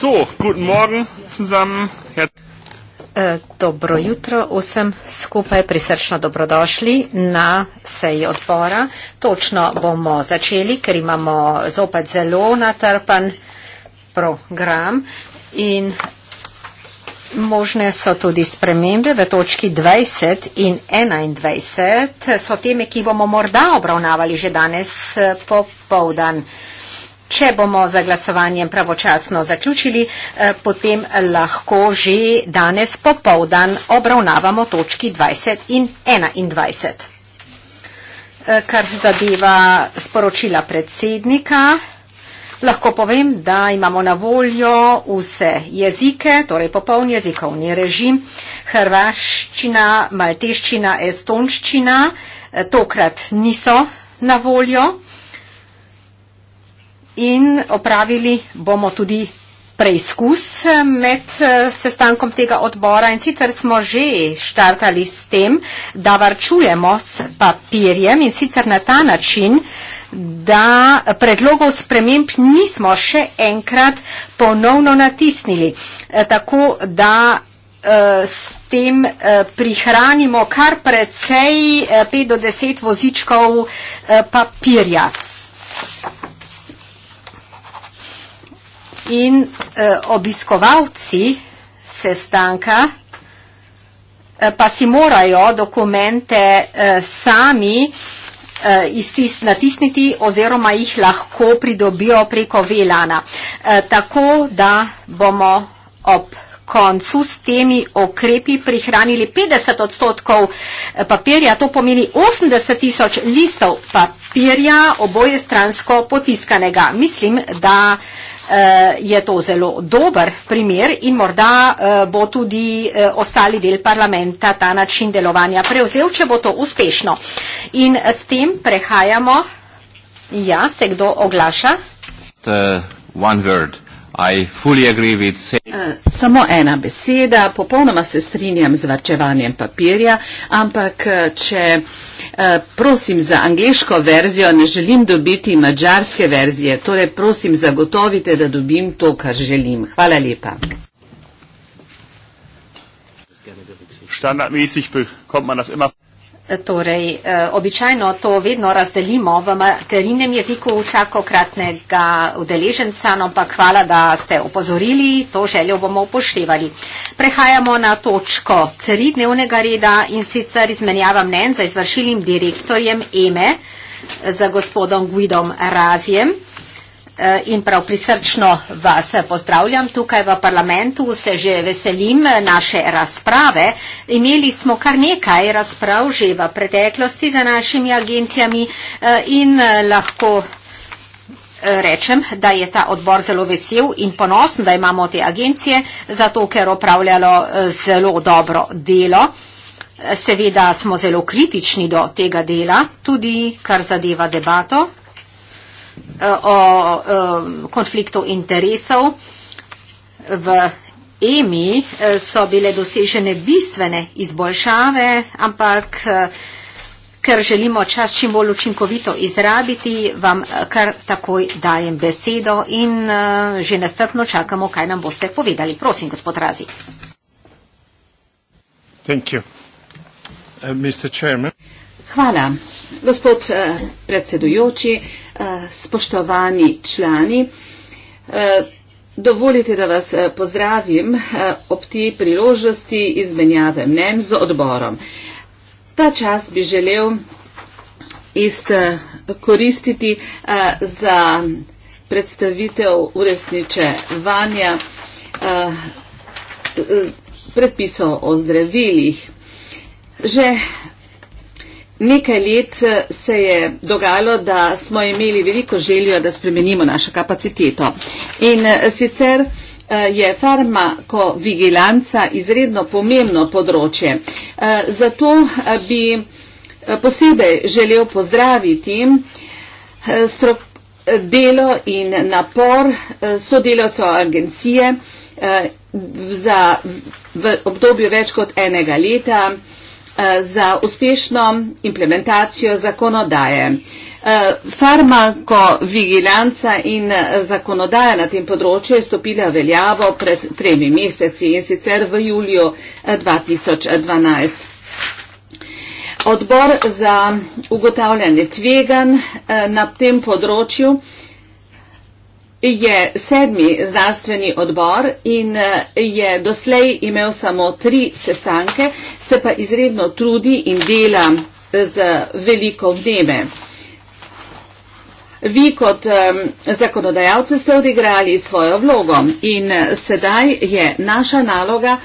So, guten Morgen zusammen. Her e, Dobro jutro vsem skupaj, prisrčno dobrodošli na seji odbora. Točno bomo začeli, ker imamo zopet zelo natrpan program in možne so tudi spremembe v točki 20 in 21. So teme, ki bomo morda obravnavali že danes eh, popovdan. Če bomo za glasovanjem pravočasno zaključili, eh, potem lahko že danes popovdan obravnavamo točki 20 in 21. Eh, kar zadeva sporočila predsednika, lahko povem, da imamo na voljo vse jezike, torej popoln jezikovni režim, hrvaščina, malteščina, estonščina, eh, tokrat niso na voljo in opravili bomo tudi preizkus eh, med eh, sestankom tega odbora in sicer smo že štartali s tem, da varčujemo s papirjem in sicer na ta način, da predlogov sprememb nismo še enkrat ponovno natisnili. Eh, tako da s tem prihranimo kar precej 5 do 10 vozičkov papirja in eh, obiskovalci sestanka eh, pa si morajo dokumente eh, sami e, Istis, natisniti oziroma jih lahko pridobijo preko velana. E, tako da bomo ob koncu s temi okrepi prihranili 50 odstotkov e, papirja, to pomeni 80 tisoč listov papirja oboje stransko potiskanega. Mislim, da e, Eh, je to zelo dober primer in morda eh, bo tudi eh, ostali del parlamenta ta način delovanja prevzel, če bo to uspešno. In s tem prehajamo, ja, se kdo oglaša? The uh, one word. Eh, samo ena beseda, popolnoma se strinjam z varčevanjem papirja, ampak eh, če eh, prosim za angliško verzijo, ne želim dobiti mađarske verzije, torej prosim zagotovite, da dobim to, kar želim. Hvala lepa. Standardmäßig bekommt man das immer. Torej, eh, običajno to vedno razdelimo v materinem jeziku vsakokratnega udeleženca, no, ampak hvala, da ste opozorili, to željo bomo upoštevali. Prehajamo na točko tri dnevnega reda in sicer izmenjava mnen za izvršilnim direktorjem EME e, za gospodom Guidom Razjem. Eh, in prav prisrčno vas pozdravljam tukaj v parlamentu, se že veselim naše razprave. Imeli smo kar nekaj razprav že v preteklosti za našimi agencijami eh, in eh, lahko rečem, da je ta odbor zelo vesel in ponosen, da imamo te agencije, zato ker opravljalo zelo dobro delo. Seveda smo zelo kritični do tega dela, tudi kar zadeva debato, Eh, o eh, konfliktu interesov. V EMI eh, so bile dosežene bistvene izboljšave, ampak ker želimo čas čim bolj učinkovito izrabiti, vam kar takoj dajem besedo in že nastrpno čakamo, kaj nam boste povedali. Prosim, gospod Razi. Thank you. Uh, Mr. Chairman. Hvala. Gospod eh, predsedujoči, eh, spoštovani člani, eh, dovolite, da vas pozdravim ob tej priložnosti izmenjave mnen z odborom. Ta čas bi želel izkoristiti za predstavitev uresničevanja predpisov o zdravilih. Že Nekaj let eh, se je dogajalo, da smo imeli veliko željo, da spremenimo našo kapaciteto. In eh, sicer eh, je farmakovigilanca izredno pomembno področje. Zato bi posebej želel pozdraviti delo in napor sodelavcev agencije za v obdobju več kot enega leta Eh, za uspešno implementacijo zakonodaje. Eh, farmakovigilanca in eh, zakonodaja na tem področju je stopila veljavo pred tremi meseci in sicer v juliju 2012. Odbor za ugotavljanje tvegan na tem področju je sedmi znanstveni odbor in eh, je doslej imel samo tri sestanke, se pa izredno trudi in dela eh, z veliko vneme. Vi kot zakonodajalce ste odigrali svojo vlogo in eh, sedaj je naša naloga,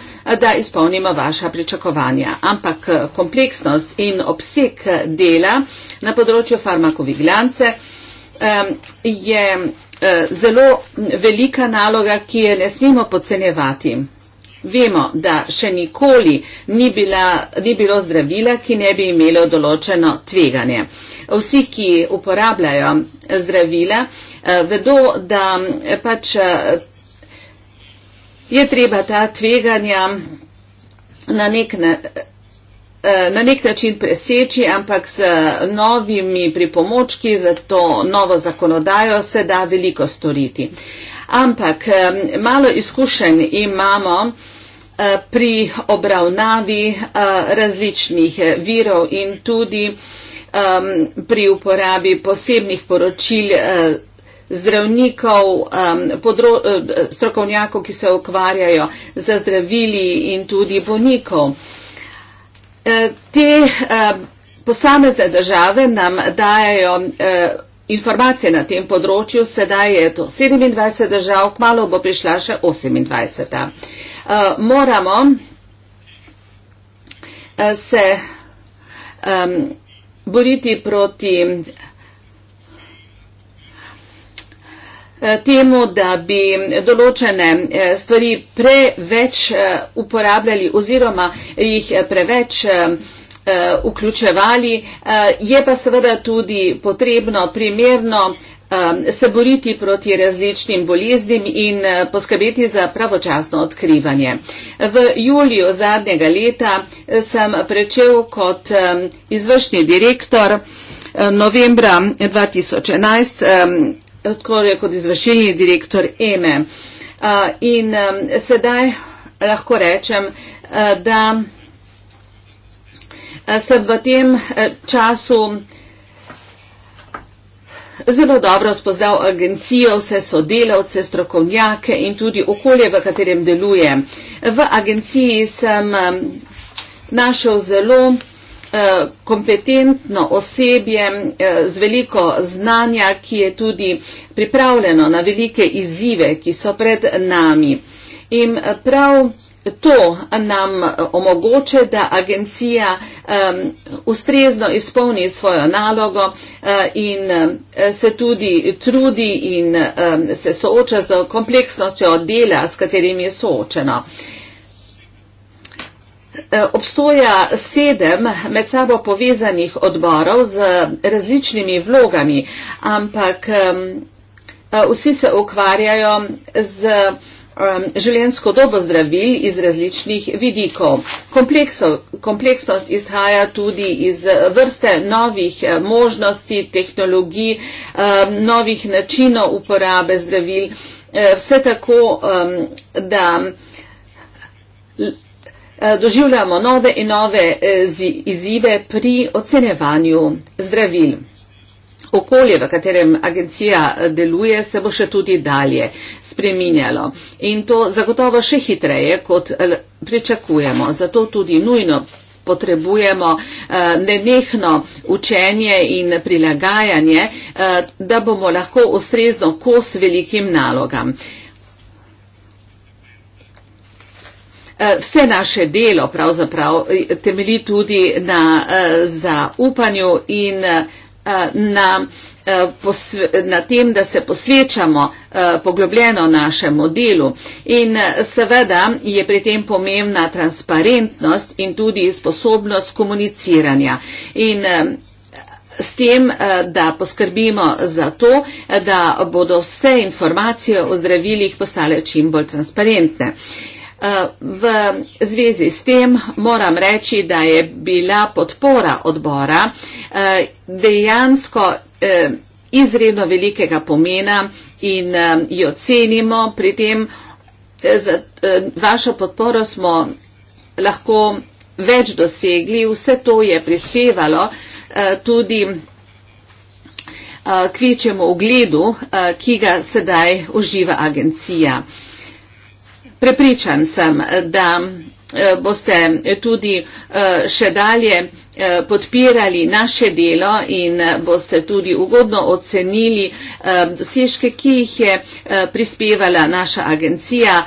da izpolnimo vaša pričakovanja. Ampak kompleksnost in obseg dela na področju farmakovih glance je Eh, zelo velika naloga, ki je ne smemo podcenjevati. Vemo, da še nikoli ni, bila, ni bilo zdravila, ki ne bi imelo določeno tveganje. Vsi, ki uporabljajo zdravila, eh, vedo, da eh, pač je treba ta tveganja na nek način Eh, na nek način preseči, ampak z novimi pripomočki za to novo zakonodajo se da veliko storiti. Ampak eh, malo izkušenj imamo eh, pri obravnavi različnih virov in tudi pri uporabi posebnih poročil zdravnikov, strokovnjakov, ki se ukvarjajo za zdravili in tudi bonikov. Eh, te eh, posamezne države nam dajajo eh, informacije na tem področju, sedaj je to 27 držav, kmalo bo prišla še 28. Moramo se boriti proti Eh, temu, da bi določene eh, stvari preveč eh, uporabljali oziroma jih preveč vključevali. Je pa seveda tudi potrebno primerno se boriti proti različnim boleznim in poskrbeti za pravočasno odkrivanje. V juliju zadnjega leta sem prečel kot izvršni direktor novembra 2011 odkorje kot izvršilni direktor EME. In sedaj lahko rečem, da sem v tem e, času zelo dobro spoznal agencijo, vse sodelavce, strokovnjake in tudi okolje, v katerem deluje. V agenciji sem našel zelo Eh, kompetentno osebje eh, z veliko znanja, ki je tudi pripravljeno na velike izzive, ki so pred nami. In eh, prav to nam omogoče, da agencija ustrezno izpolni svojo nalogo in se tudi trudi in se sooča z kompleksnostjo dela, s katerimi je soočeno. Eh, obstoja sedem med sabo povezanih odborov z različnimi vlogami, ampak eh, vsi se ukvarjajo z življensko dobo zdravil iz različnih vidikov. Komplekso, kompleksnost izhaja tudi iz vrste novih eh, možnosti, tehnologij, novih načinov uporabe zdravil. Vse tako, da Eh, doživljamo nove in nove eh, izzive pri ocenevanju zdravil. Okolje, v katerem agencija eh, deluje, se bo še tudi dalje spreminjalo in to zagotovo še hitreje, kot pričakujemo. Zato tudi nujno potrebujemo nenehno učenje in prilagajanje, da bomo lahko ustrezno kos velikim nalogam. Eh, vse naše delo pravzaprav eh, temeli tudi na eh, zaupanju in na, na tem, da se posvečamo poglobljeno našemu delu. In seveda je pri tem pomembna transparentnost in tudi sposobnost komuniciranja. In s tem, da poskrbimo za to, da bodo vse informacije o zdravilih postale čim bolj transparentne. Uh, Eh, v zvezi s tem moram reči, da je bila podpora odbora eh, dejansko eh, izredno velikega pomena in jo cenimo. Pri tem za vašo podporo smo lahko več dosegli. Vse to je prispevalo tudi k večjemu ugledu, ki ga sedaj uživa agencija. Prepričan sem, da eh, boste eh, tudi eh, še dalje podpirali naše delo in boste tudi ugodno ocenili dosežke, ki jih je prispevala naša agencija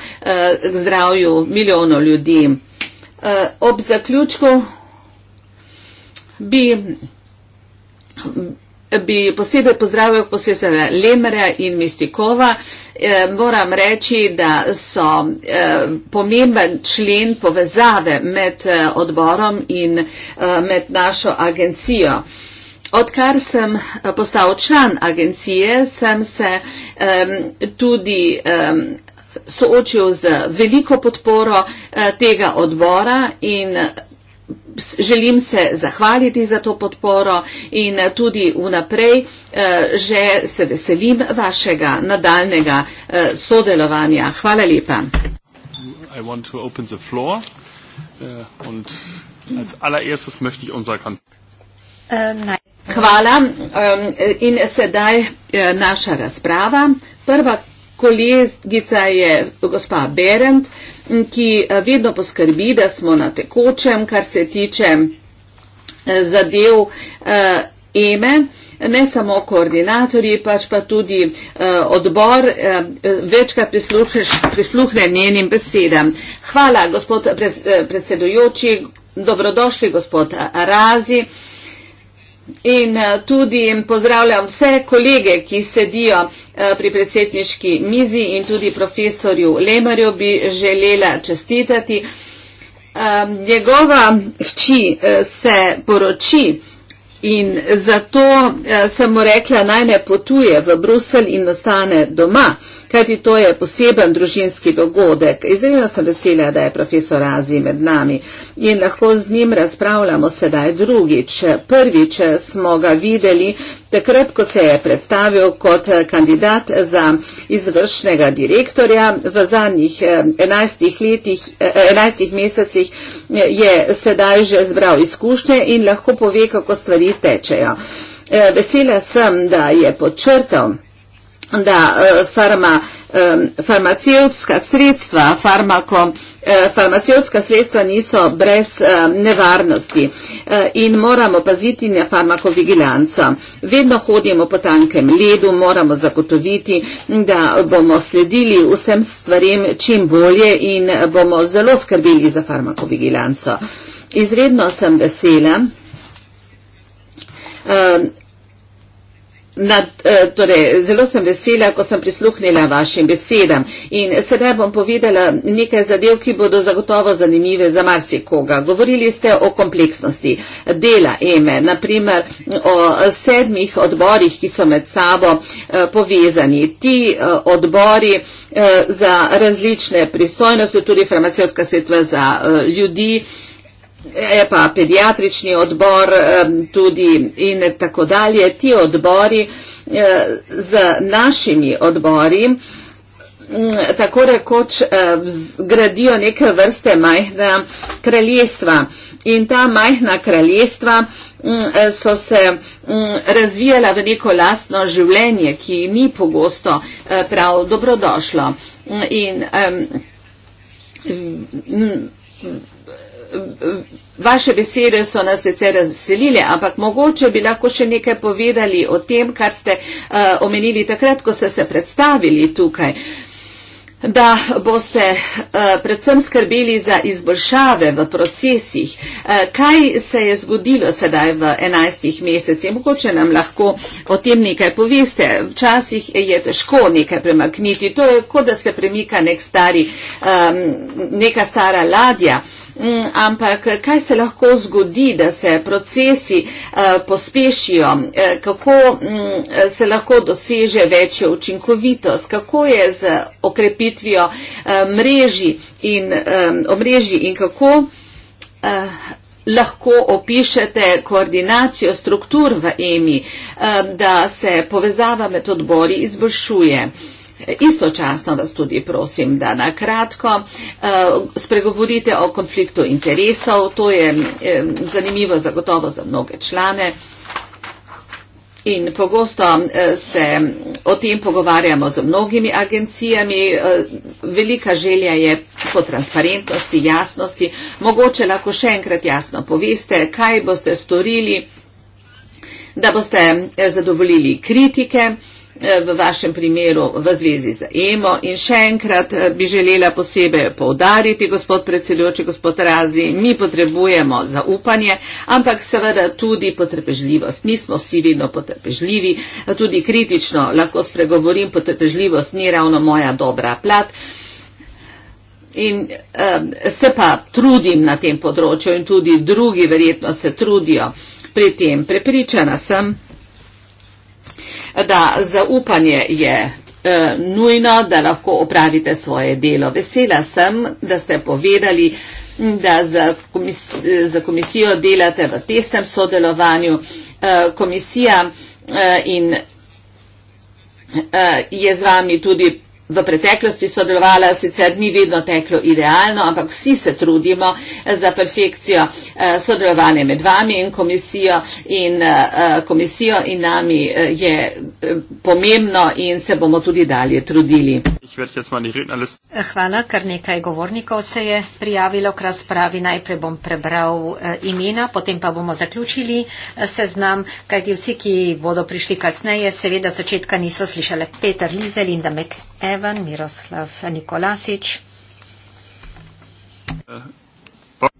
k zdravju milijonov ljudi. Ob zaključku bi bi posebej pozdravil posvetitelja Lemre in Mistikova. E, moram reči, da so e, pomemben člen povezave med e, odborom in e, med našo agencijo. Odkar sem postal član agencije, sem se e, tudi e, soočil z veliko podporo e, tega odbora in Želim se zahvaliti za to podporo in tudi vnaprej eh, že se veselim vašega nadaljnega eh, sodelovanja. Hvala lepa. Eh, Hvala ehm, in sedaj naša razprava. Prva kolegica je gospa Berendt ki eh, vedno poskrbi, da smo na tekočem, kar se tiče eh, zadev eh, EME, ne samo koordinatorji, pač pa tudi odbor, večkrat prisluhne njenim besedam. Hvala, gospod predsedujoči, dobrodošli, gospod Razi. In eh, tudi pozdravljam vse kolege, ki sedijo eh, pri predsedniški mizi in tudi profesorju Lemarju bi želela čestitati. Ehm, njegova hči eh, se poroči In zato eh, sem mu rekla, naj ne potuje v Bruselj in ostane doma, kajti to je poseben družinski dogodek. Izredno sem vesela, da je profesor Azi med nami in lahko z njim razpravljamo sedaj drugič. Prvič eh, smo ga videli takrat, ko se je predstavil kot eh, kandidat za izvršnega direktorja. V zadnjih enajstih, letih, enajstih mesecih je sedaj že zbral izkušnje in lahko pove, kako stvari tečejo. E, vesela sem, da je podčrtal, da e, farma, e, farmacevtska sredstva, farmako, farmacevtska sredstva niso brez nevarnosti in moramo paziti na farmakovigilanco. Vedno hodimo po tankem ledu, moramo zagotoviti, da bomo sledili vsem stvarem čim bolje in bomo zelo skrbeli za farmakovigilanco. Izredno sem vesela, Ehm, nad, eh, torej, zelo sem vesela, ko sem prisluhnila vašim besedam in sedaj bom povedala nekaj zadev, ki bodo zagotovo zanimive za marsikoga. Govorili ste o kompleksnosti dela EME, naprimer o sedmih odborih, ki so med sabo eh, povezani. Ti eh, odbori za različne pristojnosti, tudi farmacijska svetva za ljudi, je pa pediatrični odbor tudi in tako dalje. Ti odbori eh, z našimi odbori tako rekoč eh, zgradijo neke vrste majhna kraljestva. In ta majhna kraljestva eh, so se razvijala v neko lastno življenje, ki ni pogosto prav dobrodošlo. In, vaše besede so nas sicer razveselile, ampak mogoče bi lahko še nekaj povedali o tem, kar ste uh, omenili takrat, ko ste se predstavili tukaj. Uh, da boste eh, predvsem skrbeli za izboljšave v procesih. Eh, kaj se je zgodilo sedaj v enajstih mesecih? Mogoče nam lahko o tem nekaj poveste. Včasih je težko nekaj premakniti. To je kot da se premika nek stari, neka stara ladja. Mm, ampak kaj se lahko zgodi, da se procesi eh, pospešijo? Kako mm, se lahko doseže večjo učinkovitost? Kako je z okrepitvijo? širitvijo eh, mreži in eh, omrežji in kako eh, lahko opišete koordinacijo struktur v EMI, eh, da se povezava med odbori izboljšuje. Istočasno vas tudi prosim, da na kratko eh, spregovorite o konfliktu interesov. To je eh, zanimivo zagotovo za mnoge člane. In pogosto eh, se o tem pogovarjamo z mnogimi agencijami. Eh, velika želja je po transparentnosti, jasnosti. Mogoče lahko še enkrat jasno poveste, kaj boste storili, da boste eh, zadovoljili kritike. Eh, v vašem primeru v zvezi z EMO. In še enkrat eh, bi želela posebej povdariti, gospod predsedujoči, gospod Razi, mi potrebujemo zaupanje, ampak seveda tudi potrpežljivost. Mi smo vsi vedno potrpežljivi, tudi kritično lahko spregovorim, potrpežljivost ni ravno moja dobra plat. In eh, se pa trudim na tem področju in tudi drugi verjetno se trudijo pri tem. Prepričana sem, da zaupanje je eh, nujno, da lahko opravite svoje delo. Vesela sem, da ste povedali, da za, komis za komisijo delate v testem sodelovanju. Eh, komisija eh, in je z vami tudi v preteklosti sodelovala, sicer ni vedno teklo idealno, ampak vsi se trudimo za perfekcijo eh, sodelovanja med vami in komisijo in eh, eh, komisijo in nami je pomembno in se bomo tudi dalje trudili. Hvala, kar nekaj govornikov se je prijavilo k razpravi. Najprej bom prebral imena, potem pa bomo zaključili seznam, kajti vsi, ki bodo prišli kasneje, seveda začetka niso slišali Peter Lizel in Damek Ev. Levan, Miroslav Nikolasič.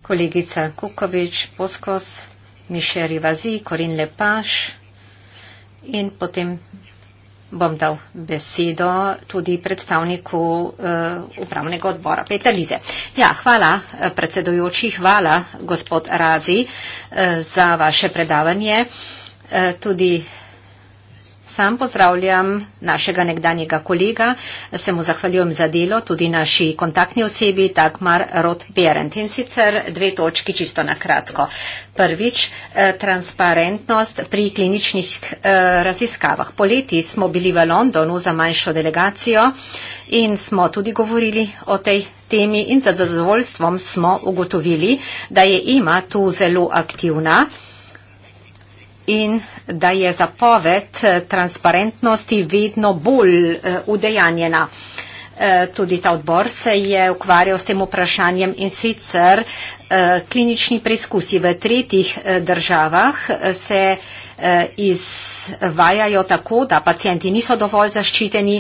Kolegica Kukovič, Poskos, Mišel Rivazi, Korin Lepaš in potem bom dal besedo tudi predstavniku uh, upravnega odbora Peter Lize. Ja, hvala eh, predsedojoči, hvala gospod Razi uh, za vaše predavanje. Uh, tudi uh, sam pozdravljam našega nekdanjega kolega, se mu zahvaljujem za delo, tudi naši kontaktni osebi Dagmar Roth-Berend. In sicer dve točki čisto na kratko. Prvič, eh, transparentnost pri kliničnih eh, raziskavah. Poleti smo bili v Londonu za manjšo delegacijo in smo tudi govorili o tej temi in za zadovoljstvom smo ugotovili, da je ima tu zelo aktivna in da je zapoved eh, transparentnosti vedno bolj eh, udejanjena. Eh, tudi ta odbor se je ukvarjal s tem vprašanjem in sicer klinični preizkusi v tretjih državah se izvajajo tako, da pacijenti niso dovolj zaščiteni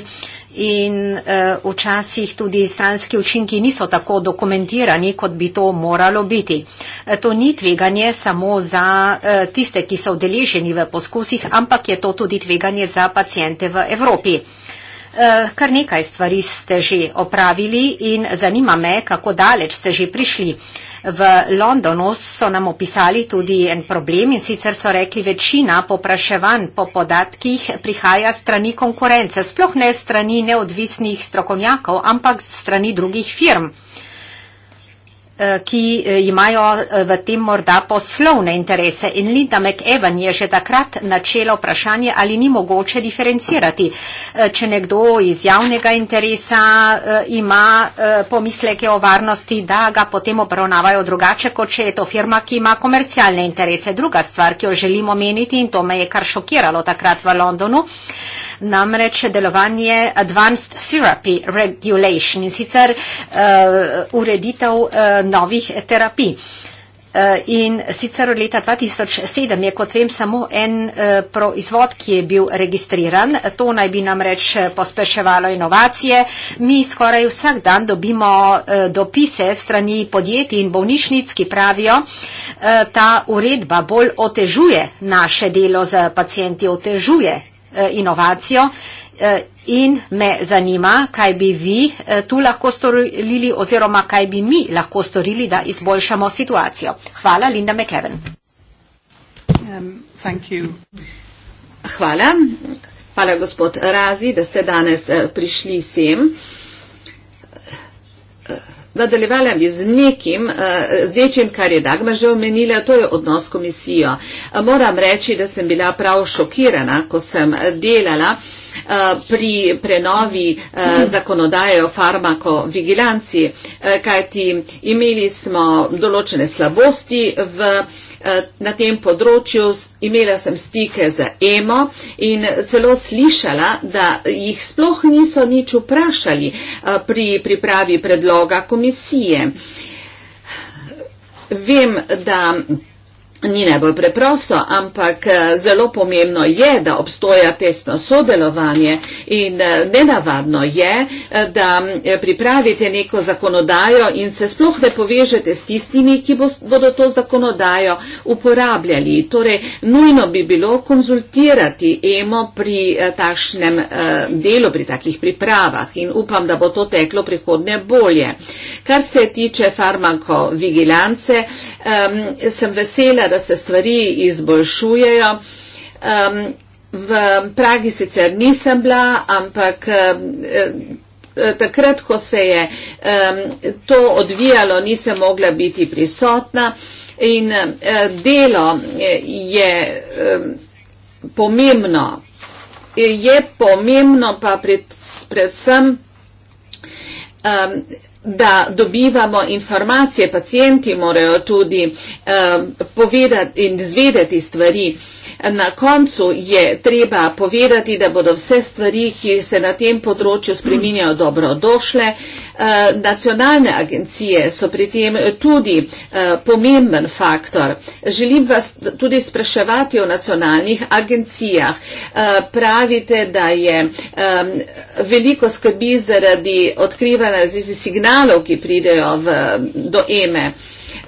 in uh, včasih tudi stranski učinki niso tako dokumentirani, kot bi to moralo biti. Eh, to ni tveganje samo za uh, tiste, ki so vdeleženi v poskusih, ampak je to tudi tveganje za pacijente v Evropi. Uh, kar nekaj stvari ste že opravili in zanima me, kako daleč ste že prišli. Uh, v Londonu so nam opisali tudi en problem in sicer so rekli, večina popraševanj po podatkih prihaja strani konkurence, sploh ne strani neodvisnih strokovnjakov, ampak strani drugih firm. Uh, Eh, ki eh, imajo eh, v tem morda poslovne interese. In Linda McEwan je že takrat načela vprašanje, ali ni mogoče diferencirati, če nekdo iz javnega interesa ima pomisleke o varnosti, da ga potem obravnavajo drugače, kot če je to firma, ki ima komercialne interese. Druga stvar, ki jo želimo meniti, in to me je kar šokiralo takrat v Londonu, namreč delovanje Advanced Therapy Regulation in sicer uh, ureditev uh, novih terapij. Eh, in sicer od leta 2007 je, kot vem, samo en eh, proizvod, ki je bil registriran. To naj bi nam reč eh, pospeševalo inovacije. Mi skoraj vsak dan dobimo dopise strani podjetij in bolnišnic, ki pravijo, ta uredba bolj otežuje naše delo z pacijenti, otežuje inovacijo Eh, in me zanima, kaj bi vi eh, tu lahko storili oziroma kaj bi mi lahko storili, da izboljšamo situacijo. Hvala, Linda McKeven. Um, Hvala. Hvala, gospod Razi, da ste danes eh, prišli sem nadaljevala bi z nekim, eh, z nečim, kar je Dagma že omenila, to je odnos s komisijo. Eh, moram reči, da sem bila prav šokirana, ko sem delala eh, pri prenovi zakonodaje o farmakovigilanciji, kajti imeli smo določene slabosti v Eh, na tem področju, imela sem stike z EMO in celo slišala, da jih sploh niso nič vprašali eh, pri pripravi predloga komisije. Vem, da. Ni najbolj preprosto, ampak eh, zelo pomembno je, da obstoja tesno sodelovanje in eh, nenavadno je, eh, da pripravite neko zakonodajo in se sploh ne povežete s tistimi, ki bodo to zakonodajo uporabljali. Torej, nujno bi bilo konzultirati EMO pri takšnem delu, pri takih pripravah in upam, da bo to teklo prihodne bolje. Kar se tiče farmakovigilance, ehm, sem vesela, da se stvari izboljšujejo. Um, v Pragi sicer nisem bila, ampak. Um, Takrat, ko se je um, to odvijalo, nisem mogla biti prisotna in uh, delo eh, je um, pomembno. Je pomembno pa pred, predvsem um, da dobivamo informacije, pacijenti morajo tudi eh, povedati in izvedeti stvari. Na koncu je treba povedati, da bodo vse stvari, ki se na tem področju spreminjajo, dobro došle. Eh, nacionalne agencije so pri tem tudi eh, pomemben faktor. Želim vas tudi spraševati o nacionalnih agencijah. Pravite, da je veliko skrbi zaradi odkrivanja signalov, signalov, ki pridejo v, do eme.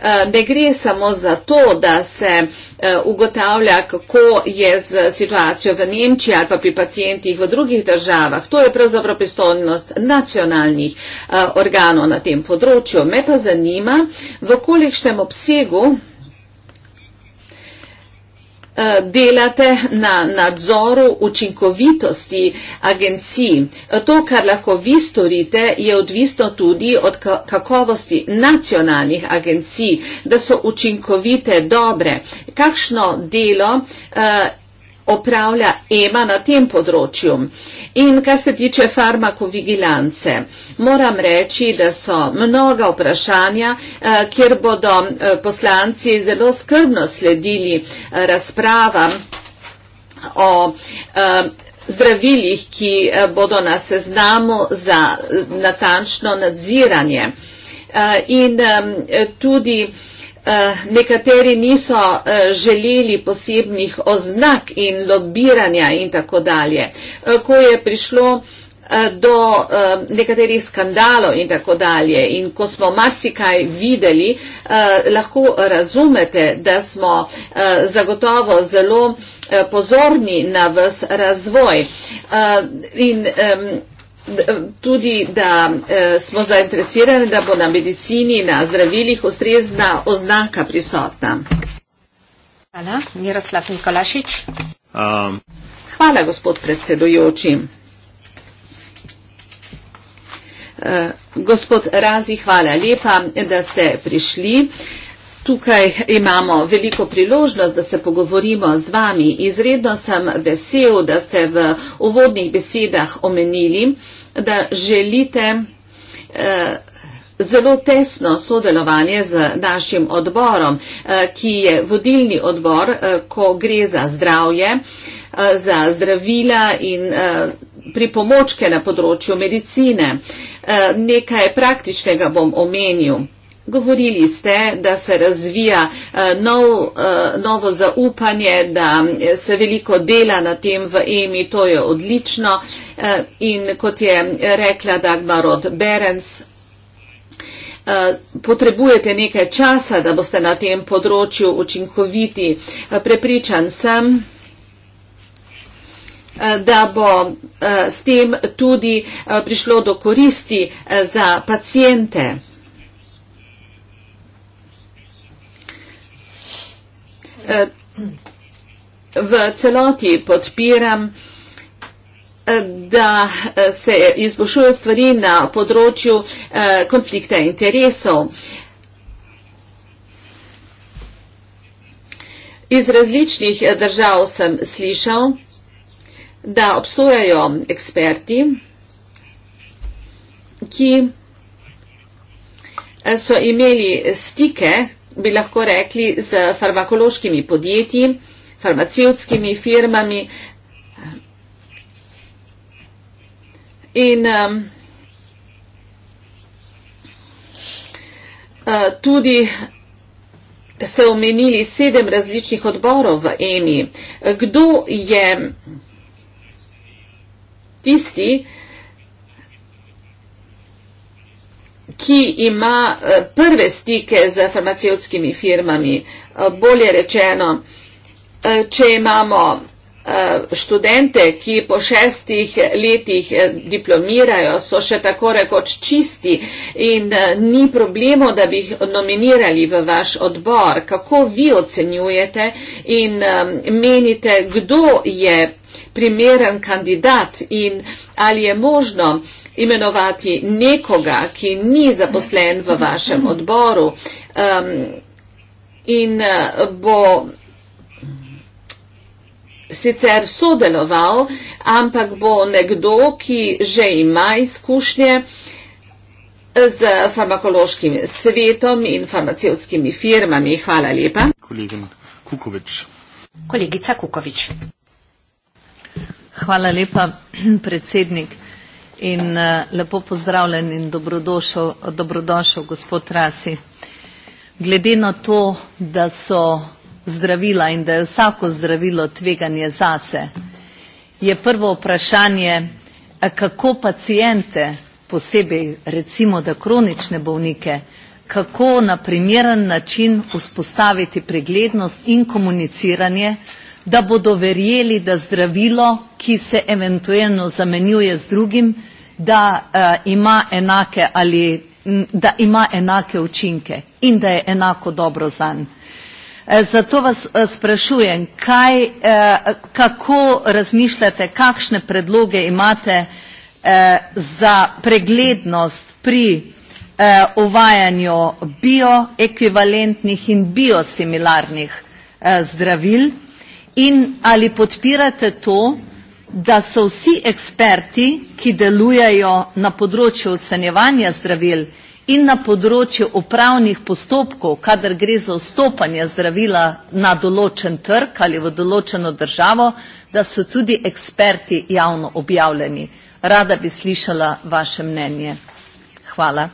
Eh, ne gre samo za to, da se eh, ugotavlja, kako je z situacijo v Nemčiji ali pa pri pacijentih v drugih državah. To je pravzaprav pristojnost nacionalnih eh, organov na tem področju. Me pa zanima, v kolikšnem obsegu Eh, delate na nadzoru učinkovitosti agencij. To, kar lahko vi storite, je odvisno tudi od kakovosti nacionalnih agencij, da so učinkovite, dobre. Kakšno delo eh, opravlja EMA na tem področju. In kar se tiče farmakovigilance, moram reči, da so mnoga vprašanja, eh, kjer bodo eh, poslanci zelo skrbno sledili eh, razpravam o zdravilih, ki bodo na seznamu za natančno nadziranje. In tudi Eh, nekateri niso eh, želeli posebnih oznak in lobiranja in tako dalje. Eh, ko je prišlo do nekaterih skandalov in tako dalje in ko smo marsikaj videli, lahko razumete, da smo zagotovo zelo pozorni na vse razvoj. In tudi, da eh, smo zainteresirani, da bo na medicini, na zdravilih ustrezna oznaka prisotna. Hvala, Miroslav Nikolašič. Um. Hvala, gospod predsedujoči. Uh, gospod Razi, hvala lepa, da ste prišli. Uh, Tukaj imamo veliko priložnost, da se pogovorimo z vami. Izredno sem vesel, da ste v uvodnih besedah omenili, da želite eh, zelo tesno sodelovanje z našim odborom, eh, ki je vodilni odbor, eh, ko gre za zdravje, eh, za zdravila in. Eh, pri pomočke na področju medicine. Eh, nekaj praktičnega bom omenil. Govorili ste, da se razvija eh, nov, eh, novo zaupanje, da se veliko dela na tem v EMI, to je odlično. Eh, in kot je rekla Dagmar od Berens, potrebujete nekaj časa, da boste na tem področju učinkoviti. Prepričan sem da bo s tem tudi prišlo do koristi za pacijente. Eh, v celoti podpiram, eh, da eh, se izboljšujejo stvari na področju konflikta interesov. Iz različnih držav sem slišal, da obstojajo eksperti, ki so imeli stike bi lahko rekli, z farmakološkimi podjetji, farmacevskimi firmami. In um, uh, tudi ste omenili sedem različnih odborov v EMI. Kdo je tisti, ki ki ima eh, prve stike z farmacevskimi firmami. Eh, bolje rečeno, eh, če imamo študente, ki po šestih letih diplomirajo, so še tako rekoč čisti in ni problemo, da bi jih nominirali v vaš odbor. Kako vi ocenjujete in menite, kdo je primeren kandidat in ali je možno imenovati nekoga, ki ni zaposlen v vašem odboru um, in uh, bo sicer sodeloval, ampak bo nekdo, ki že ima izkušnje z farmakološkim svetom in farmacevskimi firmami. Hvala lepa. Kolegica Kukovič. Hvala lepa, predsednik. In eh, lepo pozdravljen in dobrodošel, dobrodošel gospod Rasi. Glede na to, da so zdravila in da je vsako zdravilo tveganje zase, je prvo vprašanje, kako pacijente, posebej recimo da kronične bolnike, kako na primeren način vzpostaviti preglednost in komuniciranje, da bodo verjeli, da zdravilo, ki se eventuelno zamenjuje z drugim, da, uh, ima enake ali, da ima enake učinke in da je enako dobro zanj. Eh, zato vas eh, sprašujem, kaj, kako razmišljate, kakšne predloge imate za preglednost pri uvajanju bioekvivalentnih in biosimilarnih zdravil. In ali podpirate to, da so vsi eksperti, ki delujejo na področju ocenjevanja zdravil in na področju upravnih postopkov, kadar gre za vstopanje zdravila na določen trg ali v določeno državo, da so tudi eksperti javno objavljeni. Rada bi slišala vaše mnenje. Hvala.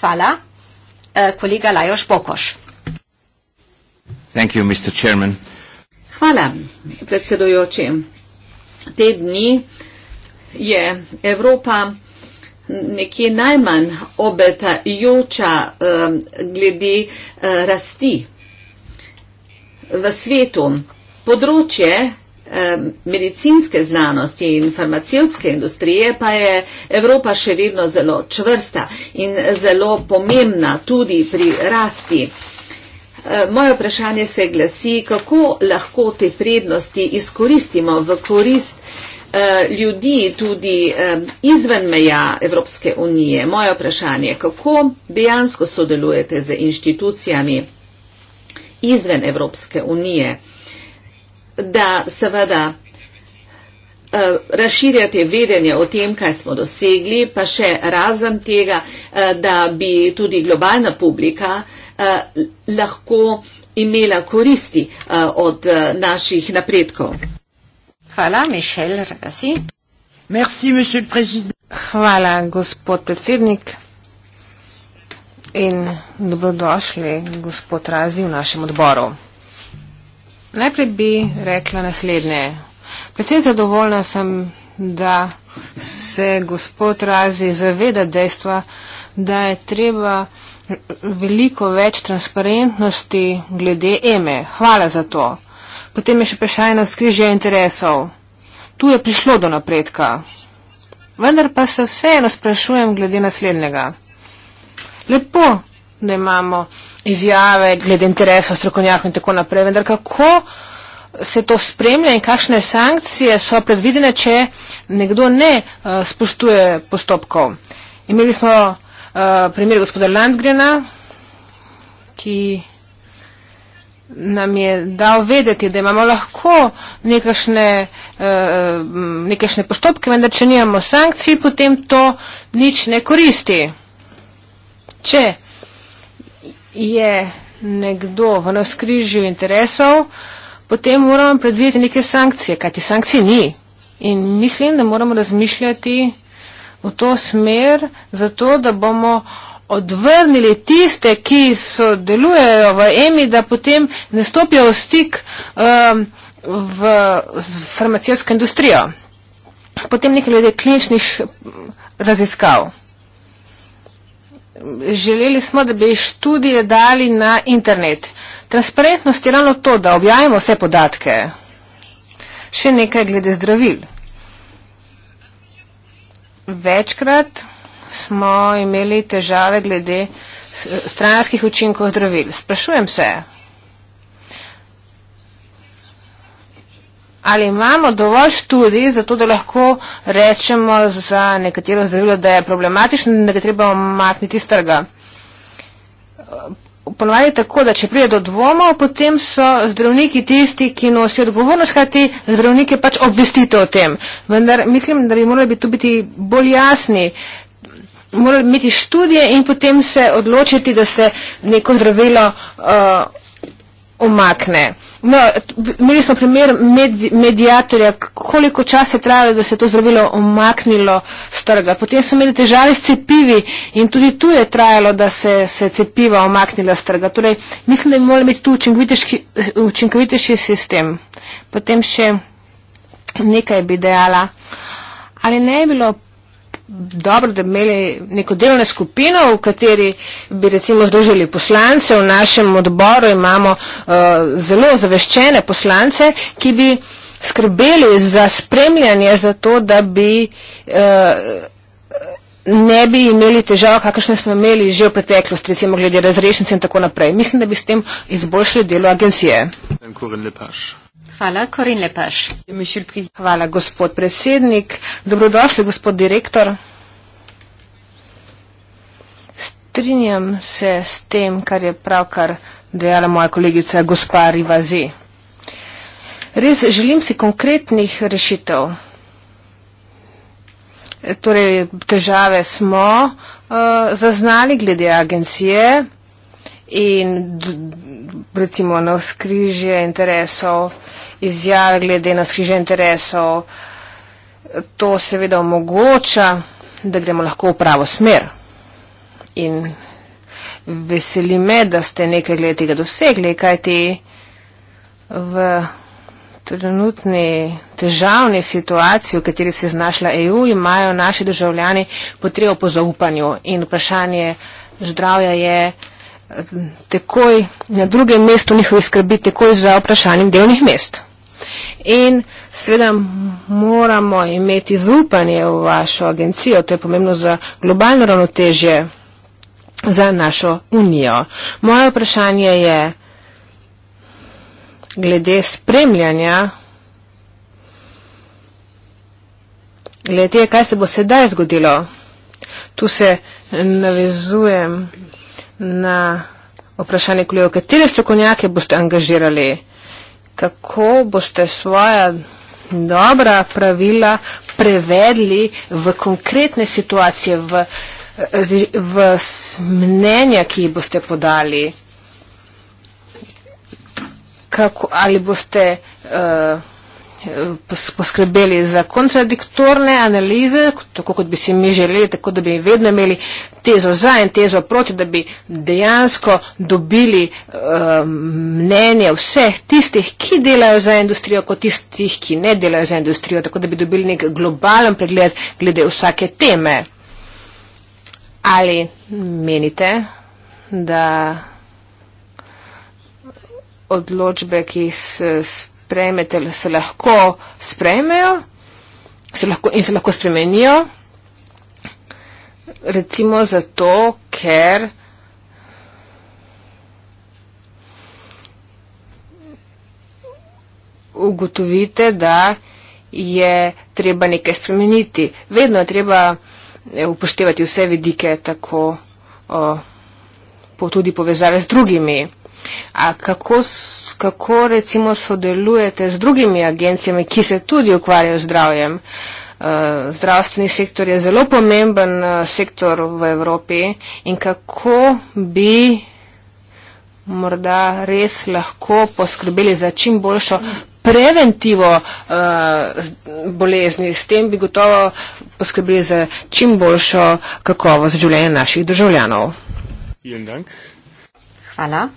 Hvala. Äh, Kolega Lajos Pokoš. Thank you, Mr. Chairman. Hvala, predsedujoči. Te dni je Evropa nekje najmanj obetajoča um, glede uh, rasti v svetu. Področje eh, medicinske znanosti in farmacevtske industrije pa je Evropa še vedno zelo čvrsta in zelo pomembna tudi pri rasti. Moje vprašanje se glasi, kako lahko te prednosti izkoristimo v korist eh, ljudi tudi eh, izven meja Evropske unije. Moje vprašanje, kako dejansko sodelujete z inštitucijami izven Evropske unije, da seveda eh, razširjate vedenje o tem, kaj smo dosegli, pa še razen tega, da bi tudi globalna publika vsega Eh, lahko imela koristi eh, od eh, naših napredkov. Hvala, Mišel Ragasi. Merci, monsieur le président. Hvala, gospod predsednik. In dobrodošli, gospod Razi, v našem odboru. Najprej bi rekla naslednje. Predvsej zadovoljna sem, da se gospod Razi zaveda dejstva, da je treba veliko več transparentnosti glede EME. Hvala za to. Potem je še vprašanje skrižja interesov. Tu je prišlo do napredka. Vendar pa se vseeno sprašujem glede naslednjega. Lepo, da imamo izjave glede interesov strokovnjakov in tako naprej, vendar kako se to spremlja in kakšne sankcije so predvidene, če nekdo ne uh, spoštuje postopkov. Imeli smo Eh, primer gospoda Landgrena, ki nam je dal vedeti, da imamo lahko nekašne, uh, eh, nekašne postopke, vendar če nimamo sankcij, potem to nič ne koristi. Če je nekdo v nas križil interesov, potem moramo predvideti neke sankcije, kajti sankcij ni. In mislim, da moramo razmišljati v to smer, zato da bomo odvrnili tiste, ki so delujejo v EMI, da potem ne stopijo v stik um, v, z farmacijsko industrijo. Potem nekaj glede kliničnih raziskav. Želeli smo, da bi študije dali na internet. Transparentnost je ravno to, da objavimo vse podatke. Še nekaj glede zdravil večkrat smo imeli težave glede stranskih učinkov zdravil. Sprašujem se, ali imamo dovolj študij za to, da lahko rečemo za nekatero zdravilo, da je problematično in da ga treba omakniti iz trga ponovadi tako, da če pride do dvomov, potem so zdravniki tisti, ki nosijo odgovornost, kajti zdravnike pač obvestite o tem. Vendar mislim, da bi morali tu biti bolj jasni, morali imeti študije in potem se odločiti, da se neko zdravilo uh, umakne. No, imeli smo primer med, medijatorja, koliko časa je trajalo, da se to zdravilo omaknilo z trga. Potem smo imeli težave s cepivi in tudi tu je trajalo, da se je cepiva omaknila z trga. Torej, mislim, da bi morali imeti tu učinkovitejši sistem. Potem še nekaj bi dejala. Ali ne je bilo dobro, da bi imeli neko delovno skupino, v kateri bi recimo združili poslance. V našem odboru imamo uh, zelo zaveščene poslance, ki bi skrbeli za spremljanje, za to, da bi uh, ne bi imeli težav, kakršne smo imeli že v preteklosti, recimo glede razrešnice in tako naprej. Mislim, da bi s tem izboljšali delo agencije. Thank you, Hvala, Korin Lepeš. Hvala, gospod predsednik. Dobrodošli, gospod direktor. Strinjam se s tem, kar je pravkar dejala moja kolegica gospa Rivazi. Res želim si konkretnih rešitev. Torej, težave smo uh, zaznali glede agencije in recimo na skrižje interesov. Uh, izjave glede na skrižen interesov, to seveda omogoča, da gremo lahko v pravo smer. In veseli me, da ste nekaj glede tega dosegli, kajti v trenutni težavni situaciji, v kateri se je znašla EU, imajo naši državljani potrebo po zaupanju in vprašanje zdravja je eh, takoj na drugem mestu njihovih skrbi, takoj za vprašanjem delovnih mest. In seveda moramo imeti zaupanje v vašo agencijo, to je pomembno za globalno ravnotežje za našo unijo. Moje vprašanje je glede spremljanja, glede kaj se bo sedaj zgodilo. Tu se navezujem na vprašanje, kolego, katere strokovnjake boste angažirali kako boste svoja dobra pravila prevedli v konkretne situacije, v, v mnenja, ki jih boste podali. Kako, ali boste uh, poskrbeli za kontradiktorne analize, tako kot bi si mi želeli, tako da bi vedno imeli tezo za in tezo proti, da bi dejansko dobili um, mnenje vseh tistih, ki delajo za industrijo, kot tistih, ki ne delajo za industrijo, tako da bi dobili nek globalen pregled glede vsake teme. Ali menite, da odločbe, ki se spremljajo, sprejmete, se lahko sprejmejo se lahko, in se lahko spremenijo. Recimo zato, ker ugotovite, da je treba nekaj spremeniti. Vedno je treba eh, upoštevati vse vidike, tako o, po tudi povezave z drugimi. A kako, kako recimo sodelujete z drugimi agencijami, ki se tudi ukvarjajo zdravjem? Uh, zdravstveni sektor je zelo pomemben uh, sektor v Evropi in kako bi morda res lahko poskrbeli za čim boljšo preventivo uh, bolezni, s tem bi gotovo poskrbeli za čim boljšo kakovost življenja naših državljanov. Hvala.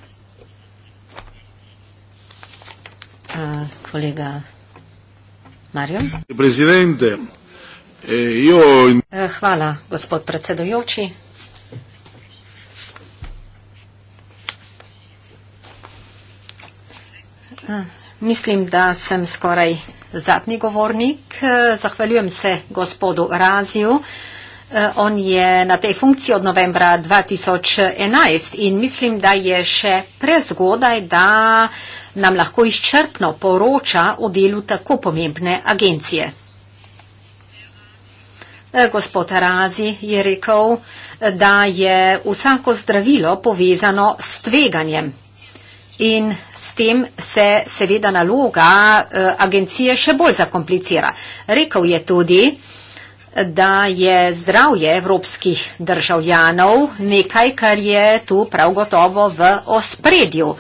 collega eh, Marjo. Presidente, eh, io... Eh, hvala, gospod predsedujoči. Eh, mislim, da sem skoraj zadnji govornik. Zahvaljujem se gospodu Raziju. On je na tej funkciji od novembra 2011 in mislim, da je še prezgodaj, da nam lahko izčrpno poroča o delu tako pomembne agencije. Eh, gospod Razi je rekel, da je vsako zdravilo povezano s tveganjem. In s tem se seveda naloga eh, agencije še bolj zakomplicira. Rekel je tudi, da je zdravje evropskih državljanov nekaj, kar je tu prav gotovo v ospredju.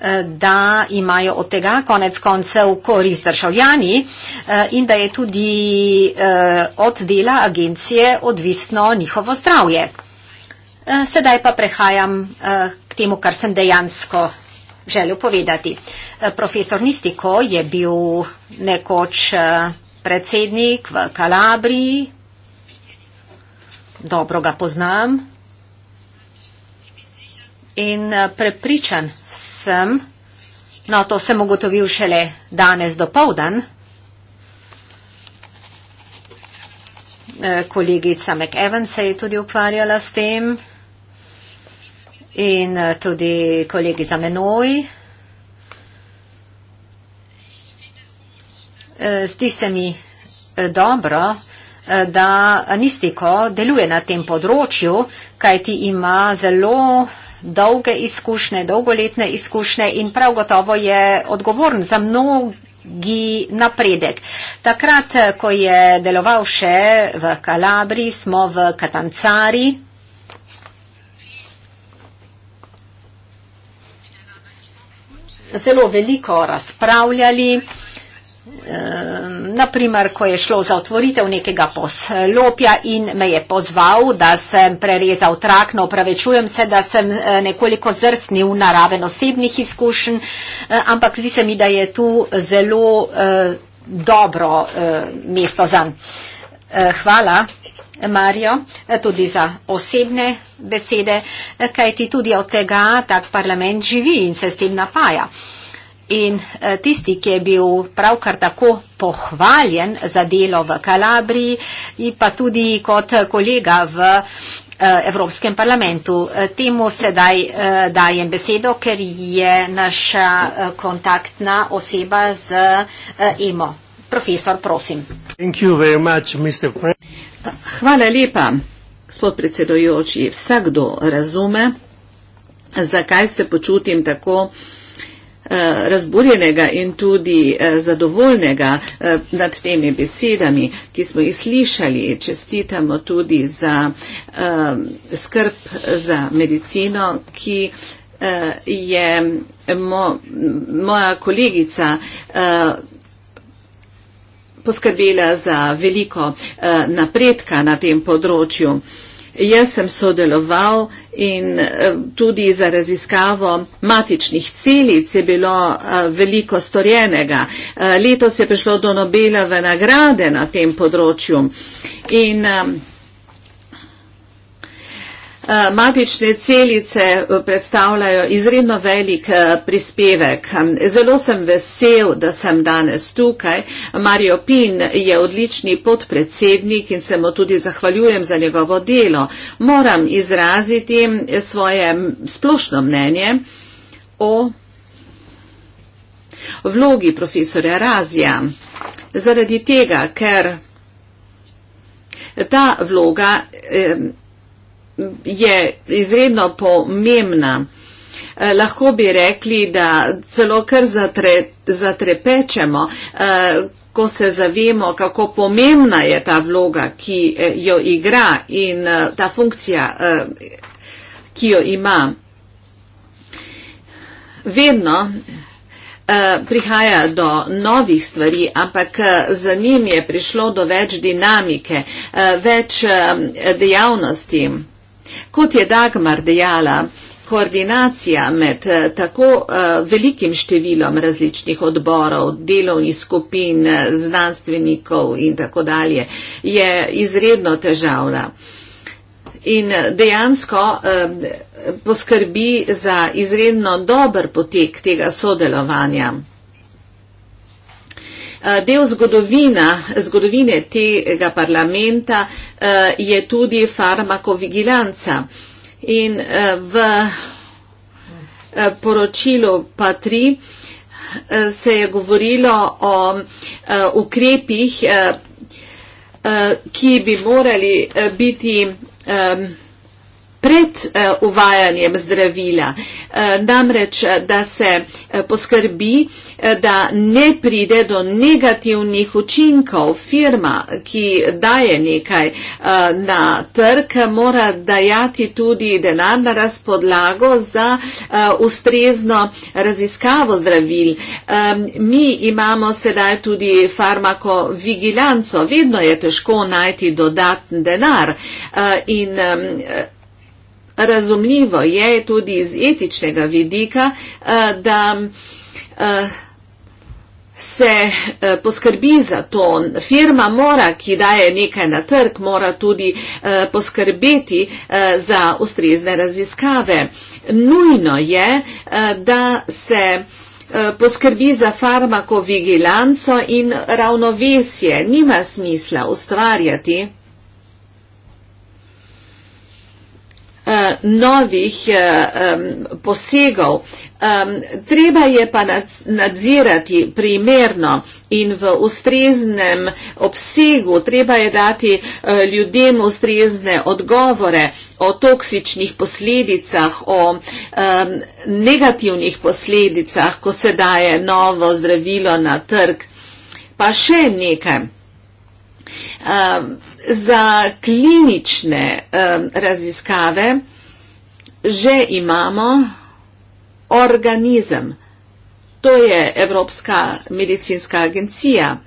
Eh, da imajo od tega konec koncev korist državljani eh, in da je tudi eh, od dela agencije odvisno njihovo zdravje. Sedaj pa prehajam k temu, kar sem dejansko želel povedati. Profesor Nistiko je bil nekoč predsednik v Kalabriji, dobro ga poznam, In eh, prepričan sem, no to sem ugotovil šele danes do povdan, eh, kolegica McEwan se je tudi ukvarjala s tem in eh, tudi kolegica Menoj. Zdi se mi dobro, da Nistiko deluje na tem področju, kaj ti ima zelo dolge izkušnje, dolgoletne izkušnje in prav gotovo je odgovoren za mnogi napredek. Takrat, ko je deloval še v Kalabri, smo v Katancari. Zelo veliko razpravljali naprimer, ko je šlo za otvoritev nekega poslopja in me je pozval, da sem prerezal trak, no opravečujem se, da sem eh, nekoliko zdrsnil na raven osebnih izkušenj, eh, ampak zdi se mi, da je tu zelo eh, dobro mesto zanj. Hvala. Marijo, tudi za osebne besede, kaj ti tudi od tega tak parlament živi in se s tem napaja. Uh, In eh, tisti, ki je bil pravkar tako pohvaljen za delo v Kalabriji, pa tudi kot kolega v eh, Evropskem parlamentu. Eh, temu sedaj dajem besedo, ker je naša kontaktna oseba z EMO. Profesor, prosim. Much, Hvala lepa, gospod predsedojoči. Vsakdo razume, zakaj se počutim tako. Eh, razburjenega in tudi eh, zadovoljnega eh, nad temi besedami, ki smo jih slišali. Čestitamo tudi za skrb za medicino, ki je moja kolegica poskrbela za veliko napredka na tem področju. Jaz sem sodeloval in eh, tudi za raziskavo matičnih celic je bilo eh, veliko storjenega. Eh, letos je prišlo do Nobelove nagrade na tem področju. In, Eh, matične celice eh, predstavljajo izredno velik eh, prispevek. Hm, zelo sem vesel, da sem danes tukaj. Mario Pin je odlični podpredsednik in se mu tudi zahvaljujem za njegovo delo. Moram izraziti svoje hm, splošno mnenje o vlogi profesora Razija. Zaradi tega, ker ta vloga eh, je izredno pomembna. Eh, lahko bi rekli, da celo kar zatre, zatrepečemo, eh, ko se zavemo, kako pomembna je ta vloga, ki eh, jo igra in ta funkcija, ki jo ima. Vedno prihaja do novih stvari, ampak z njim je prišlo do več dinamike, več dejavnosti. Kot je Dagmar dejala, koordinacija med eh, tako eh, velikim številom različnih odborov, delovnih skupin, eh, znanstvenikov in tako dalje je izredno težavna. In dejansko poskrbi za izredno dober potek tega sodelovanja. Eh, del zgodovina, zgodovine tega parlamenta eh, je tudi farmakovigilanca. In eh, v poročilu pa tri se je govorilo o ukrepih, ki bi morali biti pred eh, uvajanjem zdravila. Eh, namreč, eh, da se poskrbi, da ne pride do negativnih učinkov. Firma, ki daje nekaj na trg, mora dajati tudi denar na razpodlago za ustrezno raziskavo zdravil. Mi imamo sedaj tudi farmakovigilanco. Vedno je težko najti dodatni denar. In, razumljivo je tudi iz etičnega vidika, eh, da eh, se eh, poskrbi za to. Firma mora, ki daje nekaj na trg, mora tudi poskrbeti za ustrezne raziskave. Nujno je, da se poskrbi za farmakovigilanco in ravnovesje. Nima smisla ustvarjati Eh, novih eh, posegov. Treba je pa nadzirati primerno in v ustreznem obsegu, treba je dati eh, ljudem ustrezne odgovore o toksičnih posledicah, o negativnih posledicah, ko se daje novo zdravilo na trg. Pa še nekaj za klinične um, raziskave že imamo organizem. To je Evropska medicinska agencija,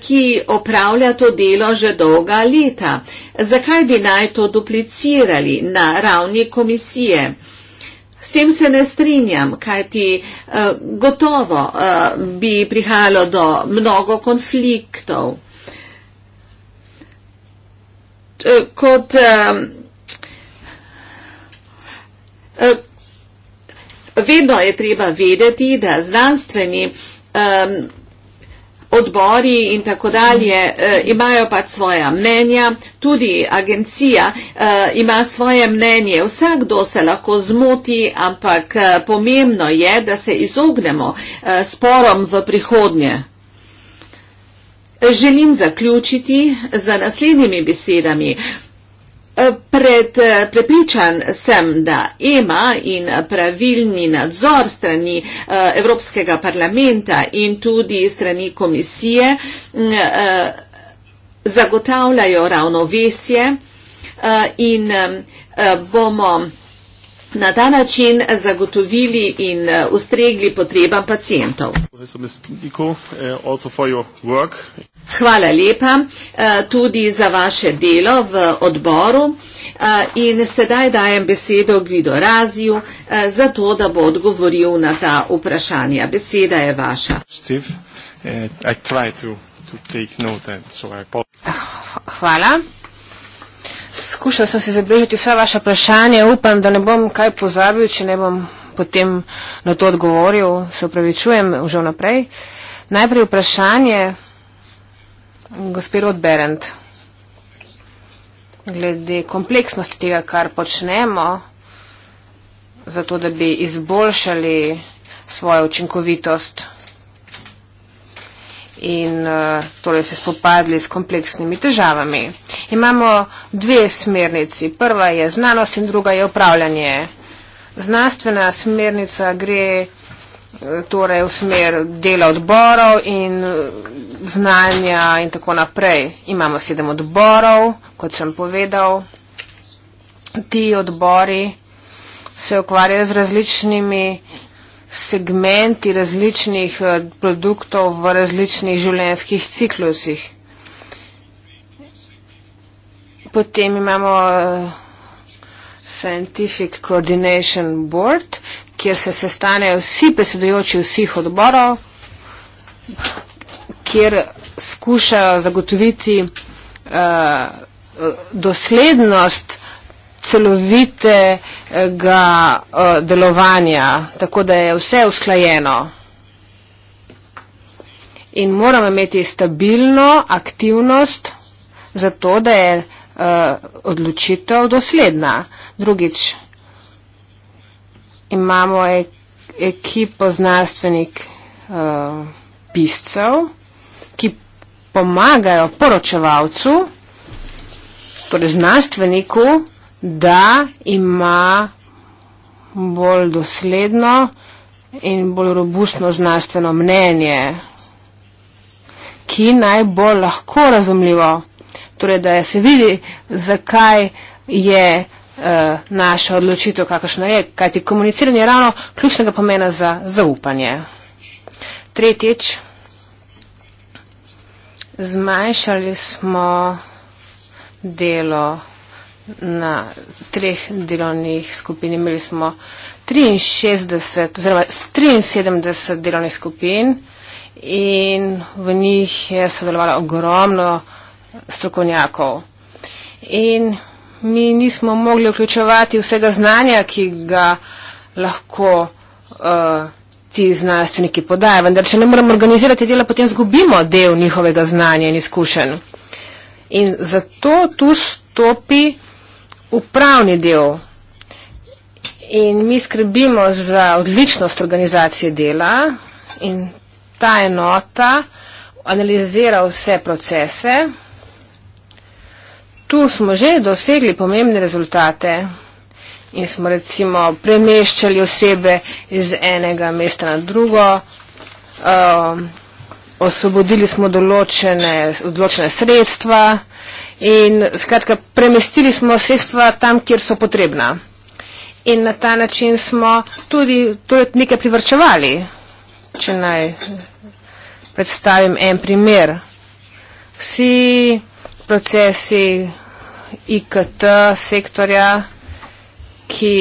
ki opravlja to delo že dolga leta. Zakaj bi naj to duplicirali na ravni komisije? S tem se ne strinjam, kajti eh, gotovo eh, bi prihajalo do mnogo konfliktov. Eh, kot vedno je treba vedeti, da znanstveni odbori in tako dalje eh, imajo pač svoja mnenja, tudi agencija eh, ima svoje mnenje. Vsakdo se lahko zmoti, ampak eh, pomembno je, da se izognemo sporom v prihodnje. Želim zaključiti z naslednjimi besedami. Pred, eh, prepričan sem, da EMA in pravilni nadzor strani eh, Evropskega parlamenta in tudi strani komisije mm, eh, zagotavljajo ravnovesje in bomo na ta način zagotovili in eh, ustregli potrebam pacijentov. Eh, Hvala lepa eh, tudi za vaše delo v odboru in sedaj dajem besedo Gvido Raziju za to, da bo odgovoril na ta vprašanja. Beseda je vaša. Steve, uh, Hvala. Skušal sem si zabeležiti vsa vaša vprašanja, upam, da ne bom kaj pozabil, če ne bom potem na to odgovoril, se upravičujem že vnaprej. Najprej vprašanje, gospod Berend, glede kompleksnosti tega, kar počnemo, zato da bi izboljšali svojo učinkovitost in uh, torej se spopadli s kompleksnimi težavami. Imamo dve smernici. Prva je znanost in druga je upravljanje. Znanstvena smernica gre eh, torej v smer dela odborov in eh, znanja in tako naprej. Imamo sedem odborov, kot sem povedal. Ti odbori se ukvarjajo z različnimi uh, segmenti različnih eh, produktov v različnih življenjskih ciklusih. Potem imamo eh, Scientific Coordination Board, kjer se sestanejo vsi presedujoči vseh odborov, kjer skušajo zagotoviti uh, doslednost celovitega eh, delovanja, tako da je vse usklajeno. In moramo imeti stabilno aktivnost, zato da je eh, odločitev dosledna. Drugič, imamo ekipo znanstvenik eh, piscev, ki pomagajo poročevalcu, torej znanstveniku, da ima bolj dosledno in bolj robustno znanstveno mnenje, ki naj bo lahko razumljivo, torej da se vidi, zakaj je eh, naša odločitev, kakšna je, kajti komuniciranje je ravno ključnega pomena za zaupanje. Tretjič, zmanjšali smo delo na treh delovnih skupin. Imeli smo 63 oziroma 73 delovnih skupin in v njih je sodelovalo ogromno strokovnjakov. In mi nismo mogli vključevati vsega znanja, ki ga lahko uh, ti znanstveniki podajo, vendar če ne moremo organizirati dela, potem zgubimo del njihovega znanja in izkušenj. In zato tu stopi upravni del in mi skrbimo za odličnost organizacije dela in ta enota analizira vse procese. Tu smo že dosegli pomembne rezultate in smo recimo premeščali osebe iz enega mesta na drugo, um, osvobodili smo določene, določene sredstva, In skratka, premestili smo sredstva tam, kjer so potrebna. In na ta način smo tudi, tudi torej, nekaj privrčevali. Če naj predstavim en primer. Vsi procesi IKT sektorja, ki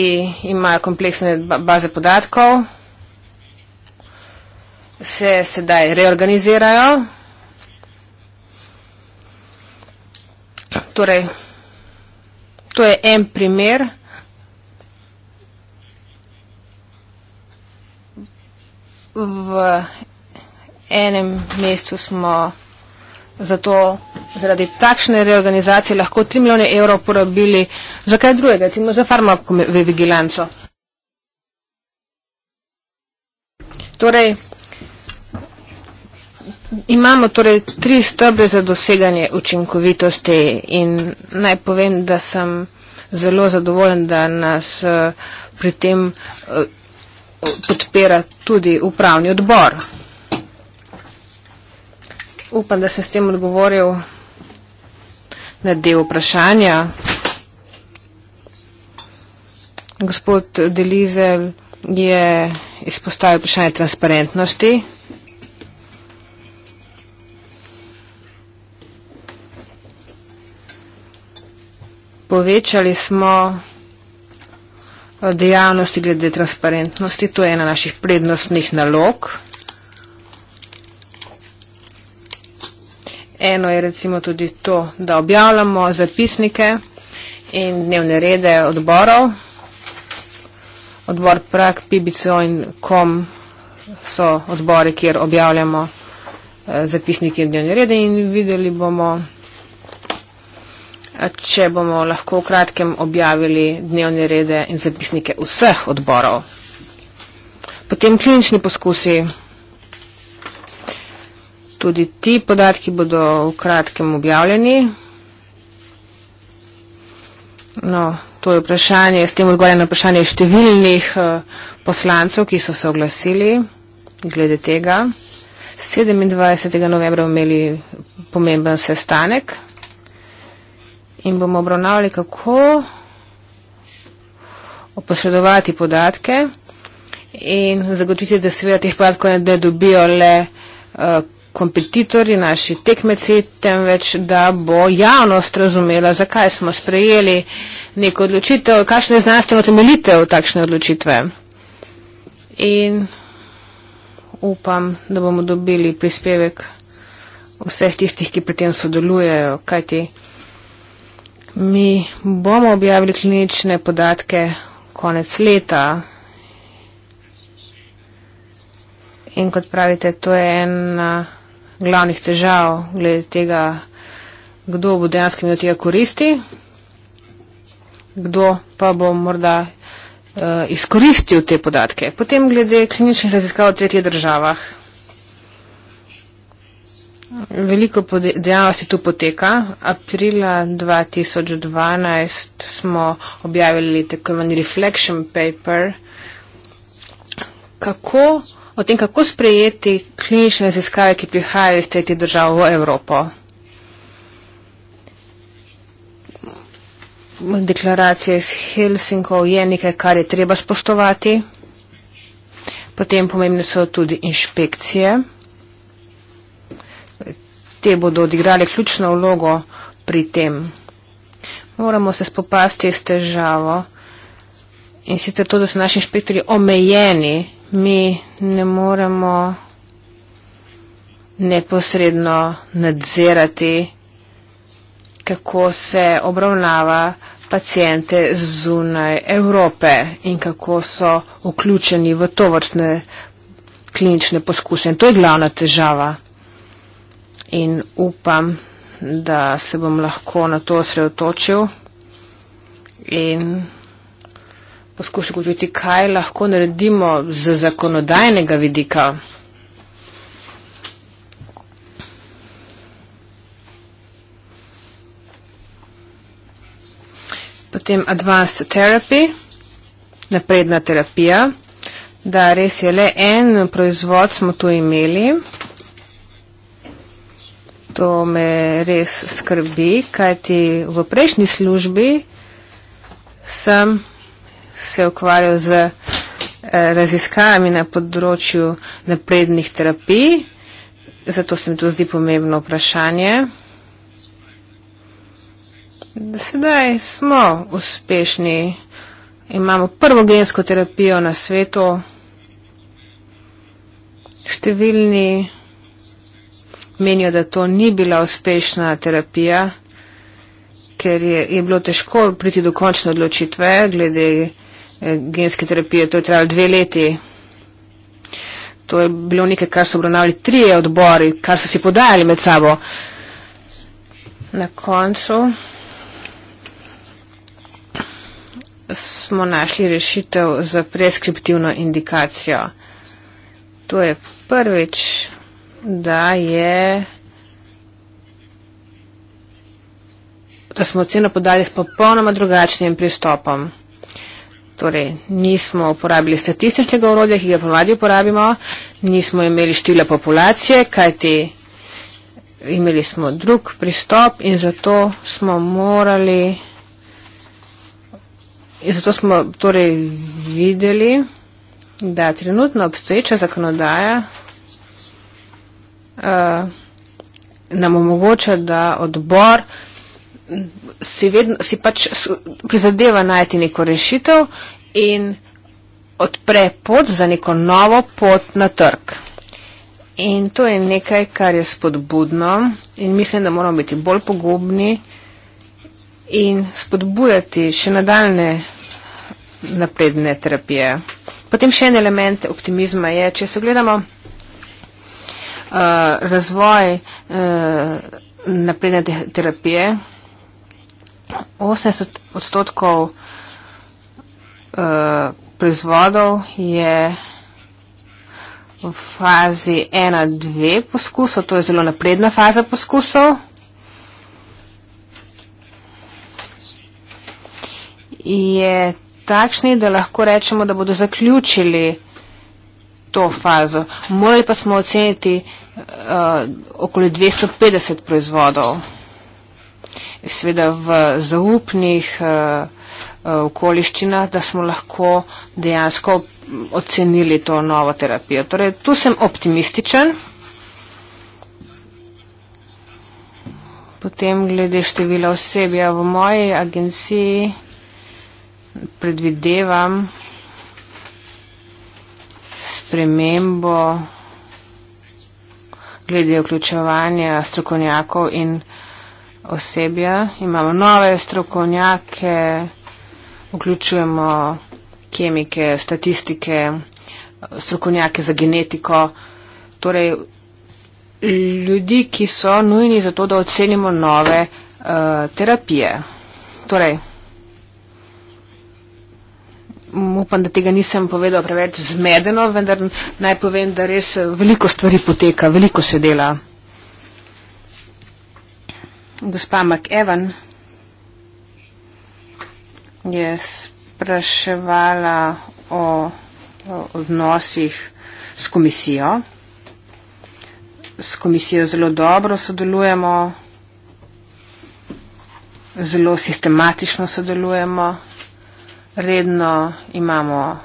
imajo kompleksne baze podatkov, se sedaj reorganizirajo. Torej, to je en primer. V enem mestu smo zato zaradi takšne reorganizacije lahko 3 milijone evrov porabili za kaj drugega, recimo za farmakovigilanco. Torej, Imamo torej tri stebre za doseganje učinkovitosti in naj povem, da sem zelo zadovoljen, da nas eh, pri tem eh, podpira tudi upravni odbor. Upam, da sem s tem odgovoril na del vprašanja. Gospod Delizel je izpostavil vprašanje transparentnosti. povečali smo eh, dejavnosti glede transparentnosti, to je ena naših prednostnih nalog. Eno je recimo tudi to, da objavljamo zapisnike in dnevne rede odborov. Odbor Prag, Pibico in Kom so odbori, kjer objavljamo eh, zapisnike in dnevne rede in videli bomo, da je to, če bomo lahko v kratkem objavili dnevne rede in zapisnike vseh odborov. Potem klinični poskusi. Tudi ti podatki bodo v kratkem objavljeni. No, to je vprašanje, s tem odgovarjam na vprašanje številnih eh, poslancev, ki so se oglasili glede tega. 27. novembra imeli pomemben sestanek in bomo obravnavali, kako posredovati podatke in zagotoviti, da seveda teh podatkov ne dobijo le eh, kompetitorji, naši tekmeci, temveč, da bo javnost razumela, zakaj smo sprejeli neko odločitev, kakšne znanstveno temeljitev takšne odločitve. In upam, da bomo dobili prispevek vseh tistih, ki pri tem sodelujejo, kajti Mi bomo objavili klinične podatke konec leta. In kot pravite, to je ena glavnih težav glede tega, kdo bo dejansko imel tega koristi, kdo pa bo morda uh, izkoristil te podatke. Potem glede kliničnih raziskav v tretjih državah. Veliko dejavnosti tu poteka. Aprila 2012 smo objavili tako imenovani reflection paper kako, o tem, kako sprejeti klinične raziskave, ki prihajajo iz tretjih držav v Evropo. Deklaracija iz Helsinkov je nekaj, kar je treba spoštovati. Potem pomembne so tudi inšpekcije te bodo odigrale ključno vlogo pri tem. Moramo se spopasti s težavo in sicer to, da so naši inšpektori omejeni, mi ne moremo neposredno nadzirati, kako se obravnava pacijente zunaj Evrope in kako so vključeni v to vrstne klinične poskuse. In to je glavna težava in upam, da se bom lahko na to osredotočil in poskušal govoriti, kaj lahko naredimo z zakonodajnega vidika. Potem advanced therapy, napredna terapija, da res je le en proizvod smo tu imeli. To me res skrbi, kajti v prejšnji službi sem se ukvarjal z eh, raziskavami na področju naprednih terapij, zato se mi to zdi pomembno vprašanje. Sedaj smo uspešni, imamo prvo gensko terapijo na svetu, številni menijo, da to ni bila uspešna terapija, ker je, je bilo težko priti do končne odločitve glede eh, genske terapije. To je trajalo dve leti. To je bilo nekaj, kar so obravnavali trije odbori, kar so si podajali med sabo. Na koncu smo našli rešitev za preskriptivno indikacijo. To je prvič da je, da smo ceno podali s popolnoma drugačnim pristopom. Torej, nismo uporabili statističnega urodja, ki ga ponovadi uporabimo, nismo imeli števila populacije, kajti imeli smo drug pristop in zato smo morali, in zato smo torej videli, da trenutno obstoječa zakonodaja uh, nam omogoča, da odbor si, vedno, si pač prizadeva najti neko rešitev in odpre pot za neko novo pot na trg. In to je nekaj, kar je spodbudno in mislim, da moramo biti bolj pogobni in spodbujati še nadaljne napredne terapije. Potem še en element optimizma je, če se gledamo Eh, razvoj uh, napredne te terapije. 80 odstotkov uh, proizvodov je v fazi 1-2 poskusov, to je zelo napredna faza poskusov. Je takšni, da lahko rečemo, da bodo zaključili to fazo. Morali pa smo oceniti uh, okoli 250 proizvodov, seveda v zaupnih uh, okoliščinah, da smo lahko dejansko ocenili to novo terapijo. Torej, tu sem optimističen. Potem glede števila osebja v moji agenciji predvidevam, spremembo glede vključevanja strokovnjakov in osebja. Imamo nove strokovnjake, vključujemo kemike, statistike, strokovnjake za genetiko, torej ljudi, ki so nujni za to, da ocenimo nove uh, terapije. Torej, upam, da tega nisem povedal preveč zmedeno, vendar naj povem, da res veliko stvari poteka, veliko se dela. Gospa McEwan je spraševala o, o odnosih s komisijo. S komisijo zelo dobro sodelujemo, zelo sistematično sodelujemo, redno imamo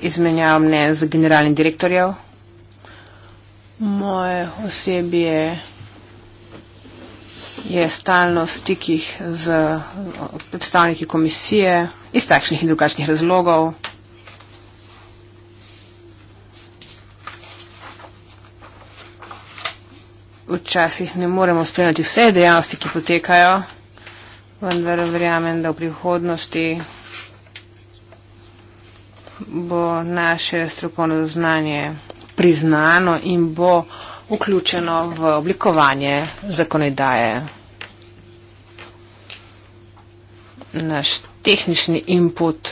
izmenjav mnen z generalnim direktorjev. Moje osebje je stalno v stikih z eh, predstavniki komisije iz takšnih in drugačnih razlogov. Včasih ne moremo spremljati vse dejavnosti, ki potekajo, vendar verjamem, da v prihodnosti bo naše strokovno znanje priznano in bo vključeno v oblikovanje zakonodaje. Naš tehnični input,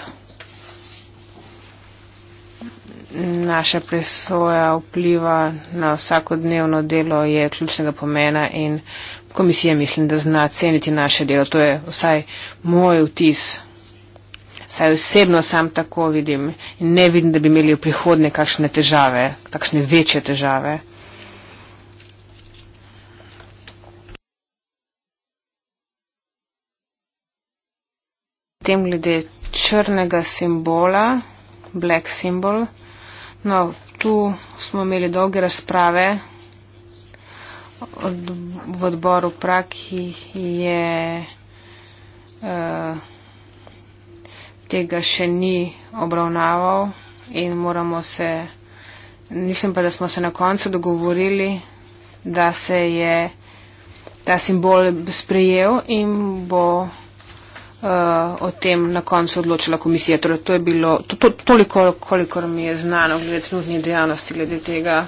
naša presoja vpliva na vsakodnevno delo je ključnega pomena in komisija mislim, da zna ceniti naše delo. To je vsaj moj vtis saj osebno sam tako vidim in ne vidim, da bi imeli v prihodnje kakšne težave, kakšne večje težave. Tem glede črnega simbola, black symbol, no, tu smo imeli dolge razprave od, v odboru prak, ki je uh, tega še ni obravnaval in moramo se, mislim pa, da smo se na koncu dogovorili, da se je ta simbol sprejel in bo uh, o tem na koncu odločila komisija. Torej, to je bilo to, to, toliko, kolikor mi je znano glede trenutnih dejavnosti glede tega.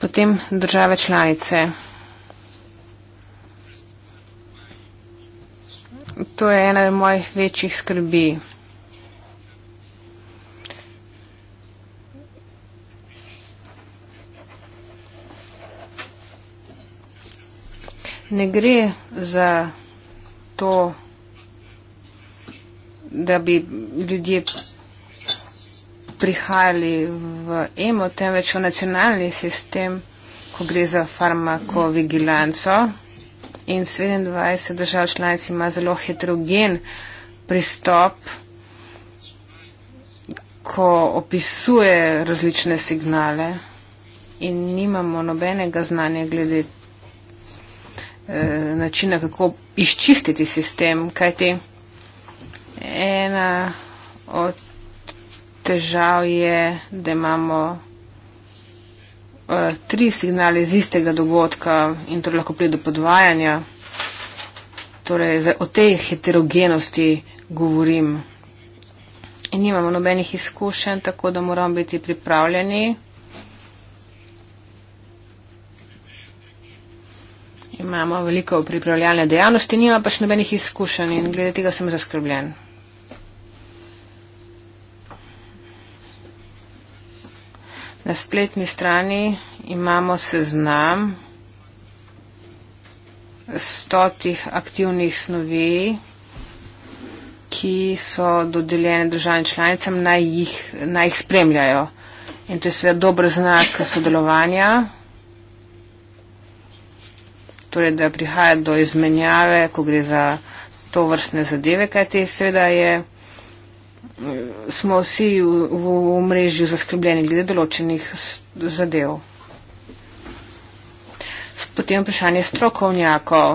Potem države članice. to je ena mojih večjih skrbi. Ne gre za to, da bi ljudje prihajali v emo, temveč v nacionalni sistem, ko gre za farmakovigilanco. Mm in 27 držav članic ima zelo heterogen pristop, ko opisuje različne signale in nimamo nobenega znanja glede e, načina, kako izčistiti sistem, kajti ena od težav je, da imamo Eh, tri signale iz istega dogodka in to torej lahko pride do podvajanja. Torej, o tej heterogenosti govorim. In nimamo nobenih izkušenj, tako da moramo biti pripravljeni. Imamo veliko pripravljalne dejavnosti, nima pač nobenih izkušenj in glede tega sem zaskrbljen. Na spletni strani imamo seznam stotih aktivnih snovi, ki so dodeljene državnim članicam, naj jih, naj jih spremljajo. In to je seveda dober znak sodelovanja, torej da prihaja do izmenjave, ko gre za to vrstne zadeve, kajte seveda je smo vsi v, v mreži zaskrbljeni glede določenih zadev. Potem vprašanje strokovnjakov.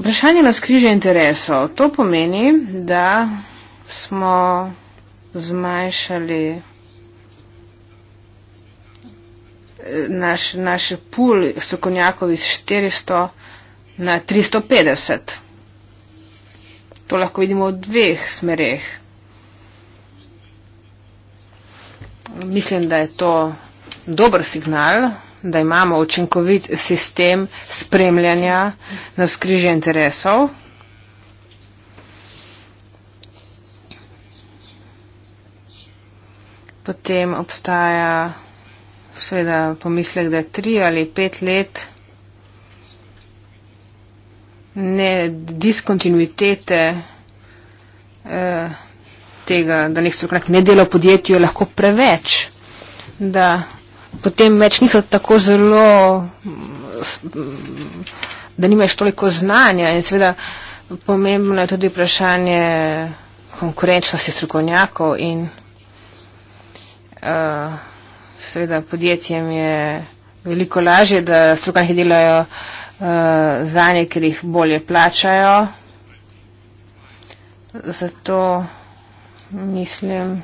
Vprašanje nas križa interesov. To pomeni, da smo zmanjšali eh, naš, naš pul strokovnjakov iz 400 na 350. To lahko vidimo v dveh smereh. Mislim, da je to dober signal, da imamo učinkovit sistem spremljanja na skriže interesov. Potem obstaja seveda pomislek, da je tri ali pet let ne diskontinuitete eh, tega, da nek strokovnjak ne dela v podjetju, je lahko preveč, da potem več niso tako zelo, da nimajo toliko znanja in seveda pomembno je tudi vprašanje konkurenčnosti strokovnjakov in eh, seveda podjetjem je veliko lažje, da strokovnjaki delajo uh, eh, za nje, ker jih bolje plačajo. Zato mislim,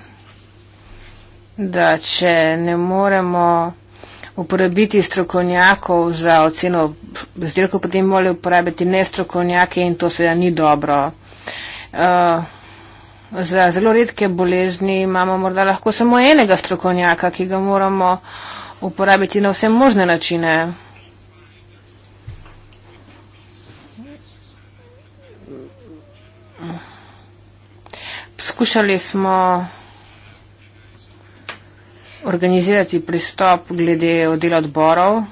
da če ne moremo uporabiti strokovnjakov za oceno izdelkov, potem morajo uporabiti nestrokovnjake in to seveda ni dobro. Uh, Za zelo redke bolezni imamo morda lahko samo enega strokovnjaka, ki ga moramo uporabiti na vse možne načine. skušali smo organizirati pristop glede odela odborov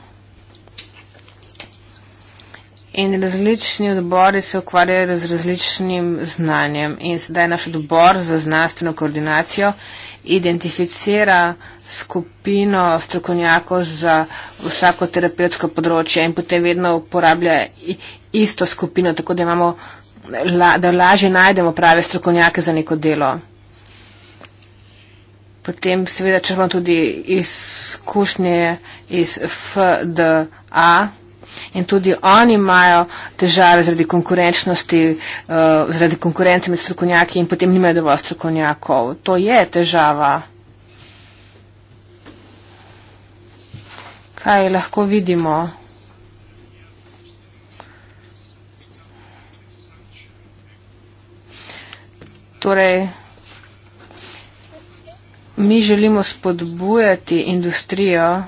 in različni odbori se ukvarjajo z različnim znanjem in sedaj naš odbor za znanstveno koordinacijo identificira skupino strokovnjakov za vsako terapevtsko področje in potem vedno uporablja isto skupino, tako da imamo la, da lažje najdemo prave strokovnjake za neko delo. Potem seveda črpam tudi izkušnje iz FDA in tudi oni imajo težave zaradi konkurenčnosti, uh, zaradi konkurence med strokovnjaki in potem nimajo dovolj strokovnjakov. To je težava. Kaj lahko vidimo? Torej, mi želimo spodbujati industrijo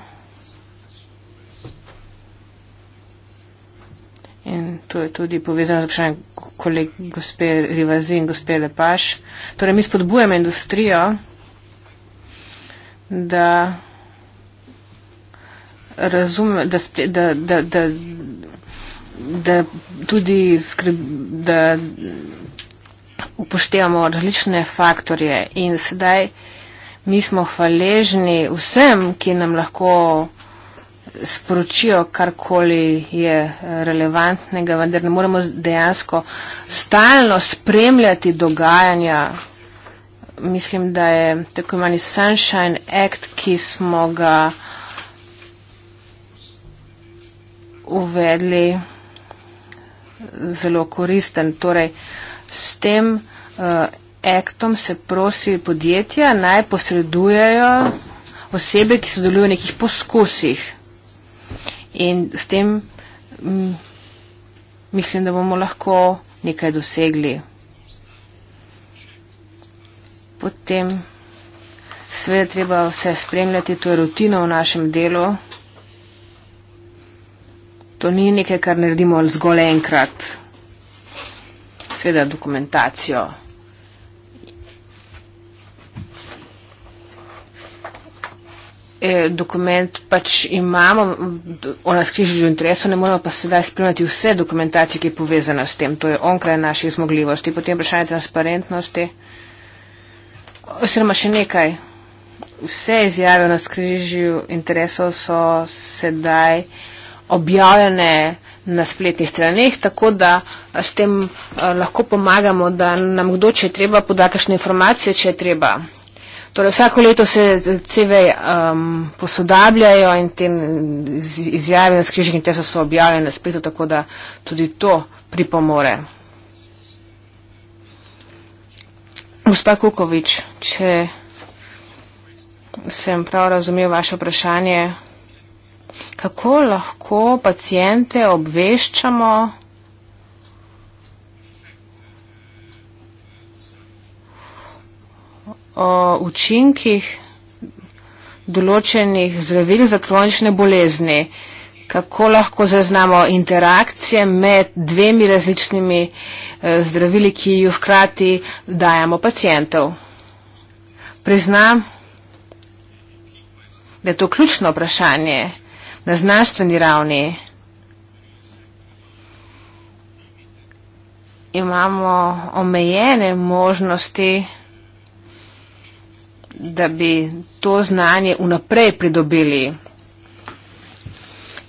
in to je tudi povezano z vprašanjem koleg gospe Rivazi in gospe Lepaš. Torej, mi spodbujamo industrijo, da razume, da, da, da, da, da tudi skrbi, da upoštevamo različne faktorje in sedaj mi smo hvaležni vsem, ki nam lahko sporočijo karkoli je eh, relevantnega, vendar ne moremo dejansko stalno spremljati dogajanja. Mislim, da je tako imani Sunshine Act, ki smo ga uvedli, zelo koristen. Torej, s tem uh, aktom se prosi podjetja naj posredujejo osebe, ki sodelujo v nekih poskusih. In s tem m, mm, mislim, da bomo lahko nekaj dosegli. Potem seveda treba vse spremljati, to je rutina v našem delu. To ni nekaj, kar naredimo zgolj enkrat seveda dokumentacijo. E, dokument pač imamo o nas križežu interesu, ne moramo pa sedaj spremljati vse dokumentacije, ki je povezana s tem. To je onkraj naših zmogljivosti. Potem vprašanje transparentnosti. Oziroma še nekaj. Vse izjave o nas križežu interesu so sedaj eh, objavljene na spletnih straneh, tako da eh, s tem eh, lahko pomagamo, da nam kdo, če je treba, poda kakšne informacije, če je treba. Torej, vsako leto se CV um, posodabljajo in te izjave na skrižnih testov so objavljene na spletu, tako da tudi to pripomore. Gospa Kukovič, če sem prav razumel vaše vprašanje kako lahko pacijente obveščamo, o učinkih določenih zdravil za kronične bolezni, kako lahko zaznamo interakcije med dvemi različnimi eh, zdravili, ki jih hkrati dajemo pacijentov. Priznam, da je to ključno vprašanje na znanstveni ravni imamo omejene možnosti, da bi to znanje vnaprej pridobili.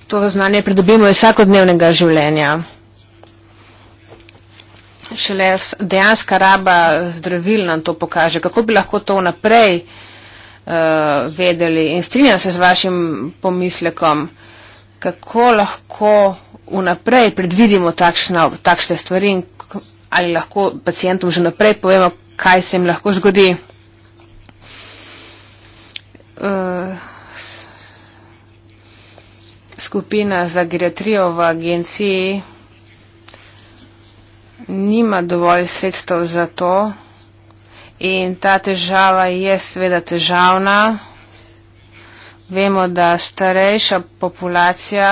To znanje pridobimo iz vsakodnevnega življenja. Šele dejanska raba zdravil nam to pokaže, kako bi lahko to vnaprej pridobili uh, vedeli. In strinjam se z vašim pomislekom, kako lahko vnaprej predvidimo takšna, takšne stvari in ali lahko pacijentom že naprej povemo, kaj se jim lahko zgodi. Uh, skupina za geriatrijo v agenciji nima dovolj sredstev za to, In ta težava je seveda težavna. Vemo, da starejša populacija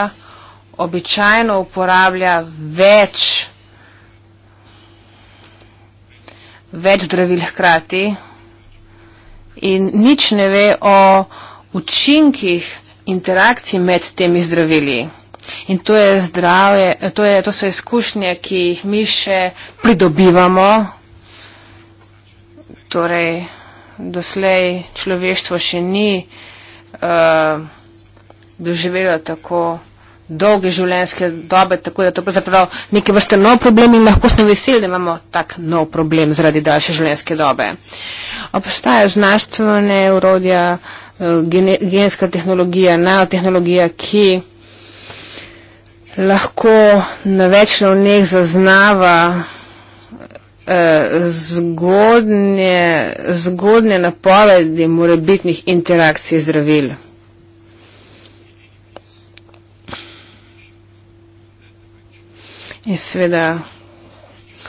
običajno uporablja več, več zdravil hkrati in nič ne ve o učinkih interakcij med temi zdravili. In to, je zdravje, to, je, to so izkušnje, ki jih mi še pridobivamo torej doslej človeštvo še ni uh, doživelo tako dolge življenjske dobe, tako da to pravzaprav neke vrste nov problem in lahko smo veseli, da imamo tak nov problem zaradi daljše življenjske dobe. Obstaja znanstvene urodja, eh, genska tehnologija, nanotehnologija, ki lahko na več ravneh zaznava Eh, zgodnje, zgodnje napovedi morebitnih interakcij zdravil. In seveda,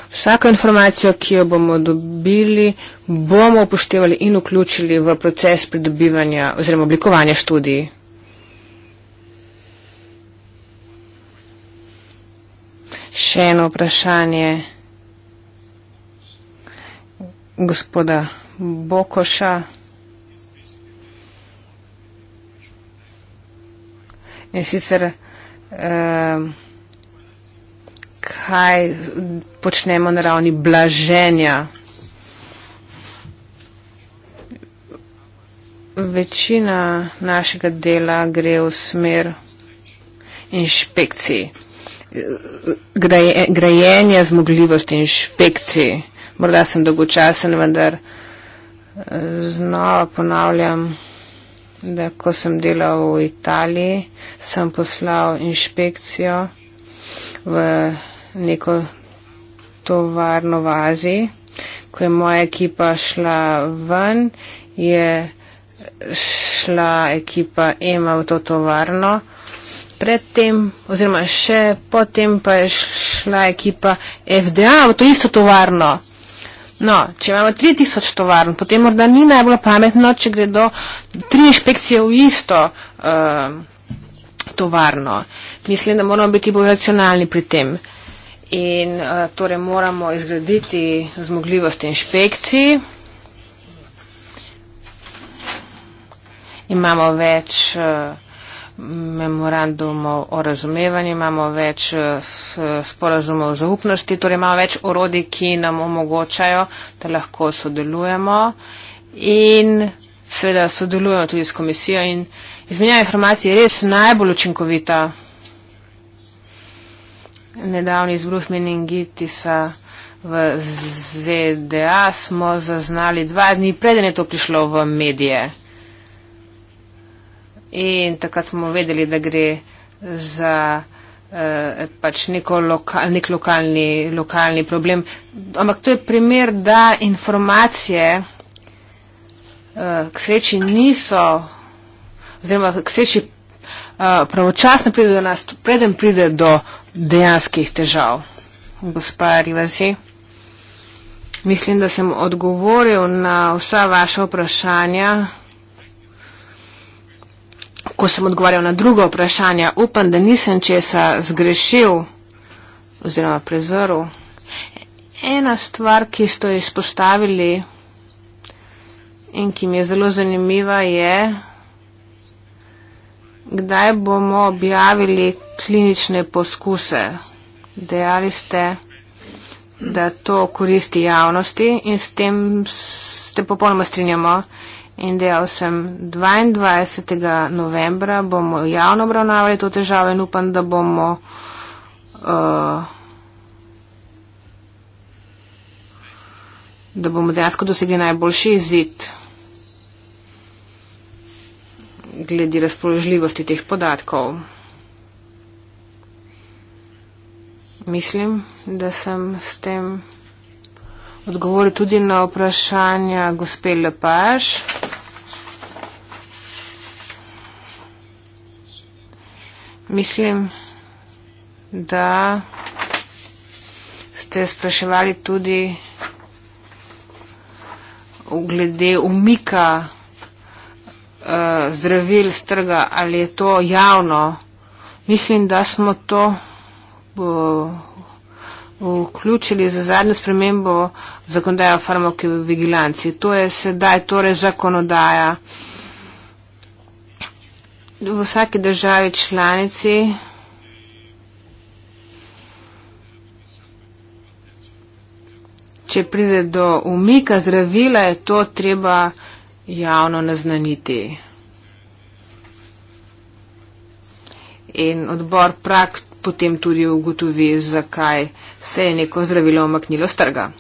vsako informacijo, ki jo bomo dobili, bomo upoštevali in vključili v proces pridobivanja oziroma oblikovanja študij. Še eno vprašanje gospoda Bokoša. In sicer, eh, kaj počnemo na ravni blaženja? Večina našega dela gre v smer inšpekcij, graje, grajenja zmogljivosti inšpekcij morda sem dolgočasen, vendar eh, znova ponavljam, da ko sem delal v Italiji, sem poslal inšpekcijo v neko tovarno v Aziji. Ko je moja ekipa šla ven, je šla ekipa EMA v to tovarno. Predtem, oziroma še potem pa je šla ekipa FDA v to isto tovarno. No, če imamo 3000 tovarn, potem morda ni najbolj pametno, če gre do tri inšpekcije v isto um, tovarno. Mislim, da moramo biti bolj racionalni pri tem. In uh, torej moramo izgraditi zmogljivost inšpekciji. Imamo več. Uh, memorandumov o razumevanju, imamo več eh, sporazumov zaupnosti, torej imamo več orodij, ki nam omogočajo, da lahko sodelujemo in seveda sodelujemo tudi s komisijo in izmenjava informacij je res najbolj učinkovita. Nedavni izbruh meningitisa v ZDA smo zaznali dva dni, preden je to prišlo v medije. In takrat smo vedeli, da gre za eh, pač lokal, nek lokalni, lokalni problem. Ampak to je primer, da informacije eh, k sreči niso, oziroma k sreči eh, pravočasno pride do nas, preden pride do dejanskih težav. Gospa Rivasi, mislim, da sem odgovoril na vsa vaša vprašanja ko sem odgovarjal na drugo vprašanje, upam, da nisem česa zgrešil oziroma prezrl. Ena stvar, ki ste izpostavili in ki mi je zelo zanimiva, je, kdaj bomo objavili klinične poskuse. Dejali ste, da to koristi javnosti in s tem se popolnoma strinjamo. In dejal sem, 22. novembra bomo javno obravnavali to težavo in upam, da bomo uh, da bomo dejansko dosegli najboljši izid glede razpoložljivosti teh podatkov. Mislim, da sem s tem odgovoril tudi na vprašanja gospe Lepaš. Mislim, da ste spraševali tudi glede umika uh, zdravil z trga, ali je to javno. Mislim, da smo to uh, vključili za zadnjo spremembo zakonodaje o farmakovigilanci. To je sedaj torej zakonodaja v vsaki državi članici Če pride do umika zdravila, je to treba javno naznaniti. In odbor prakt potem tudi ugotovi, zakaj se je neko zdravilo omaknilo strga.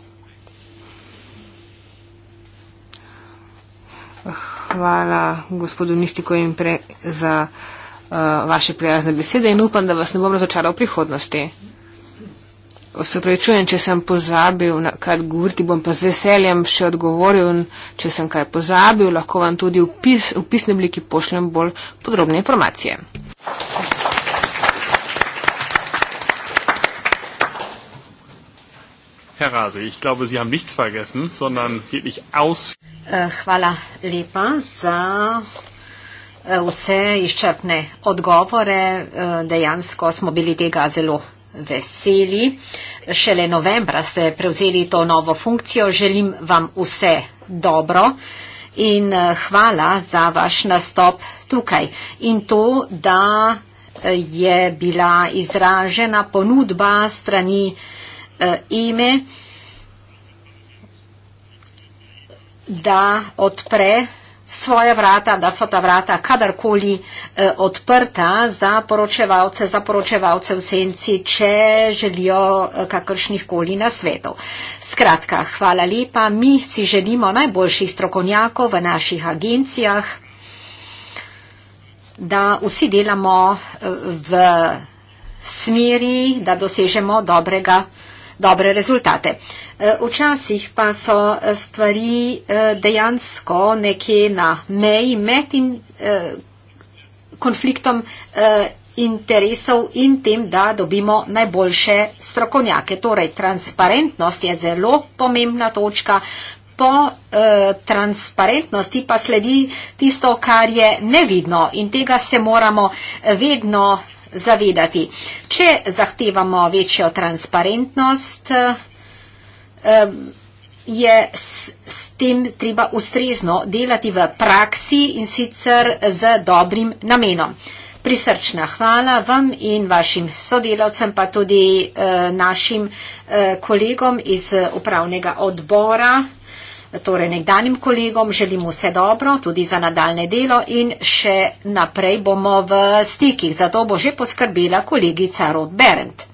hvala gospodu Mistiku in pre za uh, vaše prijazne besede in upam, da vas ne bom razočaral v prihodnosti. Se prečujem, če sem pozabil na kaj govoriti, bom pa z veseljem še odgovoril, če sem kaj pozabil, lahko vam tudi v, pis, v pisni obliki pošljem bolj podrobne informacije. Herr Rase, ich glaube, Sie haben nichts vergessen, sondern wirklich aus. Eh, hvala lepa za eh, vse izčrpne odgovore. Eh, dejansko smo bili tega zelo veseli. Šele novembra ste prevzeli to novo funkcijo. Želim vam vse dobro in hvala za vaš nastop tukaj. In to, da je bila izražena ponudba strani. Eh, ime, da odpre svoja vrata, da so ta vrata kadarkoli eh, odprta za poročevalce, za poročevalce v senci, če želijo eh, kakršnihkoli nasvetov. Skratka, hvala lepa, mi si želimo najboljših strokovnjakov v naših agencijah, da vsi delamo eh, v smeri, da dosežemo dobrega dobre rezultate. Eh, včasih pa so eh, stvari eh, dejansko nekje na meji med in, konfliktom interesov in tem, da dobimo najboljše strokovnjake. Torej, transparentnost je zelo pomembna točka. Po transparentnosti pa sledi tisto, kar je nevidno in tega se moramo vedno zavedati. Če zahtevamo večjo transparentnost, eh, je s tem treba ustrezno delati v praksi in sicer z dobrim namenom. Prisrčna hvala vam in vašim sodelavcem, pa tudi eh, našim eh, kolegom iz upravnega odbora torej nekdanjim kolegom, želim vse dobro tudi za nadaljne delo in še naprej bomo v stikih. Zato bo že poskrbila kolegica Rod Berendt.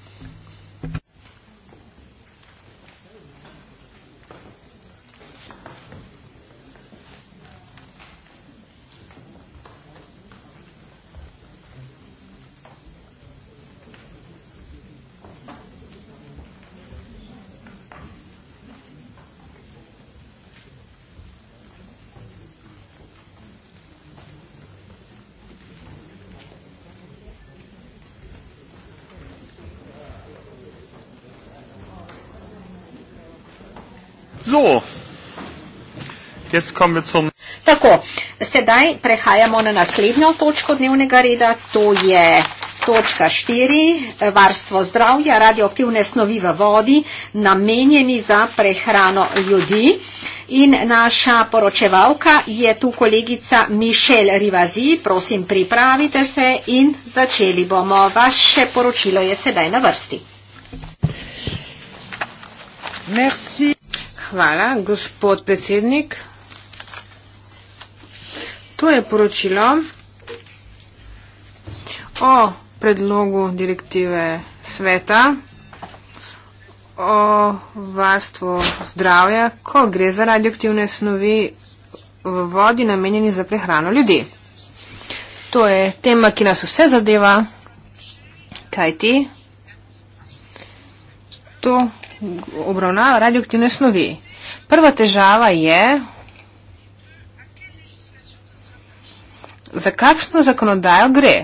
So. Tako, sedaj prehajamo na naslednjo točko dnevnega reda, to je točka 4, varstvo zdravja, radioaktivne snovi v vodi, namenjeni za prehrano ljudi. In naša poročevalka je tu kolegica Mišel Rivazi, prosim pripravite se in začeli bomo. Vaše poročilo je sedaj na vrsti. Merci hvala, gospod predsednik. To je poročilo o predlogu direktive sveta o varstvu zdravja, ko gre za radioaktivne snovi v vodi namenjeni za prehrano ljudi. To je tema, ki nas vse zadeva, kajti to obravnava radioaktivne snovi. Prva težava je, za kakšno zakonodajo gre.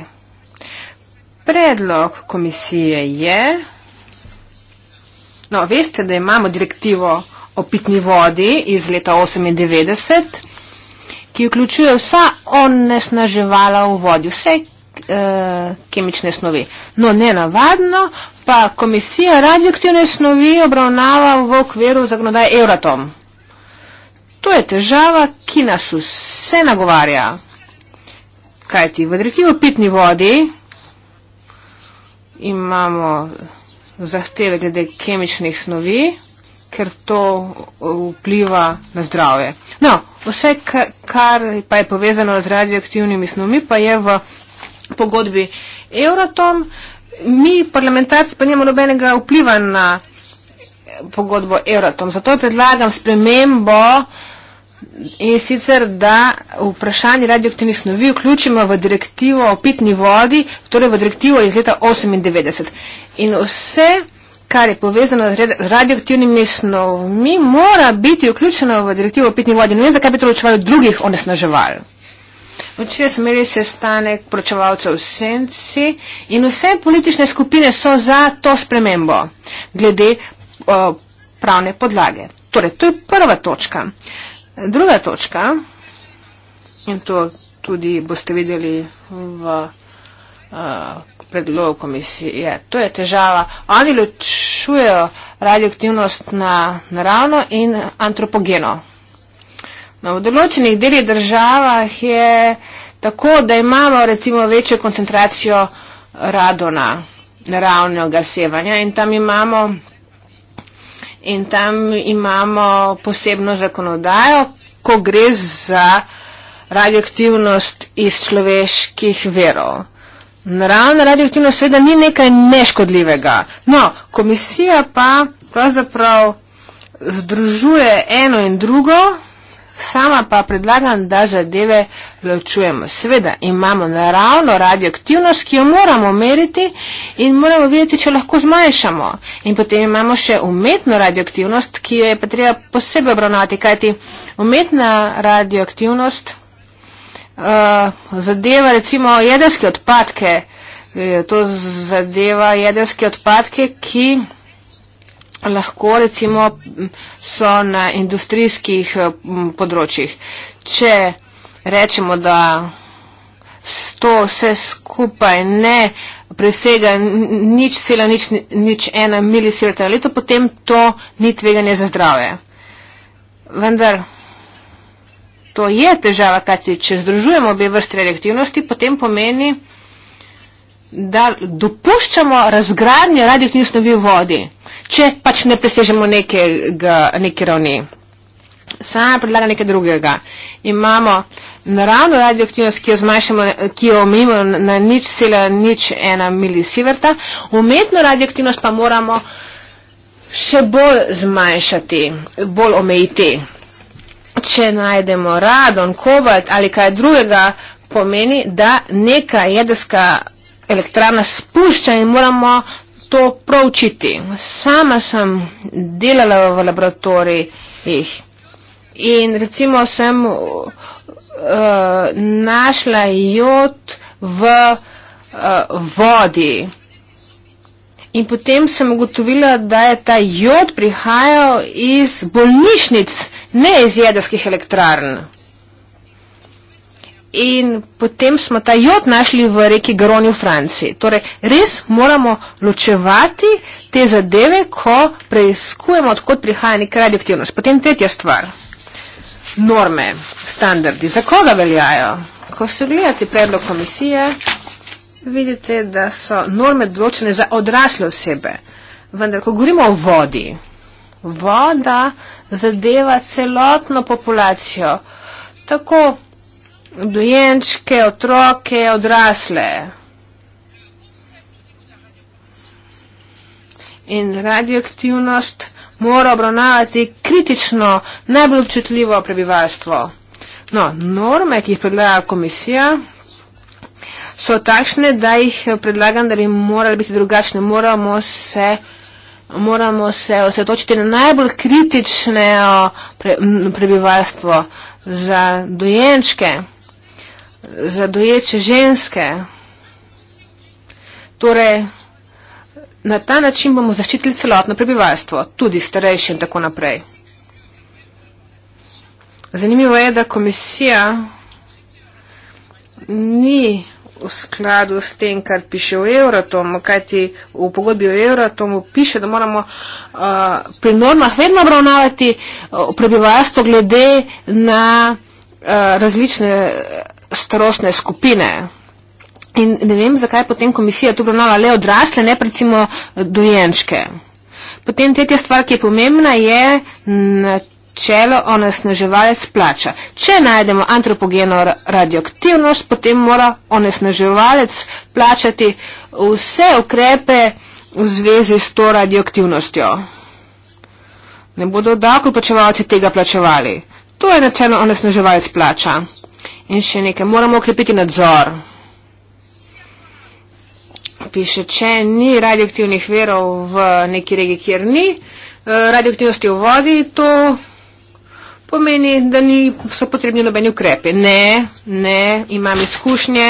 Predlog komisije je, no, veste, da imamo direktivo o pitni vodi iz leta 1998, ki vključuje vsa onesnaževala v vodi, vse, kemične snovi. No, nenavadno, pa komisija radioaktivne snovi obravnava v okviru zagonodaje Euratom. To je težava, ki nas vse nagovarja. Kaj ti, v direktivu pitni vodi imamo zahteve glede kemičnih snovi, ker to vpliva na zdravje. No, vse, kar pa je povezano z radioaktivnimi snovmi, pa je v pogodbi. Euratom, mi parlamentarci pa nimamo nobenega vpliva na pogodbo Euratom, zato predlagam spremembo in sicer, da vprašanje radioaktivnih snovi vključimo v direktivo o pitni vodi, torej v direktivo iz leta 98. In vse, kar je povezano z radioaktivnimi snovmi, mora biti vključeno v direktivo o pitni vodi. Ne vem, zakaj bi to ločevalo drugih onesnaževalj. Včeraj smo imeli sestanek pročevalcev v senci in vse politične skupine so za to spremembo glede o, pravne podlage. Torej, to je prva točka. Druga točka, in to tudi boste videli v uh, predlogu komisije, to je težava. Oni ločujejo radioaktivnost na naravno in antropogeno. No, v določenih delih državah je tako, da imamo recimo večjo koncentracijo radona, naravnega sevanja in tam imamo in tam imamo posebno zakonodajo, ko gre za radioaktivnost iz človeških verov. Naravna radioaktivnost seveda ni nekaj neškodljivega. No, komisija pa pravzaprav združuje eno in drugo, Sama pa predlagam, da zadeve ločujemo. Sveda imamo naravno radioaktivnost, ki jo moramo meriti in moramo videti, če lahko zmanjšamo. In potem imamo še umetno radioaktivnost, ki jo je pa treba posebej obravnati, kajti umetna radioaktivnost uh, zadeva recimo jedrske odpadke. Eh, to zadeva jedrske odpadke, ki lahko recimo so na industrijskih eh, področjih. Če rečemo, da to vse skupaj ne presega nič sela, nič, nič ena milisivrta na leto, potem to ni tveganje za zdrave. Vendar to je težava, kajti če združujemo obje vrste reaktivnosti, potem pomeni, da dopuščamo razgradnje radioaktivnih snovi v vodi, če pač ne presežemo nekega, neke ravni. Sama predlaga nekaj drugega. Imamo naravno radioaktivnost, ki jo, zmanjšamo, ki jo omejimo na nič sela, nič ena milisiverta. Umetno radioaktivnost pa moramo še bolj zmanjšati, bolj omejiti. Če najdemo radon, kobalt ali kaj drugega, pomeni, da neka jedrska elektrarna spušča in moramo to proučiti. Sama sem delala v laboratorijih in recimo sem uh, našla jod v uh, vodi. In potem sem ugotovila, da je ta jod prihajal iz bolnišnic, ne iz jedrskih elektrarn in potem smo ta jod našli v reki Garoni v Franciji. Torej, res moramo ločevati te zadeve, ko preizkujemo, odkot prihaja neka radioaktivnost. Potem tretja stvar. Norme, standardi, za koga veljajo? Ko se gledate predlog komisije, vidite, da so norme določene za odrasle osebe. Vendar, ko govorimo o vodi, voda zadeva celotno populacijo. Tako dojenčke, otroke, odrasle. In radioaktivnost mora obravnavati kritično, najbolj občutljivo prebivalstvo. No, norme, ki jih predlaga komisija, so takšne, da jih predlagam, da bi morali biti drugačne. Moramo se moramo se osredotočiti na najbolj kritične eh, prebivalstvo za dojenčke za doječe ženske. Torej, na ta način bomo zaščitili celotno prebivalstvo, tudi starejše in tako naprej. Zanimivo je, da komisija ni v skladu s tem, kar piše v Euratomu, kajti v pogodbi v Euratomu piše, da moramo uh, pri normah vedno obravnavati uh, prebivalstvo glede na uh, različne. Uh, starostne skupine. In ne vem, zakaj je potem komisija tu obravnavala le odrasle, ne recimo eh, dojenčke. Potem tretja stvar, ki je pomembna, je načelo onesnaževalec plača. Če najdemo antropogeno radioaktivnost, potem mora onesnaževalec plačati vse ukrepe v zvezi s to radioaktivnostjo. Ne bodo davkoplačevalci tega plačevali. To je načelo onesnaževalec plača. In še nekaj, moramo okrepiti nadzor. Piše, če ni radioaktivnih verov v neki regiji, kjer ni eh, radioaktivnosti v vodi, to pomeni, da ni, so potrebni nobeni ukrepi. Ne, ne, imam izkušnje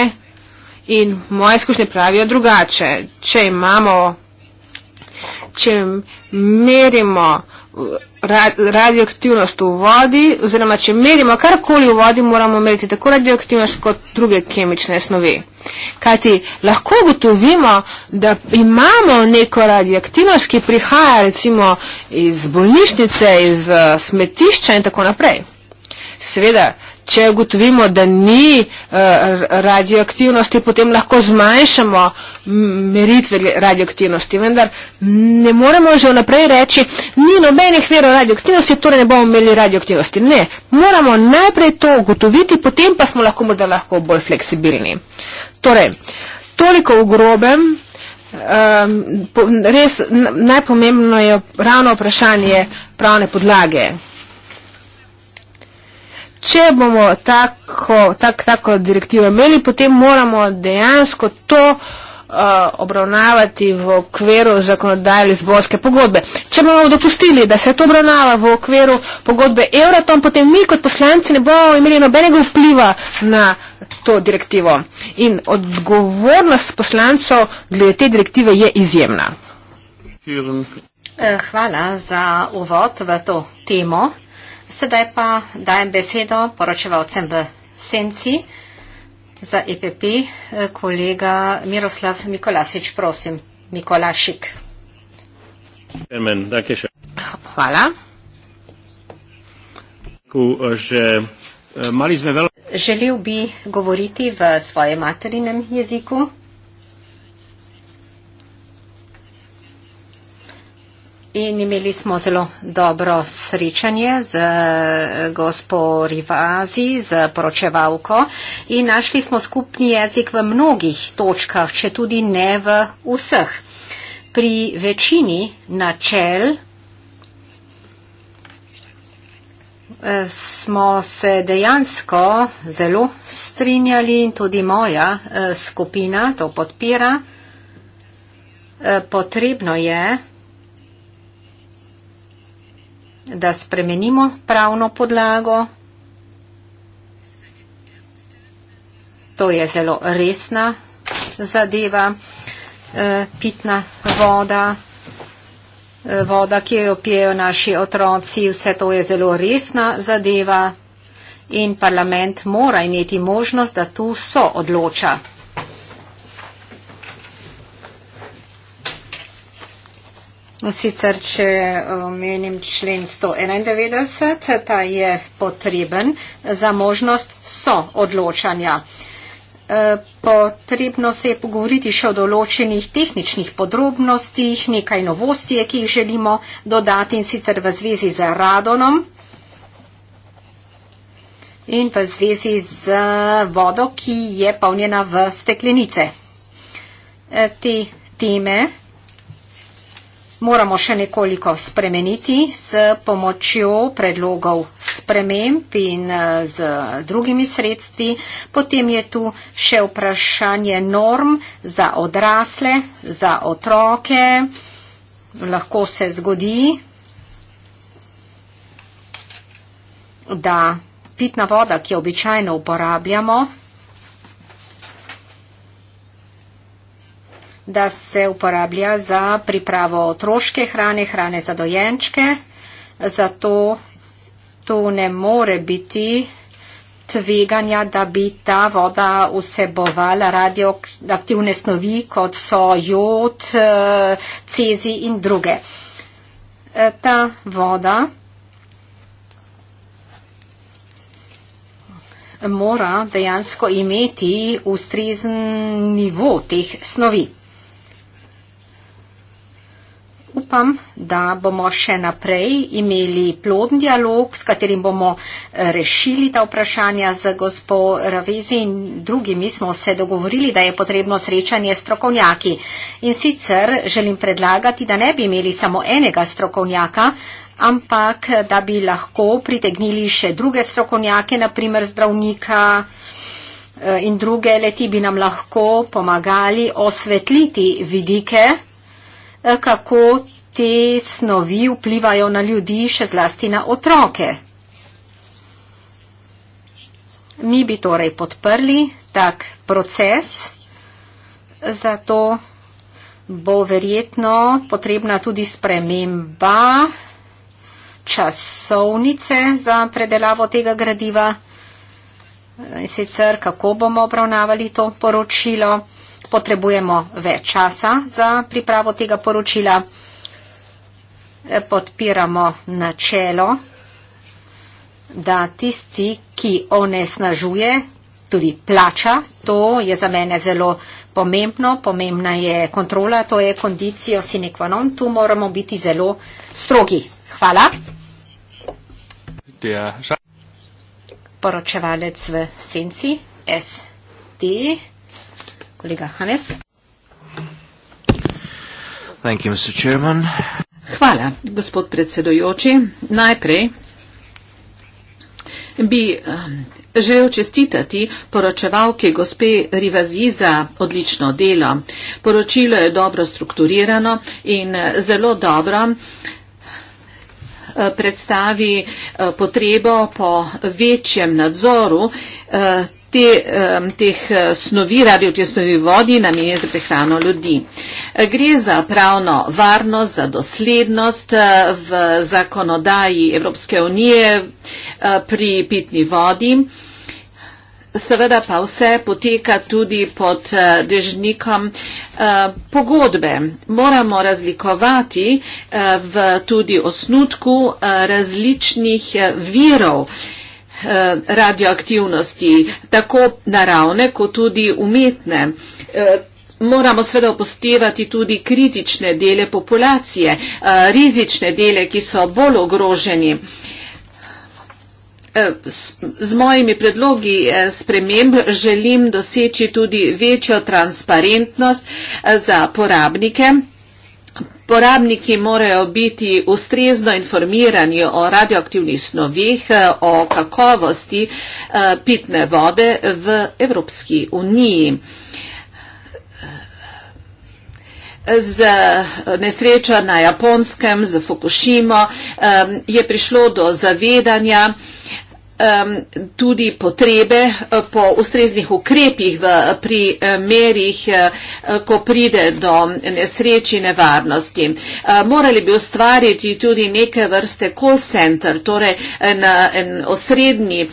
in moje izkušnje pravijo drugače. Če imamo, če merimo radioaktivnost v vodi, oziroma če merimo karkoli v vodi, moramo meriti tako radioaktivnost kot druge kemične snovi. Kajti lahko gotovimo, da imamo neko radioaktivnost, ki prihaja recimo iz bolnišnice, iz eh, smetišča in tako naprej. Seveda, če ugotovimo, da ni eh, radioaktivnosti, potem lahko zmanjšamo meritve radioaktivnosti. Vendar ne moremo že vnaprej reči, ni nobenih verov radioaktivnosti, torej ne bomo imeli radioaktivnosti. Ne, moramo najprej to ugotoviti, potem pa smo lahko morda lahko bolj fleksibilni. Torej, toliko v grobem. Um, po, res najpomembno je ravno vprašanje pravne podlage. Če bomo tako, tak, tako direktivo imeli, potem moramo dejansko to uh, obravnavati v okviru zakonodaje Lizbonske pogodbe. Če bomo dopustili, da se to obravnava v okviru pogodbe Euratom, potem mi kot poslanci ne bomo imeli nobenega vpliva na to direktivo. In odgovornost poslancov glede te direktive je izjemna. Eh, hvala za uvod v to temo. Sedaj pa dajem besedo poročevalcem v senci za EPP, eh, kolega Miroslav Mikolasič, prosim, Mikolašik. Hvala. Eh, eh, Želel bi govoriti v svojem materinem jeziku. In imeli smo zelo dobro srečanje z eh, gospo Rivazi, z poročevalko in našli smo skupni jezik v mnogih točkah, če tudi ne v vseh. Pri večini načel eh, smo se dejansko zelo strinjali in tudi moja eh, skupina to podpira. Potrebno je, da spremenimo pravno podlago. To je zelo resna zadeva, eh, pitna voda, eh, voda, ki jo pijejo naši otroci, vse to je zelo resna zadeva in parlament mora imeti možnost, da tu so odloča. Sicer, če omenim člen 191, ta je potreben za možnost soodločanja. Potrebno se je pogovoriti še o določenih tehničnih podrobnostih, nekaj novosti, ki jih želimo dodati in sicer v zvezi z radonom in v zvezi z vodo, ki je polnjena v steklenice. Te teme moramo še nekoliko spremeniti s pomočjo predlogov sprememb in eh, z drugimi sredstvi. Potem je tu še vprašanje norm za odrasle, za otroke. Lahko se zgodi, da pitna voda, ki jo običajno uporabljamo, da se uporablja za pripravo otroške hrane, hrane za dojenčke, zato tu ne more biti tveganja, da bi ta voda vsebovala radioaktivne snovi, kot so jod, eh, cezi in druge. Eh, ta voda mora dejansko imeti ustrezen nivo teh snovi upam, da bomo še naprej imeli ploden dialog, s katerim bomo eh, rešili ta vprašanja z gospo Ravezi in drugimi smo se dogovorili, da je potrebno srečanje s strokovnjaki. In sicer želim predlagati, da ne bi imeli samo enega strokovnjaka, ampak eh, da bi lahko pritegnili še druge strokovnjake, naprimer zdravnika eh, in druge leti bi nam lahko pomagali osvetliti vidike Eh, kako te snovi vplivajo na ljudi, še zlasti na otroke. Mi bi torej podprli tak proces, zato bo verjetno potrebna tudi sprememba časovnice za predelavo tega gradiva eh, in sicer kako bomo obravnavali to poročilo potrebujemo več časa za pripravo tega poročila. Podpiramo načelo, da tisti, ki onesnažuje, tudi plača. To je za mene zelo pomembno. Pomembna je kontrola, to je kondicijo sine qua non. Tu moramo biti zelo strogi. Hvala. Poročevalec v senci SD kolega Hanes. Thank you, Mr. Chairman. Hvala, gospod predsedojoči. Najprej bi um, želel čestitati poročevalki gospe Rivazi za odlično delo. Poročilo je dobro strukturirano in uh, zelo dobro uh, predstavi uh, potrebo po večjem nadzoru te, um, teh eh, snovi, radiotje snovi vodi, namenjen za prehrano ljudi. Eh, gre za pravno varnost, za doslednost eh, v zakonodaji Evropske unije pri pitni vodi. Seveda pa vse poteka tudi pod dežnikom pogodbe. Moramo razlikovati v tudi osnutku različnih virov. Eh, radioaktivnosti, tako naravne kot tudi umetne. Eh, moramo sveda opostevati tudi kritične dele populacije, eh, rizične dele, ki so bolj ogroženi. Z mojimi predlogi sprememb želim doseči tudi večjo transparentnost za porabnike Porabniki morajo biti ustrezno informirani o radioaktivnih snovih, o kakovosti eh, pitne vode v Evropski uniji. Z nesrečo na Japonskem, z Fukushimo eh, je prišlo do zavedanja, um, tudi potrebe eh, po ustreznih ukrepih v primerih, eh, ko pride do nesreči in nevarnosti. Eh, morali bi ustvariti tudi neke vrste call center, torej en, en osrednji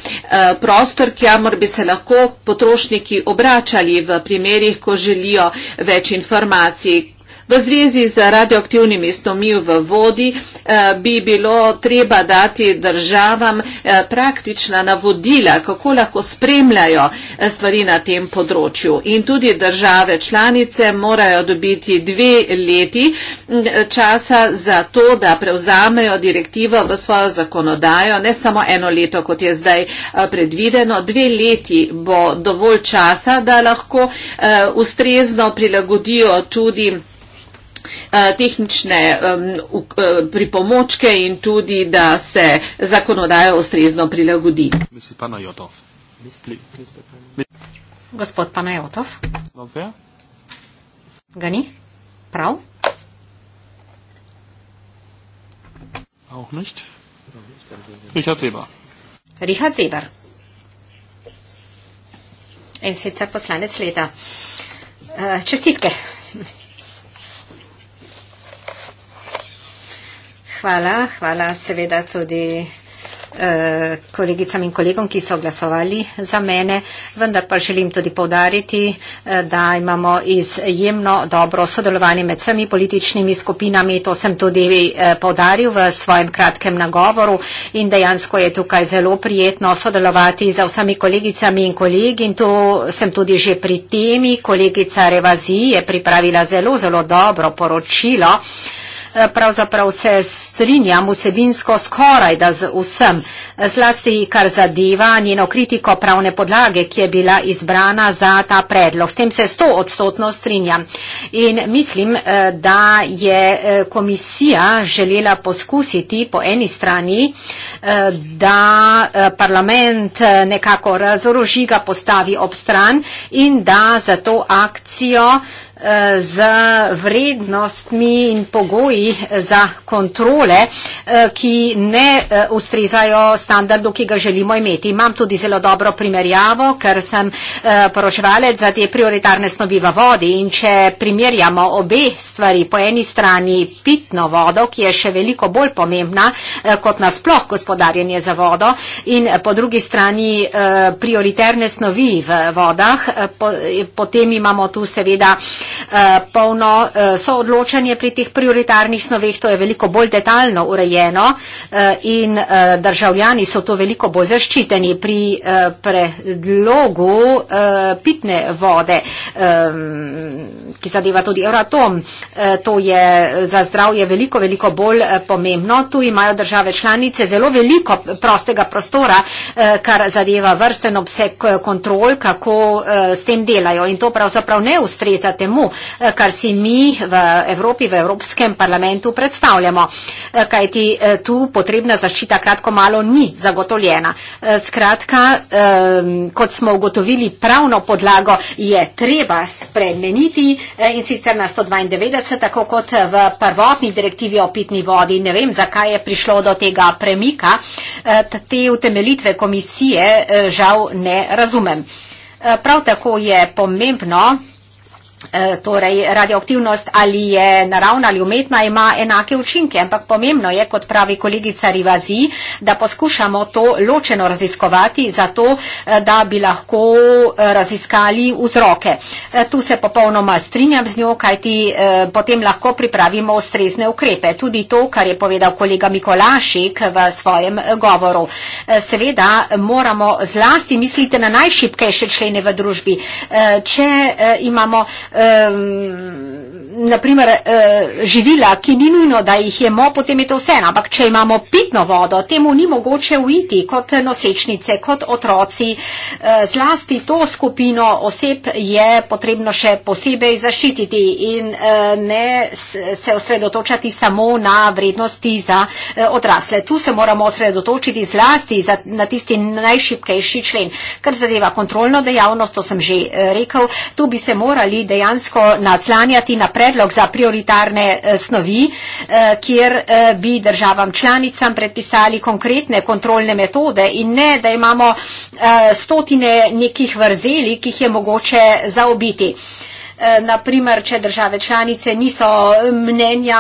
prostor, kjer bi se lahko potrošniki obračali v primerih, ko želijo več informacij, V zvezi z radioaktivnimi snomi v vodi eh, bi bilo treba dati državam eh, praktična navodila, kako lahko spremljajo eh, stvari na tem področju. In tudi države članice morajo dobiti dve leti mm, časa za to, da prevzamejo direktivo v svojo zakonodajo, ne samo eno leto, kot je zdaj predvideno. Dve leti bo dovolj časa, da lahko ustrezno prilagodijo tudi Eh, tehnične eh, pripomočke in tudi, da se zakonodajo ustrezno prilagodi. Gospod Panajotov. Ga ni? Prav? Richard Seber. Richard Seber. In sicer poslanec leta. Eh, čestitke. Hvala, hvala seveda tudi eh, kolegicam in kolegom, ki so glasovali za mene, vendar pa želim tudi povdariti, eh, da imamo izjemno dobro sodelovanje med vsemi političnimi skupinami, to sem tudi eh, povdaril v svojem kratkem nagovoru in dejansko je tukaj zelo prijetno sodelovati za vsemi kolegicami in kolegi in to sem tudi že pri temi, kolegica Revazi je pripravila zelo, zelo dobro poročilo, pravzaprav se strinjam vsebinsko skoraj da z vsem, zlasti kar zadeva njeno kritiko pravne podlage, ki je bila izbrana za ta predlog. S tem se sto odstotno strinjam. In mislim, eh, da je eh, komisija želela poskusiti po eni strani, eh, da parlament nekako razoroži ga postavi ob stran in da za to akcijo Eh, z vrednostmi in pogoji za kontrole, eh, ki ne eh, ustrezajo standardu, ki ga želimo imeti. Imam tudi zelo dobro primerjavo, ker sem poročevalec za te prioritarne snovi v vodi in če primerjamo obe stvari, po eni strani pitno vodo, ki je še veliko bolj pomembna kot nasploh gospodarjenje za vodo in po drugi strani prioritarne snovi v vodah, potem imamo tu seveda Eh, polno eh, soodločanje pri teh prioritarnih snoveh, to je veliko bolj detaljno urejeno eh, in državljani so to veliko bolj zaščiteni pri predlogu pitne vode, ehm, ki zadeva tudi Euratom. To je za zdravje veliko, veliko bolj pomembno. Tu imajo države članice zelo veliko prostega prostora, kar zadeva vrsten obseg kontrol, kako s tem delajo. In to pravzaprav ne ustreza temu, temu, eh, kar si mi v Evropi, v Evropskem parlamentu predstavljamo. Eh, kajti eh, tu potrebna zaščita kratko malo ni zagotovljena. Skratka, ehm, kot smo ugotovili, pravno podlago je treba spremeniti in sicer na 192, tako kot v prvotni direktivi o pitni vodi. Ne vem, zakaj je prišlo do tega premika. Te utemelitve komisije žal ne razumem. Prav tako je pomembno, Eh, torej radioaktivnost ali je naravna ali umetna, ima enake učinke. Ampak pomembno je, kot pravi kolegica Rivazi, da poskušamo to ločeno raziskovati, zato eh, da bi lahko eh, raziskali vzroke. Tu se popolnoma strinjam z njo, kajti potem lahko pripravimo ustrezne ukrepe. Tudi to, kar je povedal kolega Mikolašik v svojem govoru. Seveda moramo zlasti misliti na najšipkejše člene v družbi. Če imamo Um, naprimer, eh, živila, ki ni nujno, da jih jemo, potem je to vse. No, ampak, če imamo pitno vodo, temu ni mogoče uiti kot nosečnice, kot otroci. Eh, zlasti to skupino oseb je potrebno še posebej zaščititi in eh, ne se osredotočati samo na vrednosti za odrasle. Tu se moramo osredotočiti zlasti na tisti najšipkejši člen. Kar zadeva kontrolno dejavnost, to sem že rekel, tu bi se morali dejansko naslanjati na predlog za prioritarne eh, snovi, eh, kjer eh, bi državam članicam predpisali konkretne kontrolne metode in ne, da imamo stotine nekih vrzeli, ki jih je mogoče zaobiti. Eh, naprimer, če države članice niso mnenja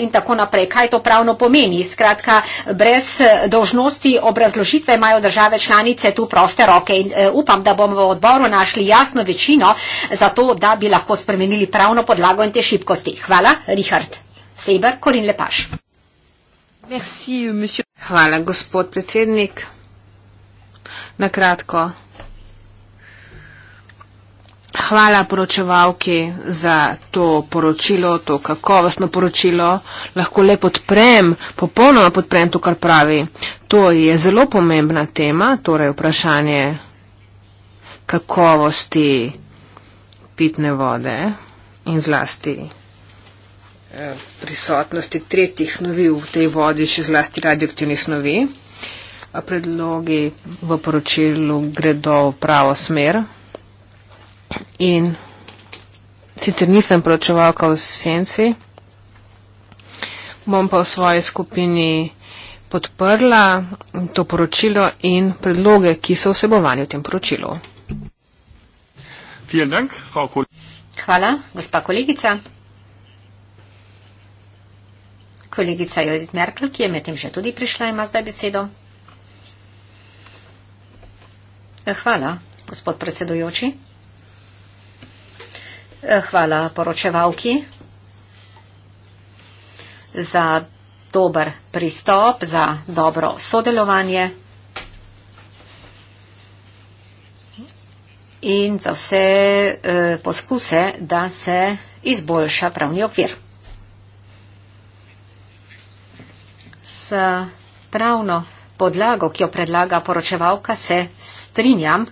in tako naprej. Kaj to pravno pomeni? Skratka, brez dožnosti obrazložitve imajo države članice tu proste roke in eh, upam, da bomo v odboru našli jasno večino za to, da bi lahko spremenili pravno podlago in te šibkosti. Hvala, Richard. Seber, Korin Lepaš. Merci, Hvala, gospod predsednik. Na kratko. Hvala poročevalki za to poročilo, to kakovostno poročilo. Lahko le podprem, popolnoma podprem to, kar pravi. To je zelo pomembna tema, torej vprašanje kakovosti pitne vode in zlasti eh, prisotnosti tretjih snovi v tej vodi, še zlasti radioaktivnih snovi. Predlogi v poročilu gredo v pravo smer in sicer nisem proučevalka v senci, bom pa v svoji skupini podprla to poročilo in predloge, ki so vsebovani v tem poročilu. Dank, Hvala, gospa kolegica. Kolegica Judith Merkel, ki je medtem že tudi prišla, ima zdaj besedo. Eh, hvala, gospod predsedujoči. Hvala poročevalki za dober pristop, za dobro sodelovanje in za vse eh, poskuse, da se izboljša pravni okvir. S pravno podlago, ki jo predlaga poročevalka, se strinjam.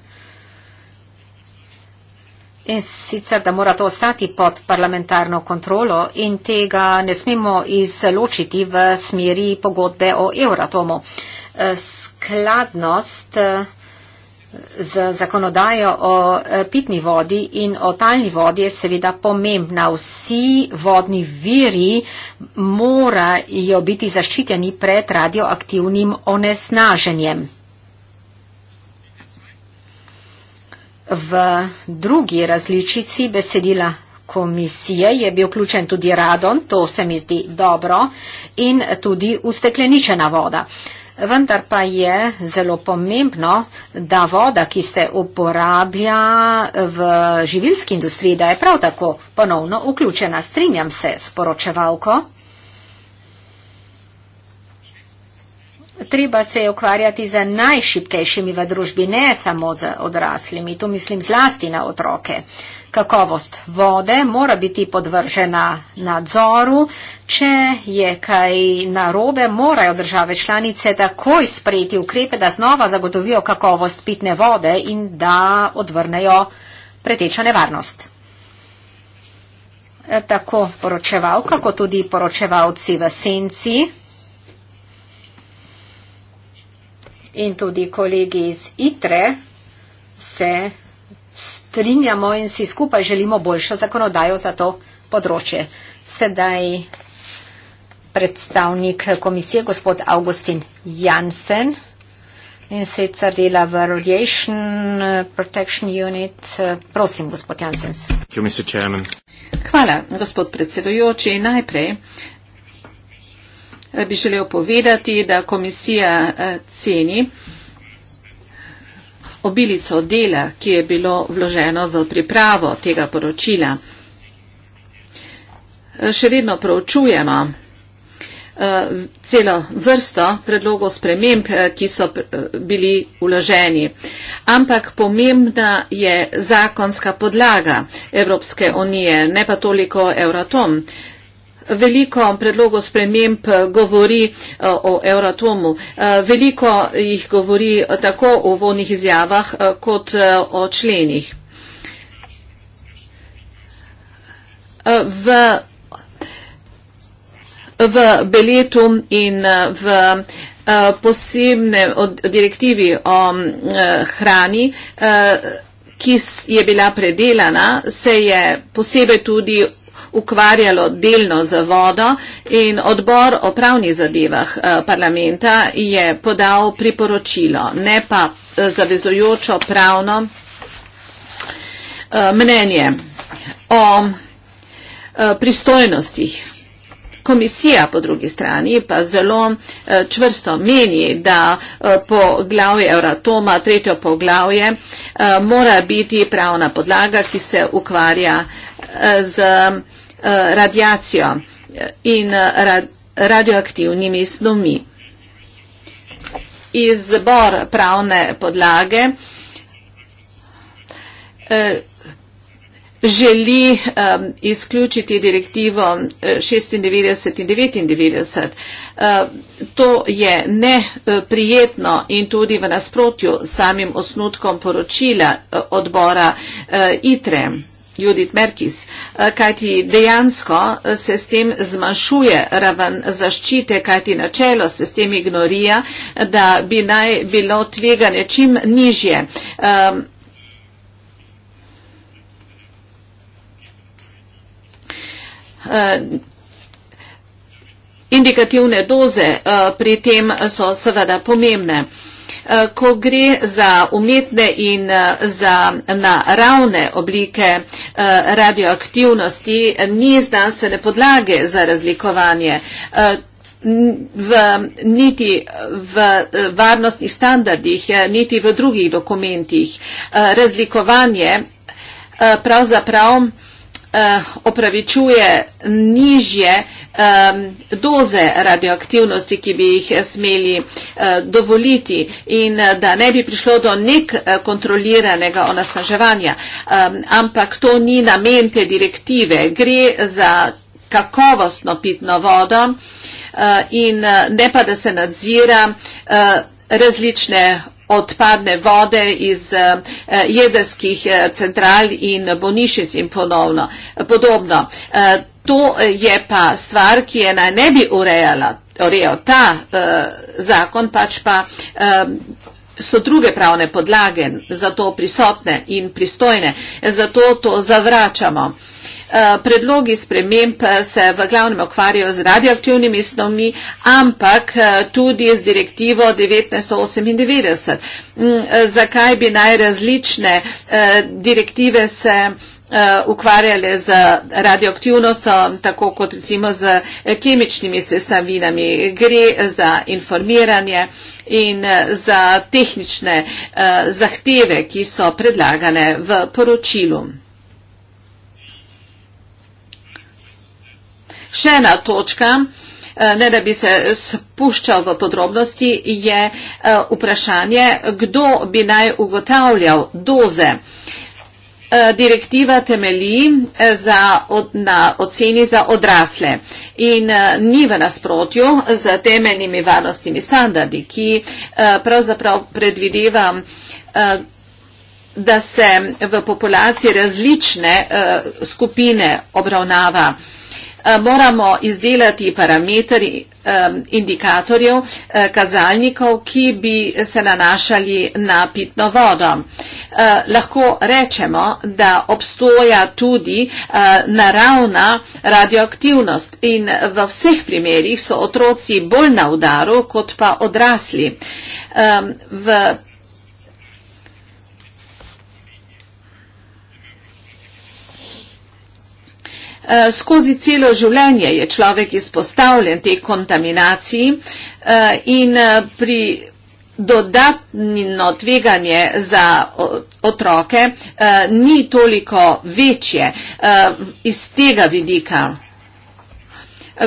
In sicer, da mora to ostati pod parlamentarno kontrolo in tega ne smemo izločiti v smeri pogodbe o Euratomu. Eh, skladnost eh, z zakonodajo o eh, pitni vodi in o talni vodi je seveda pomembna. Vsi vodni viri morajo biti zaščiteni pred radioaktivnim onesnaženjem. V drugi različici besedila komisije je bil vključen tudi radon, to se mi zdi dobro, in tudi ustekleničena voda. Vendar pa je zelo pomembno, da voda, ki se uporablja v živilski industriji, da je prav tako ponovno vključena. Strinjam se s poročevalko. treba se je ukvarjati z najšipkejšimi v družbi, ne samo z odraslimi, tu mislim zlasti na otroke. Kakovost vode mora biti podvržena nadzoru, če je kaj narobe, morajo države članice takoj sprejeti ukrepe, da znova zagotovijo kakovost pitne vode in da odvrnejo pretečo nevarnost. Tako poročevalka, kot tudi poročevalci v senci, in tudi kolegi iz ITRE se strinjamo in si skupaj želimo boljšo zakonodajo za to področje. Sedaj predstavnik komisije, gospod Augustin Jansen, in sicer dela v Radiation Protection Unit. Prosim, gospod Jansen. Hvala, gospod predsedujoči. Najprej Eh, bi želel povedati, da komisija eh, ceni obilico dela, ki je bilo vloženo v pripravo tega poročila. Eh, še vedno proučujemo celo vrsto predlogov sprememb, ki so bili vloženi. Ampak pomembna je zakonska podlaga Evropske unije, ne pa toliko Euratom veliko predlogov sprememb eh, govori eh, o Euratomu. Eh, veliko jih govori tako o vodnih izjavah kot o členih. V, v beletu in v posebne od direktivi o mm, hrani, ki je bila predelana, se je posebej tudi ukvarjalo delno z vodo in odbor o pravnih zadevah eh, parlamenta je podal priporočilo, ne pa eh, zavezujočo pravno eh, mnenje o pristojnostih. Komisija po drugi strani pa zelo čvrsto meni, da po glavi Euratoma, tretjo poglavje, mora biti pravna podlaga, ki se ukvarja z Eh, radiacijo eh, in eh, radioaktivnimi snumi. Izbor pravne podlage želi izključiti direktivo 96 in 99. To je neprijetno in tudi v nasprotju samim osnutkom poročila odbora ITREM. Judith Merkis, eh, kajti dejansko eh, se s tem zmanjšuje raven zaščite, kajti načelo se s tem ignorira, da bi naj bilo tveganje čim nižje. Ehm, eh, indikativne doze pri tem so seveda pomembne. Eh, ko gre za umetne in eh, za naravne oblike eh, radioaktivnosti, ni znanstvene podlage za razlikovanje. V, niti v varnostnih standardih, niti v drugih dokumentih. Razlikovanje pravzaprav prav Eh, opravičuje nižje doze radioaktivnosti, ki bi jih smeli eh, dovoliti in eh, da ne bi prišlo do nek kontroliranega onasnaževanja. Ampak to ni namen te direktive. Gre za kakovostno pitno vodo in ne pa, da se nadzira različne odpadne vode iz eh, eh, jedrskih eh, central in bonišic in ponovno, podobno. To je pa stvar, ki je naj ne bi urejala, urejal ta zakon, pač pa so druge pravne podlage za to prisotne in pristojne, zato to zavračamo. Eh, predlogi sprememb se v glavnem okvarjajo z radioaktivnimi snovmi, ampak eh, tudi z direktivo 1998. Mm, eh, zakaj bi najrazlične direktive se Eh, ukvarjale z radioaktivnostjo, tako kot recimo z eh, kemičnimi sestavinami. Gre za informiranje in eh, za tehnične zahteve, ki so predlagane v poročilu. Še ena točka, ne da bi se spuščal v podrobnosti, je vprašanje, kdo bi naj ugotavljal doze. Eh, direktiva temelji eh, za, od, na oceni za odrasle in uh, ni v nasprotju z temeljnimi varnostnimi standardi, ki uh, pravzaprav predvideva, uh, da se v populaciji različne uh, skupine obravnava uh, Eh, moramo izdelati parametri eh, indikatorjev, eh, kazalnikov, ki bi se nanašali na pitno vodo. Lahko rečemo, da obstoja tudi naravna radioaktivnost in v vseh primerjih so otroci bolj na udaru kot pa odrasli. V Eh, skozi celo življenje je človek izpostavljen tej kontaminaciji eh, in eh, pri dodatno tveganje za otroke ni toliko večje iz tega vidika.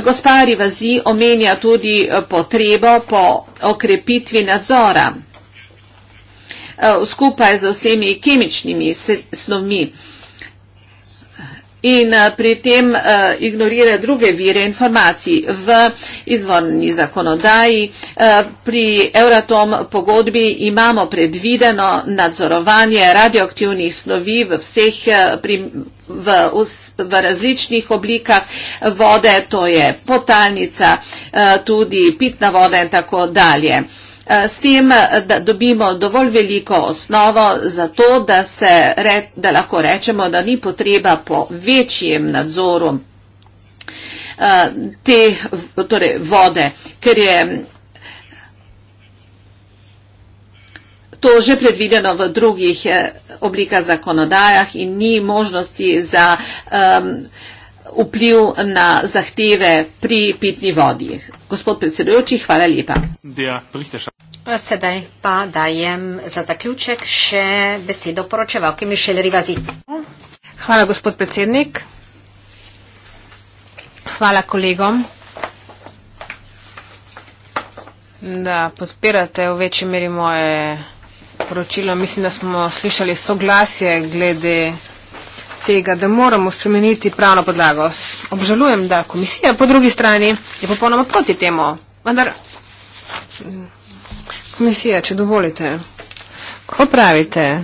Gospa Rivazi omenja tudi potrebo po okrepitvi nadzora skupaj z vsemi kemičnimi snovmi in eh, pri tem eh, ignorira druge vire informacij v izvorni zakonodaji. Eh, pri Euratom pogodbi imamo predvideno nadzorovanje radioaktivnih snovi v vseh primerih. V, v različnih oblikah vode, to je potalnica, tudi pitna voda in tako dalje. Eh, s tem, eh, da dobimo dovolj veliko osnovo za to, da, se, da lahko rečemo, da ni potreba po večjem nadzoru eh, te torej vode, ker je to že predvideno v drugih oblikah zakonodajah in ni možnosti za um, vpliv na zahteve pri pitni vodi. Gospod predsedujoči, hvala lepa. Sedaj pa dajem za zaključek še besedo poročevalke Mišel Rivazi. Hvala, gospod predsednik. Hvala kolegom, da podpirate v večji meri moje poročilo. Mislim, da smo slišali soglasje glede tega, da moramo spremeniti pravno podlago. Obžalujem, da komisija po drugi strani je popolnoma proti temu. Vendar, mm, komisija, če dovolite, ko pravite,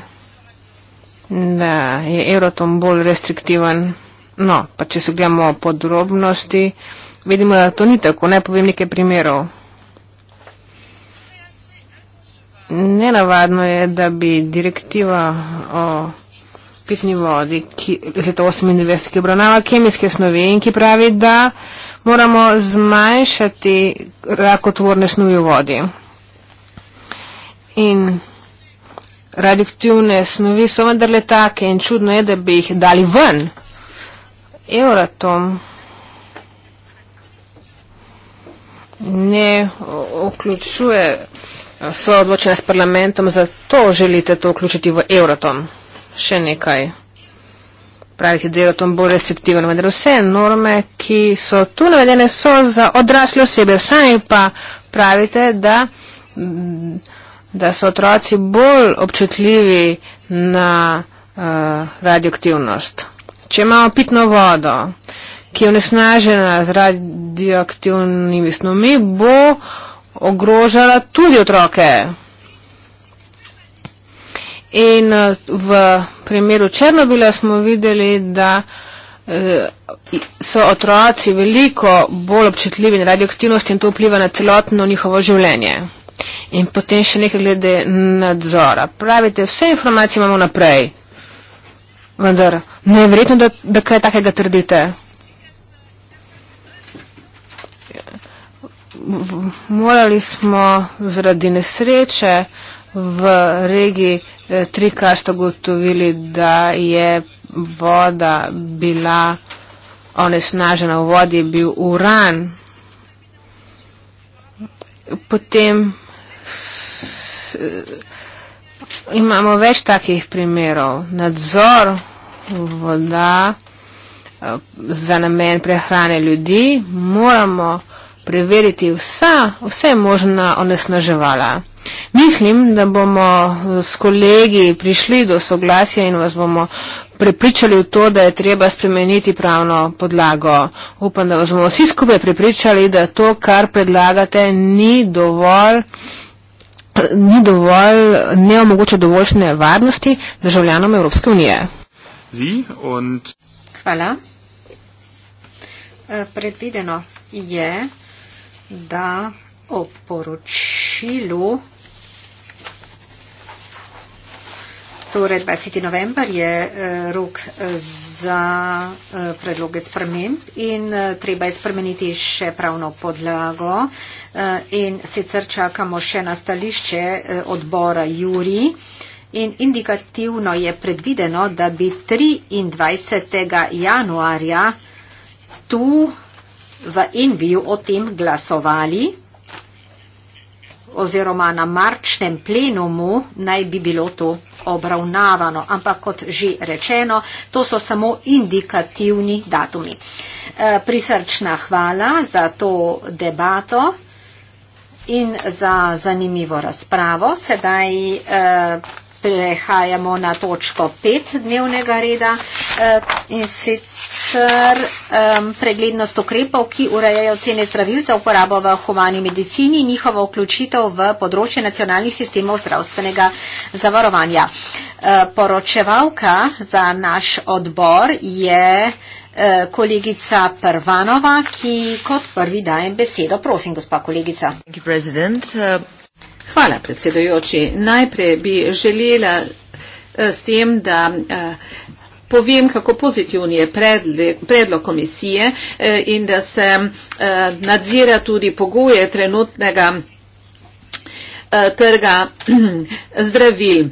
da je Euratom bolj restriktiven, no, pa če se gledamo podrobnosti, vidimo, da to ni tako, ne povem nekaj primerov. Nenavadno je, da bi direktiva o pitni vodi ki, iz leta 98, ki obravnava kemijske snovi in ki pravi, da moramo zmanjšati rakotvorne snovi v vodi. In radioaktivne snovi so vendarle take in čudno je, da bi jih dali ven. Euratom ne vključuje svoje odločenje s parlamentom, zato želite to vključiti v Euratom še nekaj. Praviti delatom bolj restriktivno, vendar vse norme, ki so tu navedene, so za odrasle osebe. Sami pa pravite, da, da so otroci bolj občutljivi na uh, radioaktivnost. Če imamo pitno vodo, ki je onesnažena z radioaktivnimi snovmi, bo ogrožala tudi otroke. In eh, v primeru Černobila smo videli, da eh, so otroci veliko bolj občutljivi na radioaktivnost in to vpliva na celotno njihovo življenje. In potem še nekaj glede nadzora. Pravite, vse informacije imamo naprej. Vendar, ne je verjetno, da, da kaj takega trdite. Morali smo zaradi nesreče v regiji eh, trikrat ste ugotovili, da je voda bila onesnažena, v vodi je bil uran. Potem s, eh, imamo več takih primerov. Nadzor voda eh, za namen prehrane ljudi moramo preveriti vsa, vse možna onesnaževala. Mislim, da bomo eh, s kolegi prišli do soglasja in vas bomo prepričali v to, da je treba spremeniti pravno podlago. Upam, da vas bomo vsi skupaj prepričali, da to, kar predlagate, ni dovolj ni dovolj, ne omogoča dovoljšne varnosti državljanom Evropske unije. Hvala. Eh, predvideno je, da o poročilu Torej, 20. novembar je eh, rok eh, za eh, predloge sprememb in treba je spremeniti še pravno podlago in sicer čakamo še na stališče odbora Juri in indikativno je predvideno, da bi 23. januarja tu v Inviju o tem glasovali oziroma na marčnem plenumu naj bi bilo to obravnavano. Ampak kot že rečeno, to so samo indikativni datumi. E, prisrčna hvala za to debato in za zanimivo razpravo. Sedaj eh, prehajamo na točko 5 dnevnega reda eh, in sicer preglednost ukrepov, ki urejajo cene zdravil za uporabo v humani medicini in njihovo vključitev v področje nacionalnih sistemov zdravstvenega zavarovanja. Eh, poročevalka za naš odbor je eh, kolegica Prvanova, ki kot prvi dajem besedo. Prosim, gospa kolegica. Thank you, Hvala, predsedujoči. Najprej bi želela eh, s tem, da eh, povem, kako pozitivn je predlog komisije eh, in da se nadzira tudi pogoje trenutnega trga zdravil.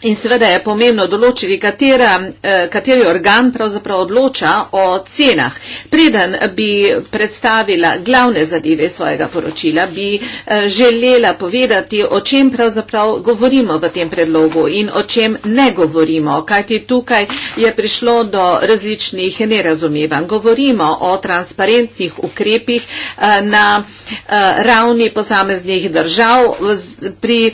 In seveda je pomembno določiti, katera, eh, kateri organ pravzaprav odloča o cenah. Preden bi predstavila glavne zadeve svojega poročila, bi eh, želela povedati, o čem pravzaprav govorimo v tem predlogu in o čem ne govorimo, kajti tukaj je prišlo do različnih nerazumevanj. Govorimo o transparentnih ukrepih eh, na ravni posameznih držav pri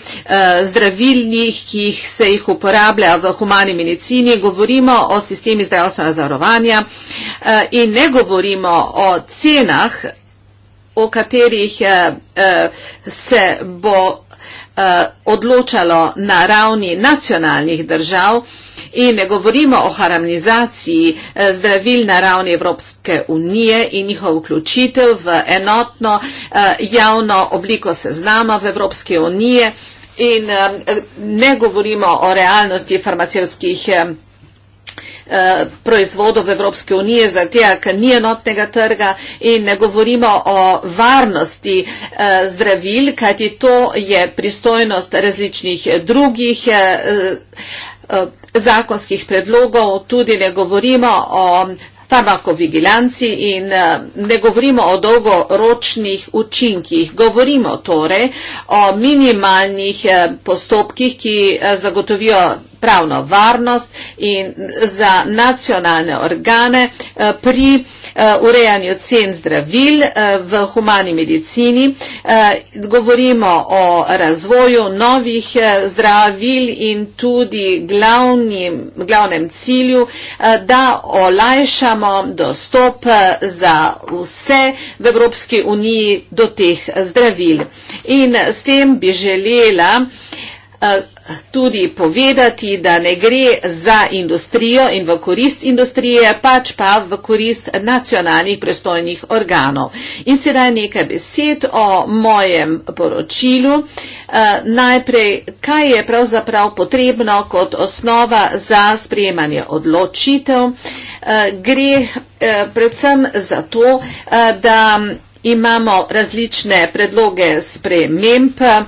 zdravilnih, ki jih se je jih uporablja v humani medicini, govorimo o sistemi zdravstvenega zavarovanja eh, in ne govorimo o cenah, o katerih eh, eh, se bo odločalo na ravni nacionalnih držav in ne govorimo o harmonizaciji zdravil na ravni Evropske unije in njihov vključitev v enotno javno obliko seznama v Evropske unije, in eh, ne govorimo o realnosti farmacevskih eh, eh, proizvodov Evropske unije, zato ker ni enotnega trga in ne govorimo o varnosti zdravil, kajti to je pristojnost različnih drugih zakonskih predlogov, tudi ne govorimo o farmakovigilanci in eh, ne govorimo o dolgoročnih učinkih. Govorimo torej o minimalnih eh, postopkih, ki eh, zagotovijo pravno varnost in za nacionalne organe pri vsega, Eh, urejanju cen zdravil eh, v humani medicini. Eh, govorimo o razvoju novih zdravil in tudi glavnim, glavnem cilju, da olajšamo dostop za vse v Evropski uniji do teh zdravil. In s tem bi želela uh, Eh, tudi povedati, da ne gre za industrijo in v korist industrije, pač pa v korist nacionalnih prestojnih organov. In sedaj nekaj besed o mojem poročilu. Eh, najprej, kaj je pravzaprav potrebno kot osnova za sprejemanje odločitev? Eh, gre predvsem za to, da imamo različne predloge sprememb, eh,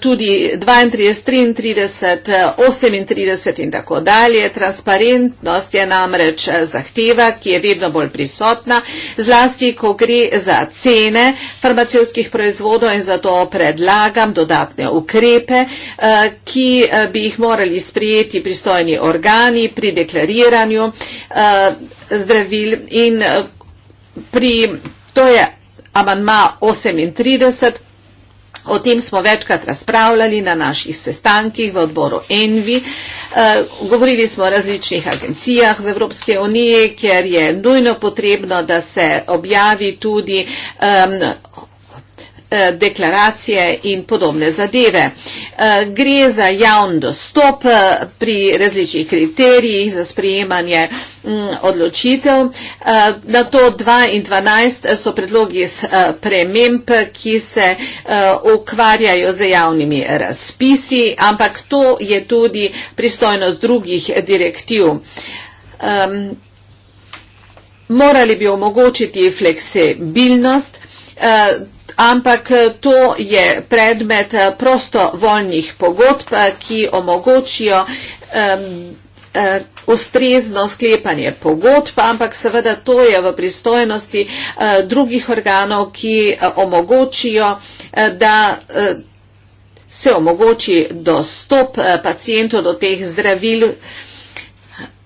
tudi 32, 33, 38 in tako dalje. Transparentnost je namreč eh, zahteva, ki je vedno bolj prisotna, zlasti, ko gre za cene farmacijskih proizvodov in zato predlagam dodatne ukrepe, eh, ki bi jih morali sprijeti pristojni organi pri deklariranju zdravil in pri. To je amanma 38, o tem smo večkrat razpravljali na naših sestankih v odboru Envi. Eh, govorili smo o različnih agencijah v Evropske unije, kjer je nujno potrebno, da se objavi tudi um, Eh, deklaracije in podobne zadeve. Eh, gre za javn dostop eh, pri različnih kriterijih za sprejemanje mm, odločitev. Na to 2 in 12 so predlogi sprememb, ki se ukvarjajo z javnimi razpisi, ampak to je tudi pristojnost drugih direktiv. Morali bi omogočiti fleksibilnost, ampak eh, to je predmet eh, prostovoljnih pogodb, eh, ki omogočijo ustrezno sklepanje pogodb, ampak seveda to je v pristojnosti drugih organov, ki omogočijo, da se omogoči dostop pacijentov do teh zdravil,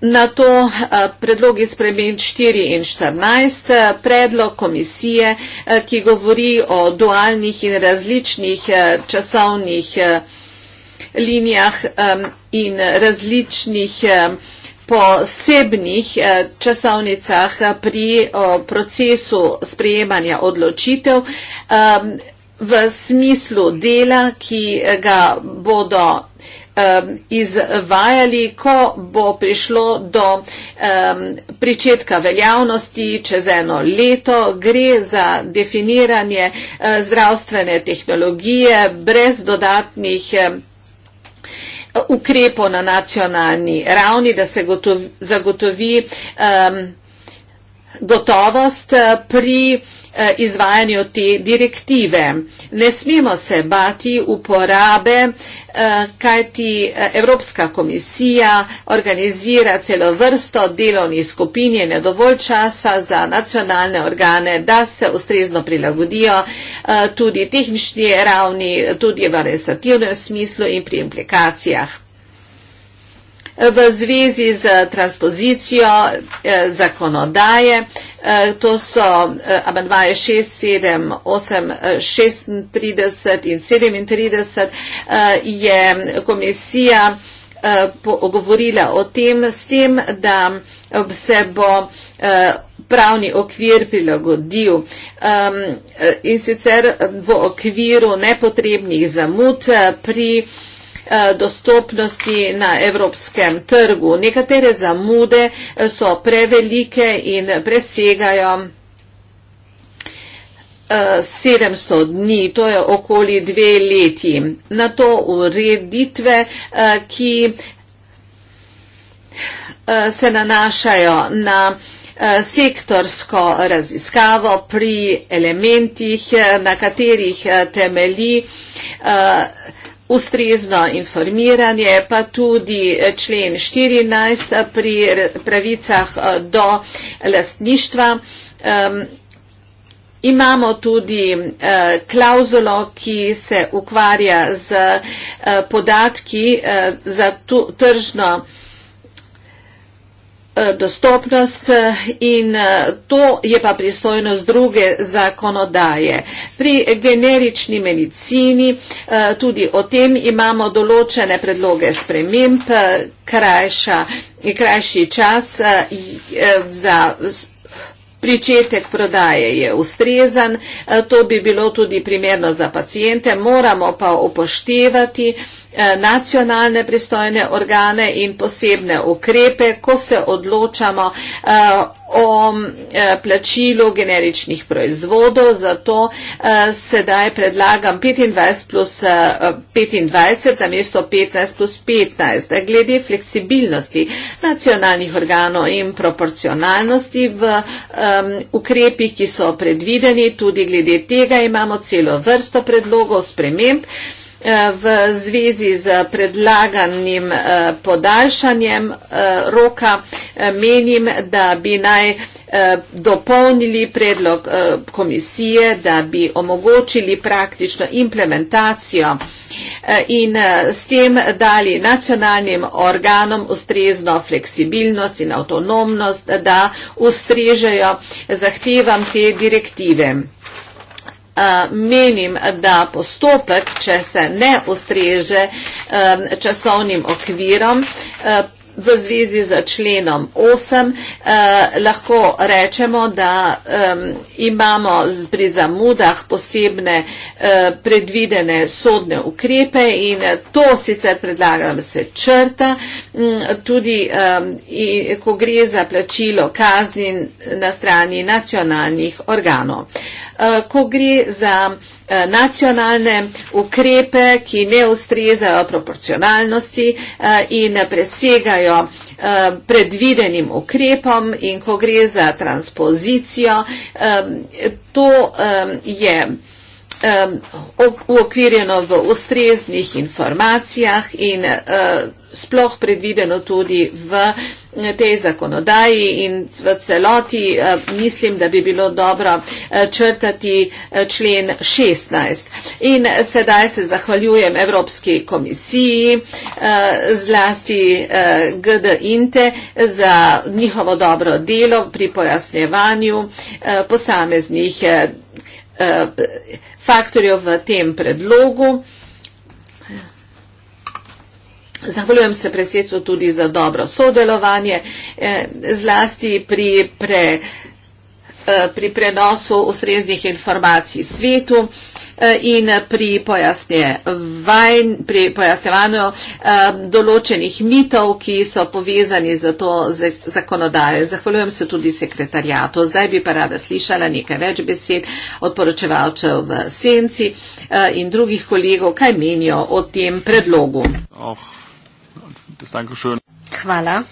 Na to eh, predlogi spremenj 4 in 14, eh, predlog komisije, eh, ki govori o dualnih in različnih časovnih linijah in različnih posebnih časovnicah pri procesu sprejemanja odločitev v smislu dela, ki ga bodo Um, izvajali, ko bo prišlo do um, pričetka veljavnosti čez eno leto. Gre za definiranje uh, zdravstvene tehnologije brez dodatnih um, ukrepo na nacionalni ravni, da se gotovi, zagotovi um, gotovost uh, pri um, Eh, izvajanju te direktive. Ne smemo se bati uporabe, eh, kajti eh, Evropska komisija organizira celo vrsto delovnih skupin in je dovolj časa za nacionalne organe, da se ustrezno prilagodijo tudi tehnični ravni, tudi v resativnem smislu in pri implikacijah v zvezi z transpozicijo eh, zakonodaje. Eh, to so amandvaje 6, 7, 8, 36 in 37. Eh, je komisija govorila o tem s tem, da se bo pravni okvir prilagodil um, in sicer v okviru nepotrebnih zamud pri uh, Eh, dostopnosti na evropskem trgu. Nekatere zamude eh, so prevelike in presegajo 700 eh, dni, to je okoli dve leti. Na to ureditve, ki se nanašajo na sektorsko raziskavo pri elementih, na katerih temelji ustrezno informiranje, pa tudi člen 14 pri pravicah eh, do lastništva. Um, Imamo tudi eh, klauzulo, ki se ukvarja z eh, podatki za tržno Eh, dostopnost eh, in eh, to je pa pristojnost druge zakonodaje. Pri generični medicini tudi o tem imamo določene predloge sprememb, krajša, krajši čas za Pričetek prodaje je ustrezan, to bi bilo tudi primerno za pacijente, moramo pa upoštevati, Eh, nacionalne pristojne organe in posebne ukrepe, ko se odločamo eh, o eh, plačilu generičnih proizvodov. Zato sedaj predlagam 25 plus 25, namesto 15 plus 15, da glede fleksibilnosti nacionalnih organov in proporcionalnosti v ukrepih, ki so predvideni, tudi glede tega imamo celo vrsto predlogov sprememb. Eh, v zvezi z predlaganim eh, podaljšanjem eh, roka. Menim, da bi naj dopolnili predlog komisije, da bi omogočili praktično implementacijo in s tem dali nacionalnim organom ustrezno fleksibilnost in avtonomnost, da ustrežejo zahtevam te direktive menim, da postopek, če se ne ustreže časovnim okvirom, v zvezi z členom 8 eh, lahko rečemo, da eh, imamo pri zamudah posebne eh, predvidene sodne ukrepe in to sicer predlagam se črta. Mm, tudi, eh, ko gre za plačilo kazni na strani nacionalnih organov. Eh, ko gre za eh, Eh, nacionalne ukrepe, ki ne ustrezajo proporcionalnosti eh, in presegajo eh, predvidenim ukrepom in ko gre za transpozicijo, to je uokvirjeno v ustreznih informacijah in sploh predvideno tudi v informacijah tej zakonodaji in v celoti eh, mislim, da bi bilo dobro eh, črtati eh, člen 16. In sedaj se zahvaljujem Evropski komisiji zlasti GD Inte za njihovo dobro delo pri pojasnjevanju posameznih faktorjev v tem predlogu. Zahvaljujem se predsedcu tudi za dobro sodelovanje, eh, zlasti pri, pre, eh, pri prenosu ustreznih informacij svetu eh, in pri, vajn, pri pojasnevanju določenih mitov, ki so povezani z to zakonodajo. Zahvaljujem se tudi sekretarjatu. Zdaj bi pa rada slišala nekaj več besed od poročevalcev v Senci in drugih kolegov, kaj menijo o tem predlogu. Oh. Das Dankeschön. Hvala.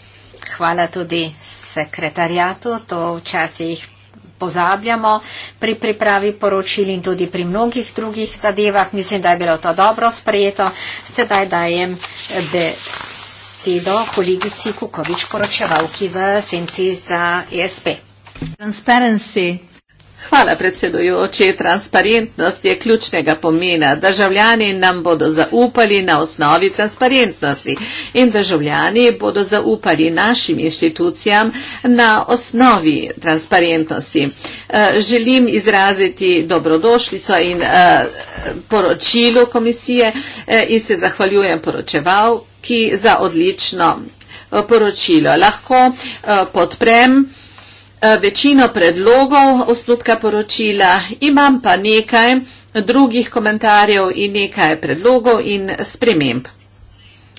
Hvala tudi sekretarjatu. To včasih pozabljamo pri pripravi poročil in tudi pri mnogih drugih zadevah. Mislim, da je bilo to dobro sprejeto. Sedaj dajem besedo kolegici Kukovič, poročevalki v Senci za ESP. Transparency. Hvala, predsedujoči. Transparentnost je ključnega pomena. Državljani nam bodo zaupali na osnovi transparentnosti in državljani bodo zaupali našim inštitucijam na osnovi transparentnosti. Eh, želim izraziti dobrodošljico in eh, poročilo komisije eh, in se zahvaljujem poročevalki za odlično poročilo. Lahko podprem poročilo Eh, večino predlogov osnutka poročila, imam pa nekaj drugih komentarjev in nekaj predlogov in sprememb.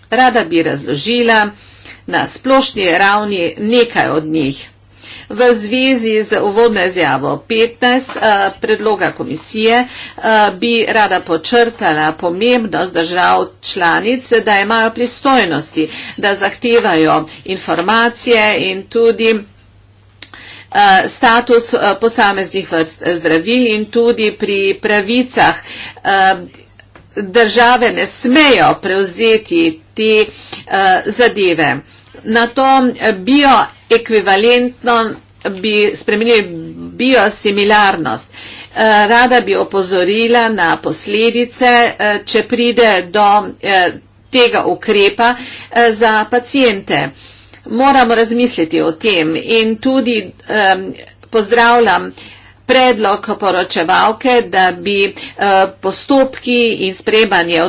Rada bi razložila na splošni ravni nekaj od njih. V zvezi z uvodno izjavo 15 eh, predloga komisije eh, bi rada počrtala pomembnost držav članic, da imajo pristojnosti, da zahtevajo informacije in tudi informacije Eh, status eh, posameznih vrst zdravil in tudi pri pravicah eh, države ne smejo prevzeti te zadeve. Na to bioekvivalentno bi spremenili biosimilarnost. Rada bi opozorila na posledice, če pride do tega ukrepa za pacijente moramo razmisliti o tem in tudi um, pozdravljam predlog poročevalke, da bi uh, postopki in sprejemanje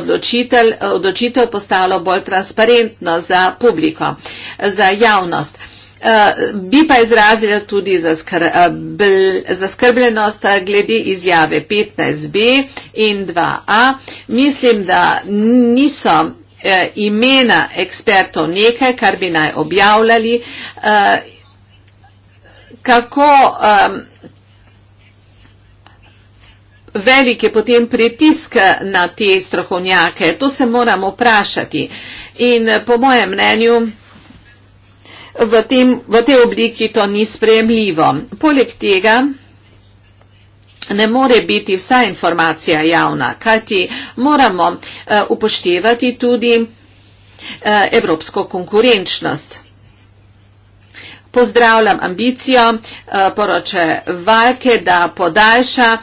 odločitev postalo bolj transparentno za publiko, za javnost. Uh, bi pa izrazila tudi zaskr e, bl, zaskrbljenost glede izjave 15b in 2a. Mislim, da niso eh, imena ekspertov nekaj, kar bi naj objavljali, eh, kako eh, velik je potem pritisk na te strokovnjake. To se moramo vprašati. In eh, po mojem mnenju. V, tem, v tej obliki to ni spremljivo. Poleg tega, ne more biti vsa informacija javna, kajti moramo eh, upoštevati tudi eh, evropsko konkurenčnost. Pozdravljam ambicijo eh, poroče Valke, da podaljša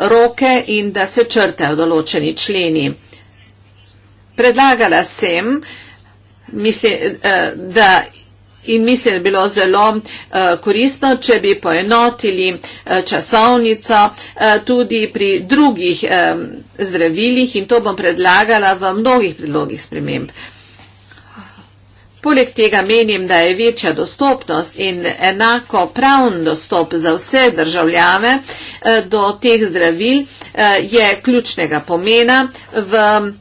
roke in da se črtajo določeni členi. Predlagala sem, mislim, da In mislim, da bi bilo zelo uh, koristno, če bi poenotili uh, časovnico uh, tudi pri drugih um, zdravilih in to bom predlagala v mnogih predlogih sprememb. Poleg tega menim, da je večja dostopnost in enako pravn dostop za vse državljave uh, do teh zdravil uh, je ključnega pomena v. Um,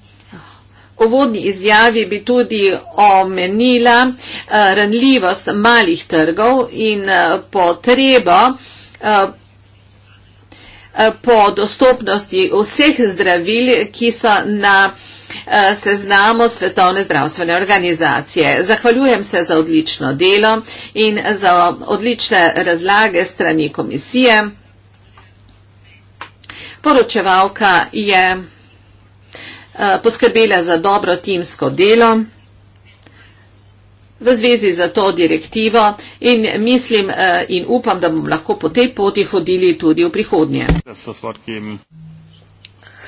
uvodni izjavi bi tudi omenila eh, ranljivost malih trgov in eh, potrebo eh, po dostopnosti vseh zdravil, ki so na seznamo Svetovne zdravstvene organizacije. Zahvaljujem se za odlično delo in za odlične razlage strani komisije. Poročevalka je Eh, poskrbela za dobro timsko delo v zvezi za to direktivo in mislim eh, in upam, da bomo lahko po tej poti hodili tudi v prihodnje.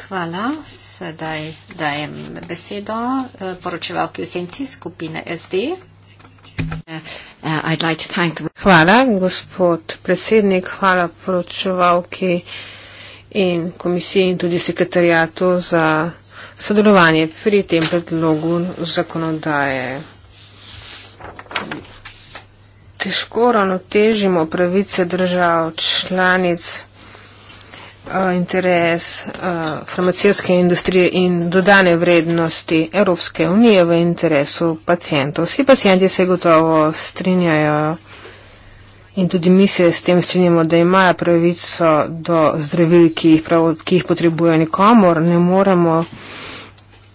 Hvala. Sedaj dajem besedo eh, poročevalki esenci skupine SD. Hvala, gospod predsednik, hvala poročevalki in komisiji in tudi sekretarjatu za sodelovanje pri tem predlogu zakonodaje. Težko ravnotežimo pravice držav, članic, eh, interes eh, farmacijske industrije in dodane vrednosti Evropske unije v interesu pacijentov. Vsi pacijenti se gotovo strinjajo in tudi mi se s tem strinjamo, da imajo pravico do zdravil, ki jih, prav, ki jih potrebujo nikomor. Ne moremo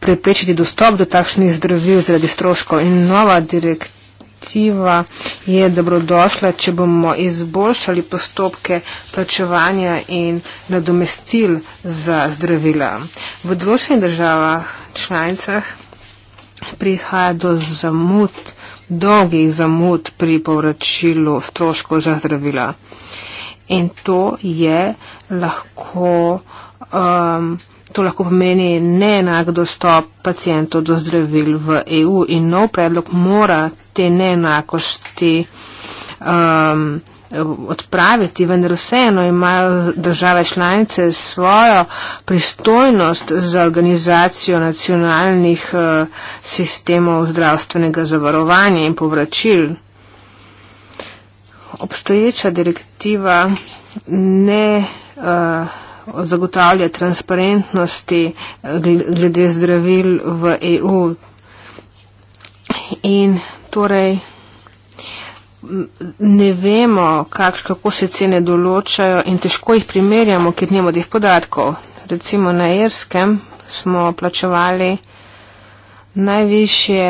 preprečiti dostop do takšnih zdravil zaradi stroškov. In nova direktiva je dobrodošla, če bomo izboljšali postopke plačevanja in nadomestil za zdravila. V določenih državah članicah prihaja do zamud, dolgih zamud pri povračilu stroškov za zdravila. In to je lahko um, To lahko pomeni neenak dostop pacijentov do zdravil v EU in nov predlog mora te neenakosti um, odpraviti, vendar vseeno imajo države članice svojo pristojnost za organizacijo nacionalnih uh, sistemov zdravstvenega zavarovanja in povračil. Obstoječa direktiva ne uh, zagotavlja transparentnosti eh, glede zdravil v EU. In torej ne vemo, kak, kako se cene določajo in težko jih primerjamo, ker nimamo teh podatkov. Recimo na Irskem smo plačevali najvišje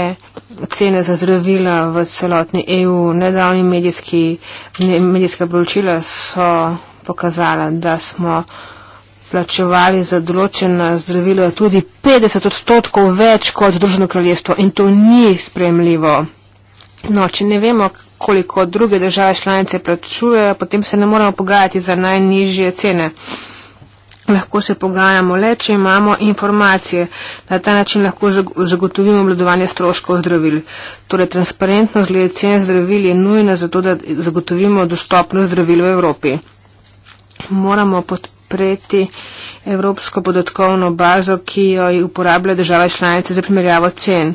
cene za zdravila v celotni EU. Nedavni medijski, medijska poročila so pokazala, da smo plačevali za določena zdravila tudi 50 odstotkov več kot Združeno kraljestvo in to ni spremljivo. No, če ne vemo, koliko druge države članice plačujejo, potem se ne moramo pogajati za najnižje cene. Lahko se pogajamo le, če imamo informacije. Na ta način lahko zagotovimo obladovanje stroškov zdravil. Torej, transparentnost glede cen zdravil je nujna zato, da zagotovimo dostopnost zdravil v Evropi. Moramo podpirati podpreti Evropsko podatkovno bazo, ki jo uporablja država članica za primerjavo cen.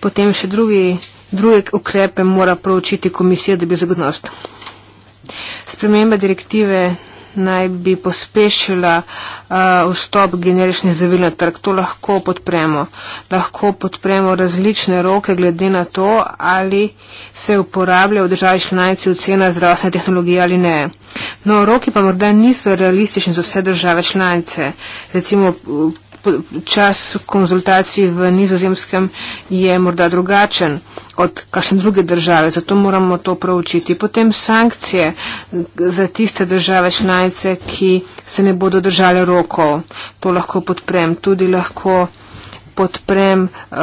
Potem še drugi, druge ukrepe mora proučiti komisija, da bi zagotovila. Sprememba direktive naj bi pospešila uh, vstop generičnih zdravil na trg. To lahko podpremo. Lahko podpremo različne roke glede na to, ali se uporablja v državi članici ocena zdravstvene tehnologije ali ne. No, roki pa morda niso realistični za vse države članice. Recimo, čas konzultacij v nizozemskem je morda drugačen od kakšne druge države, zato moramo to proučiti. Potem sankcije za tiste države članice, ki se ne bodo držale rokov, to lahko podprem. Tudi lahko podprem uh,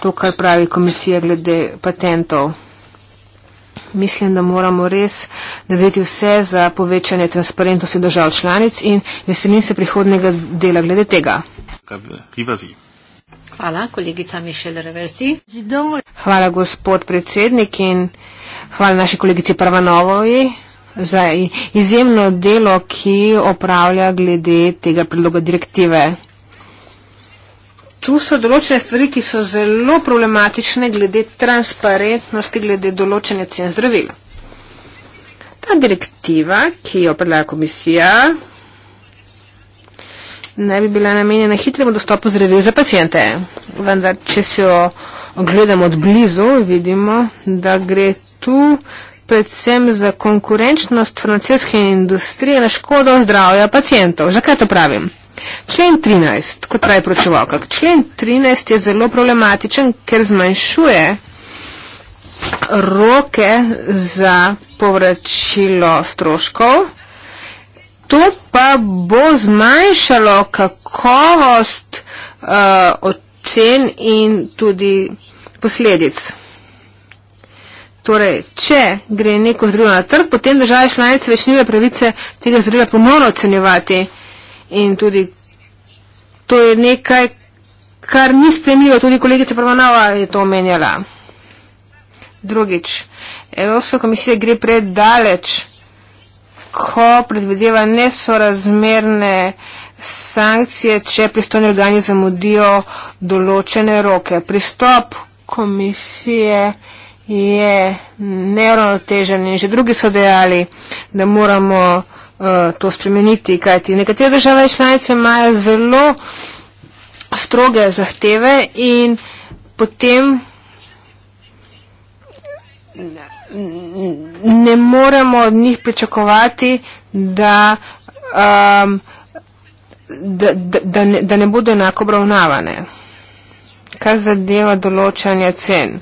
to, kar pravi komisija glede patentov. Mislim, da moramo res narediti vse za povečanje transparentnosti držav članic in veselim se prihodnega dela glede tega. Rivasi. Hvala, kolegica Mišela Reversi. Hvala, gospod predsednik in hvala naši kolegici Prvanovovi za izjemno delo, ki opravlja glede tega predloga direktive. Tu so določene stvari, ki so zelo problematične glede transparentnosti, glede določene cen zdravila. Ta direktiva, ki jo predlaga komisija, ne bi bila namenjena hitremu dostopu zdravil za pacijente. Vendar, če se jo ogledamo od blizu, vidimo, da gre tu predvsem za konkurenčnost francoske industrije na škodo zdravja pacijentov. Zakaj to pravim? Člen 13, kot pravi pročevalka, člen 13 je zelo problematičen, ker zmanjšuje roke za povračilo stroškov. To pa bo zmanjšalo kakovost uh, ocen in tudi posledic. Torej, če gre neko zdravilo na trg, potem države članice več nimajo pravice tega zdravila ponovno ocenjevati. In tudi to je nekaj, kar ni spremljivo, tudi kolegica Prvanova je to omenjala. Drugič, Evropska komisija gre predaleč ko predvideva nesorazmerne sankcije, če pristojni organi zamudijo določene roke. Pristop komisije je neuravnotežen in že drugi so dejali, da moramo uh, to spremeniti, kajti nekatere države članice imajo zelo stroge zahteve in potem ne moremo od njih pričakovati, da, um, da, da, da, ne, da ne bodo enako obravnavane. Kar zadeva določanje cen.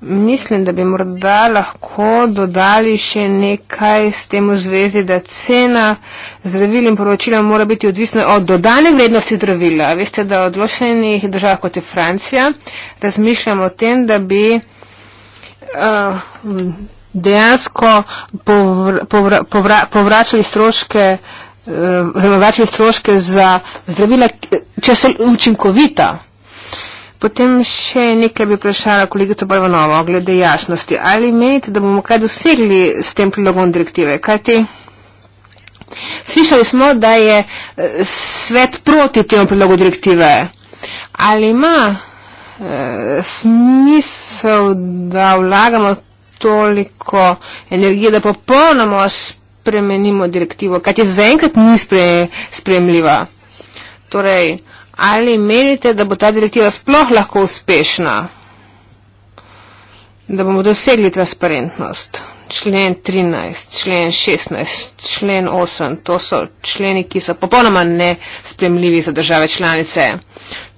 Mislim, da bi morda lahko dodali še nekaj s tem v zvezi, da cena zdravil in poročila mora biti odvisna od dodane vrednosti zdravila. Veste, da v odločenih državah kot je Francija razmišljamo o tem, da bi uh, dejansko povra, povra, povra, povračali stroške eh, vračali stroške za zdravila, če so učinkovita. Potem še nekaj bi vprašala kolegica Barvanova glede jasnosti. Ali menite, da bomo kaj dosegli s tem prilogom direktive? Kajti slišali smo, da je eh, svet proti temu prilogu direktive. Ali ima e, smisel, da vlagamo toliko energije, da popolnoma spremenimo direktivo, kaj je zaenkrat ni spre, spremljiva. Torej, ali menite, da bo ta direktiva sploh lahko uspešna, da bomo dosegli transparentnost? Člen 13, člen 16, člen 8, to so členi, ki so popolnoma nespremljivi za države članice.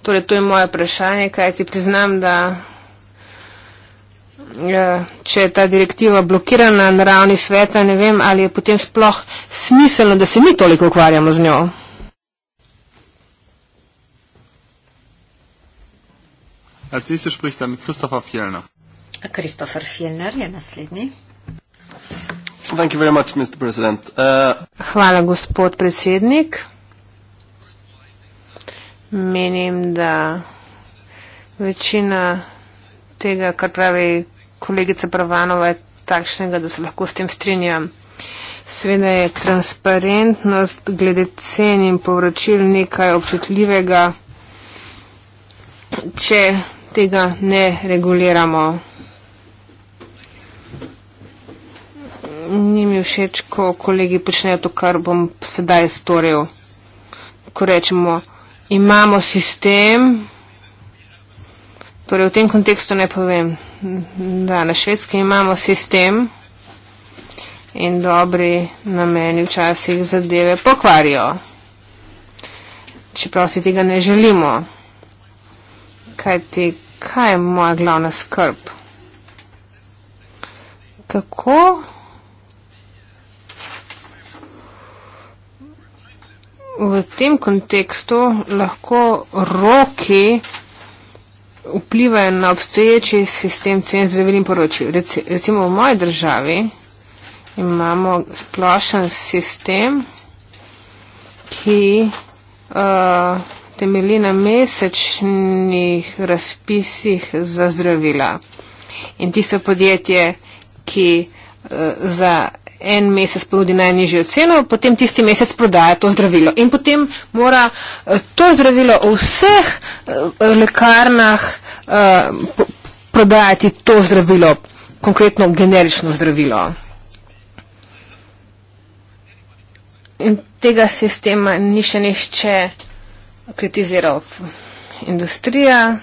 Torej, to je moje vprašanje, kaj ti priznam, da. Ja, če je ta direktiva blokirana na ravni sveta, ne vem, ali je potem sploh smiselno, da se mi toliko ukvarjamo z njo. Als nächstes spricht dann Christopher Fjellner. Christopher Fjellner je naslednji. Thank you very much, Mr. President. Uh, Hvala, gospod predsednik. Menim, da večina tega, kar pravi kolegica Pravanova je takšnega, da se lahko s tem strinjam. Sveda je transparentnost glede cen in povračil nekaj občutljivega, če tega ne reguliramo. Ni mi všeč, ko kolegi počnejo to, kar bom sedaj storil. Ko rečemo, imamo sistem, Torej, v tem kontekstu ne povem, da na švedski imamo sistem in dobri nameni včasih zadeve pokvarijo, čeprav si tega ne želimo. Kaj, ti, kaj je moja glavna skrb? Kako? V tem kontekstu lahko roki vplivajo na obstoječi sistem cen zdravil in poročil. Recimo v moji državi imamo splošen sistem, ki uh, eh, temeli na mesečnih razpisih za zdravila. In tisto podjetje, ki uh, za en mesec ponudi najnižjo ceno, potem tisti mesec prodaja to zdravilo. In potem mora eh, to zdravilo v vseh eh, lekarnah eh, prodajati to zdravilo, konkretno generično zdravilo. In tega sistema ni še nišče kritiziral. Industrija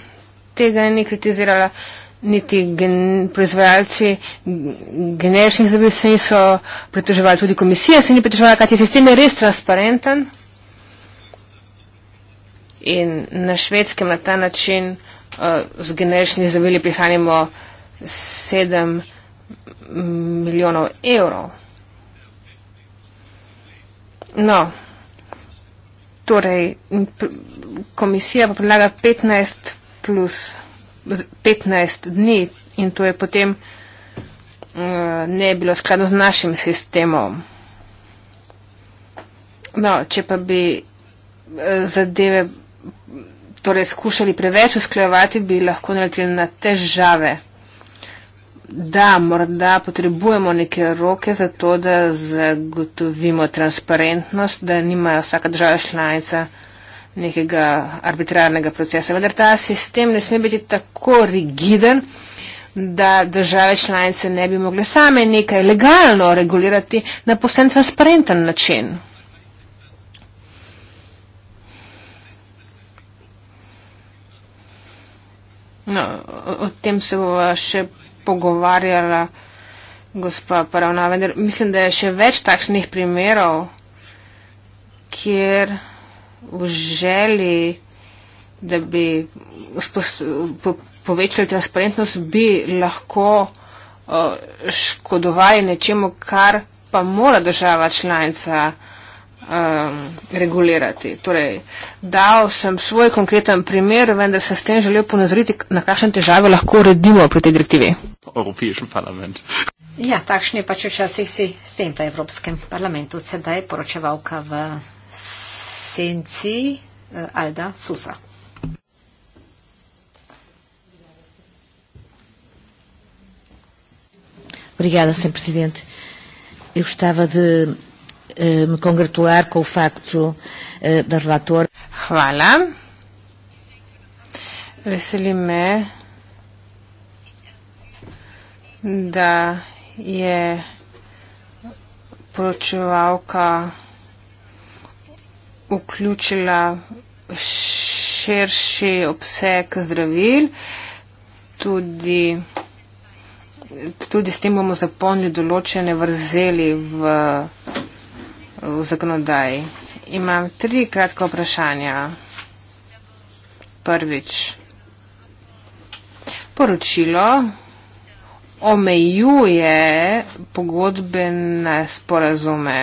tega ni kritizirala. Uh, niti gen, proizvajalci generičnih zdravil se niso pritoževali, tudi komisija se ni pritoževala, kajti sistem je res transparenten in na švedskem na ta način uh, z generičnih zdravili prihranimo 7 milijonov evrov. No, torej komisija pa predlaga 15 plus. 15 dni in to je potem eh, ne bilo skladno z našim sistemom. No, če pa bi eh, zadeve torej skušali preveč usklejevati, bi lahko naletili na težave. Da, morda potrebujemo neke roke za to, da zagotovimo transparentnost, da nima vsaka država članica nekega arbitrarnega procesa. Vendar ta sistem ne sme biti tako rigiden, da države članice ne bi mogle same nekaj legalno regulirati na posebno transparenten način. No, o tem se bova še pogovarjala gospa Paravna, vendar mislim, da je še več takšnih primerov, kjer v želi, da bi povečali transparentnost, bi lahko uh, škodovali nečemu, kar pa mora država članica um, regulirati. Torej, dal sem svoj konkreten primer, vendar sem s tem želel ponazoriti, na kakšne težave lahko uredimo pri tej direktivi. Ja, takšni pač včasih si s tem v Evropskem parlamentu sedaj poročevalka v senci eh, Alda Susa. Obrigada, Sr. Presidente. Eu gostava de eh, me congratular com o facto eh, da relatora. Hvala. Veseli me da je poročevalka vključila širši obseg zdravil. Tudi, tudi s tem bomo zapolnili določene vrzeli v, v zakonodaji. Imam tri kratka vprašanja. Prvič. Poročilo omejuje pogodbene sporazume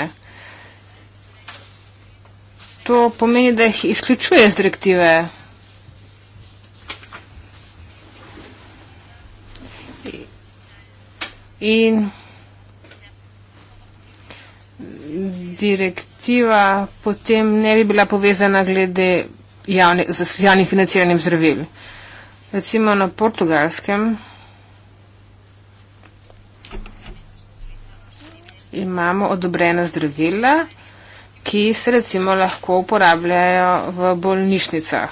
to pomeni, da jih izključuje z direktive. In direktiva potem ne bi bila povezana glede javni, z javnim financiranjem zdravil. Recimo na portugalskem imamo odobrena zdravila ki se recimo lahko uporabljajo v bolnišnicah.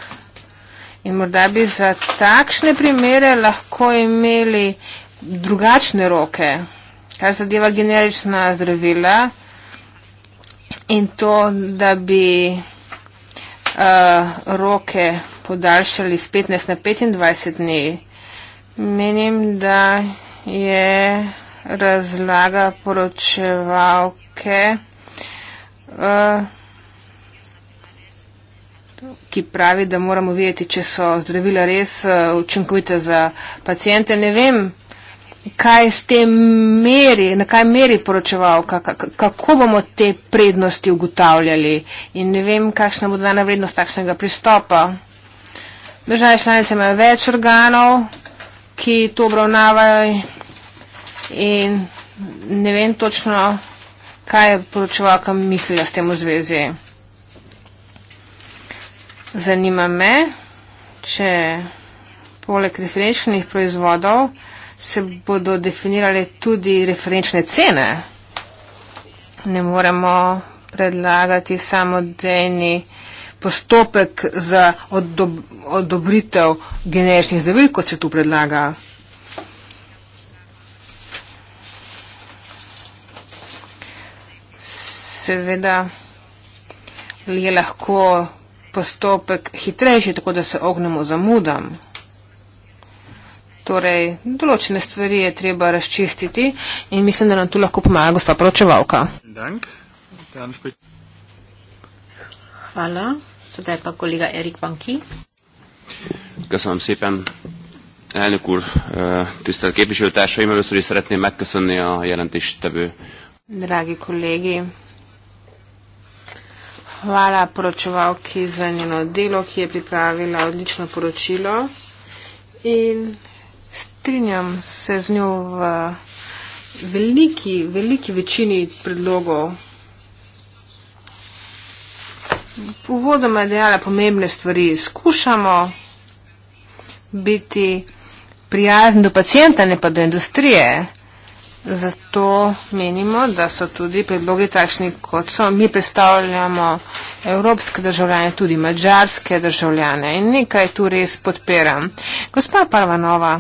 In morda bi za takšne primere lahko imeli drugačne roke, kar zadeva generična zdravila in to, da bi uh, roke podaljšali z 15 na 25 dni. Menim, da je razlaga poročevalke. Okay. Eh, ki pravi, da moramo vedeti, če so zdravila res eh, učinkovite za pacijente. Ne vem, kaj s tem meri, na kaj meri poročevalka, kako bomo te prednosti ugotavljali in ne vem, kakšna bo dana vrednost takšnega pristopa. Države članice imajo več organov, ki to obravnavajo in ne vem točno kaj je poročevalka mislila s tem v zvezi. Zanima me, če poleg referenčnih proizvodov se bodo definirale tudi referenčne cene. Ne moremo predlagati samodejni postopek za odob odobritev generičnih zdravil, kot se tu predlaga. seveda je lahko postopek hitrejši, tako da se ognemo zamudam. Torej, določene stvari je treba razčistiti in mislim, da nam tu lahko pomaga gospa poročevalka. Hvala. Sedaj pa kolega Erik Banki. Köszönöm szépen, elnök úr, tisztelt képviselőtársaim, először is szeretném megköszönni a jelentéstevő. Drági kollégi, Hvala poročevalki za njeno delo, ki je pripravila odlično poročilo. In strinjam se z njo v veliki, veliki večini predlogov. Uvodoma je dejala pomembne stvari. Skušamo biti prijazni do pacijenta, ne pa do industrije. Zato menimo, da so tudi predlogi takšni, kot so. Mi predstavljamo evropske državljane, tudi mađarske državljane in nekaj tu res podpiram. Gospa Parvanova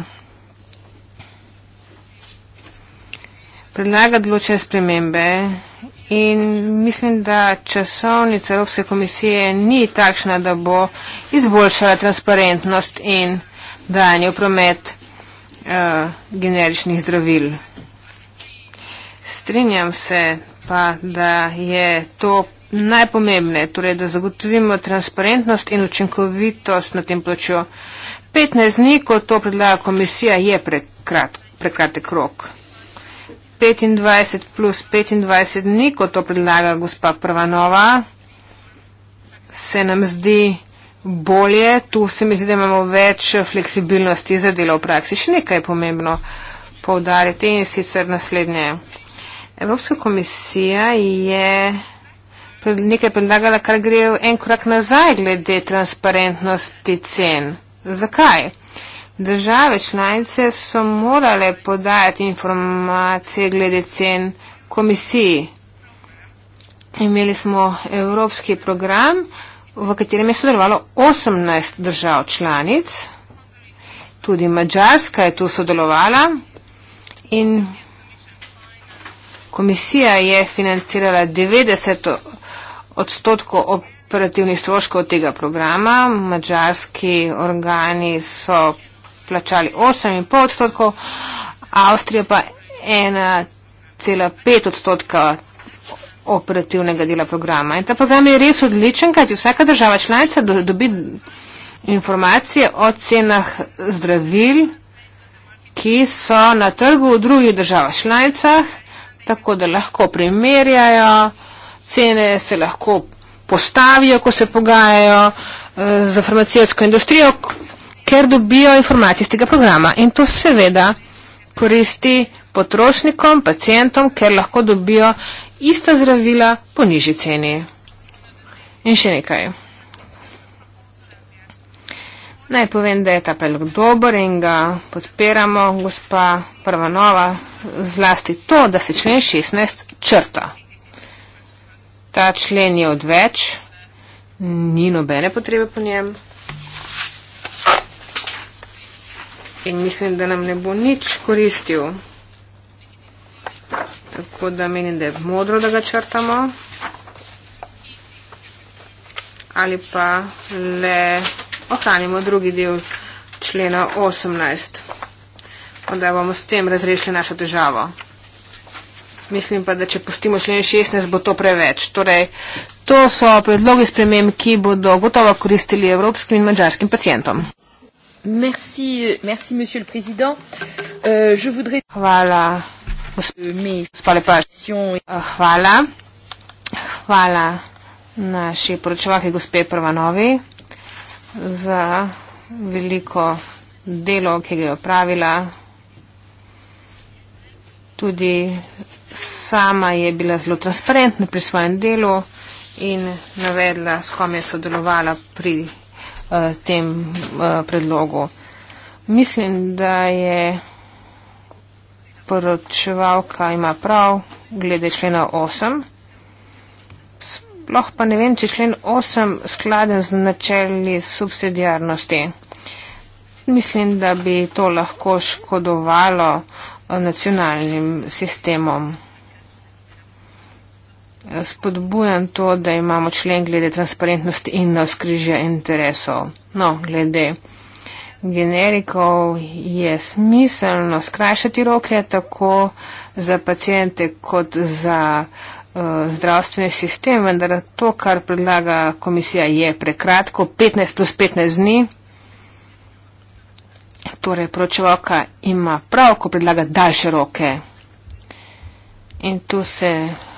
predlaga določene spremembe in mislim, da časovnica Evropske komisije ni takšna, da bo izboljšala transparentnost in dajanje v promet uh, generičnih zdravil strinjam se pa, da je to najpomembne, torej da zagotovimo transparentnost in učinkovitost na tem plaču. 15 dni, ko to predlaga komisija, je prekrat, prekratek rok. 25 plus 25 dni, ko to predlaga gospa Prvanova, se nam zdi bolje. Tu se mi zdi, da imamo več fleksibilnosti za delo v praksi. Še nekaj je pomembno povdariti in sicer naslednje. Evropska komisija je nekaj predlagala, kar gre en korak nazaj glede transparentnosti cen. Zakaj? Države članice so morale podajati informacije glede cen komisiji. Imeli smo evropski program, v katerem je sodelovalo 18 držav članic. Tudi Mačarska je tu sodelovala in Komisija je financirala 90 odstotkov operativnih stroškov tega programa, mađarski organi so plačali 8,5 odstotkov, Avstrija pa 1,5 odstotka operativnega dela programa. In ta program je res odličen, kajti vsaka država članica dobi informacije o cenah zdravil, ki so na trgu v drugih državah članicah tako da lahko primerjajo, cene se lahko postavijo, ko se pogajajo eh, z farmacijsko industrijo, ker dobijo informacije iz tega programa. In to seveda koristi potrošnikom, pacijentom, ker lahko dobijo ista zdravila po nižji ceni. In še nekaj. Naj povem, da je ta predlog dober in ga podpiramo, gospa Prvanova zlasti to, da se člen 16 črta. Ta člen je odveč, ni nobene potrebe po njem in mislim, da nam ne bo nič koristil. Tako da menim, da je modro, da ga črtamo ali pa le ohranimo drugi del člena 18 da bomo s tem razrešili našo državo. Mislim pa, da če pustimo člen 16, bo to preveč. Torej, to so predlogi sprememb, ki bodo gotovo koristili evropskim in mađarskim pacijentom. Merci, merci, monsieur le président. Uh, je voudrais... Hvala, gospod Lepaš. Eh, hvala. Hvala naši poročevaki, gospe Prvanovi, za veliko delo, ki ga je opravila tudi sama je bila zelo transparentna pri svojem delu in navedla, s kom je sodelovala pri uh, tem uh, predlogu. Mislim, da je poročevalka ima prav glede člena 8. Sploh pa ne vem, če člen 8 skladen z načeli subsidijarnosti. Mislim, da bi to lahko škodovalo uh, nacionalnim sistemom. Spodbujam to, da imamo člen glede transparentnosti in navskrižja interesov. No, glede generikov je smiselno skrajšati roke tako za pacijente kot za uh, zdravstveni sistem, vendar to, kar predlaga komisija, je prekratko 15 plus 15 dni. Torej, poročevalka ima prav, ko predlaga daljše roke. In tu se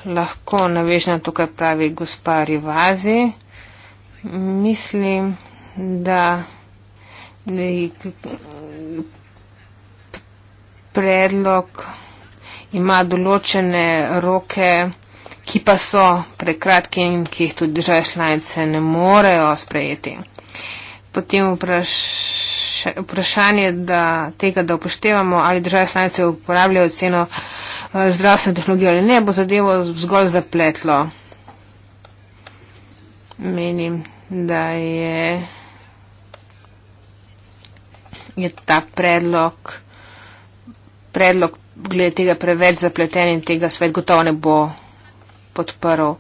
lahko naveže na to, kar pravi gospa Rivazi. Mislim, da predlog ima določene roke, ki pa so prekratki in ki jih tudi države članice ne morejo sprejeti potem vpraš, vprašanje da, tega, da upoštevamo ali države članice uporabljajo ceno eh, zdravstvene tehnologije ali ne, bo zadevo zgolj zapletlo. Menim, da je, je ta predlog, predlog glede tega preveč zapleten in tega svet gotovo ne bo podprl.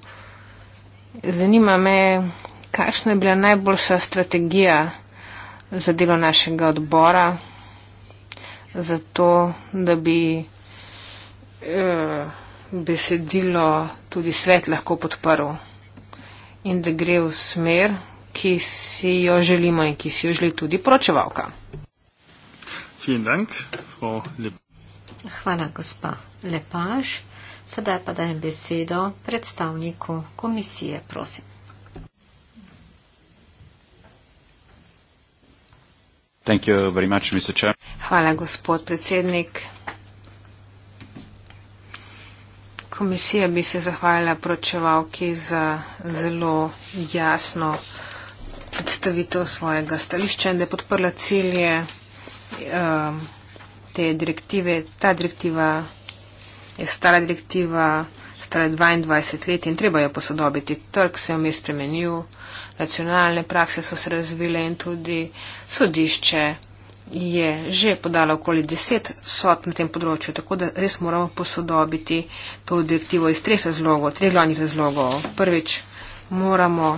Zanima me, kakšna je bila najboljša strategija za delo našega odbora, za to, da bi eh, besedilo tudi svet lahko podprl in da gre v smer, ki si jo želimo in ki si jo želi tudi poročevalka. Hvala, gospa Lepaš. Sedaj pa dajem besedo predstavniku komisije, prosim. Thank you very much, Mr. Chair. Hvala, gospod predsednik. Komisija bi se zahvaljala pročevalki za zelo jasno predstavitev svojega stališča in da je podprla cilje um, te direktive. Ta direktiva je stara direktiva, stara 22 let in treba jo posodobiti. Trg se je vmes spremenil racionalne prakse so se razvile in tudi sodišče je že podalo okoli deset sod na tem področju, tako da res moramo posodobiti to direktivo iz treh razlogov, treh glavnih razlogov. Prvič, moramo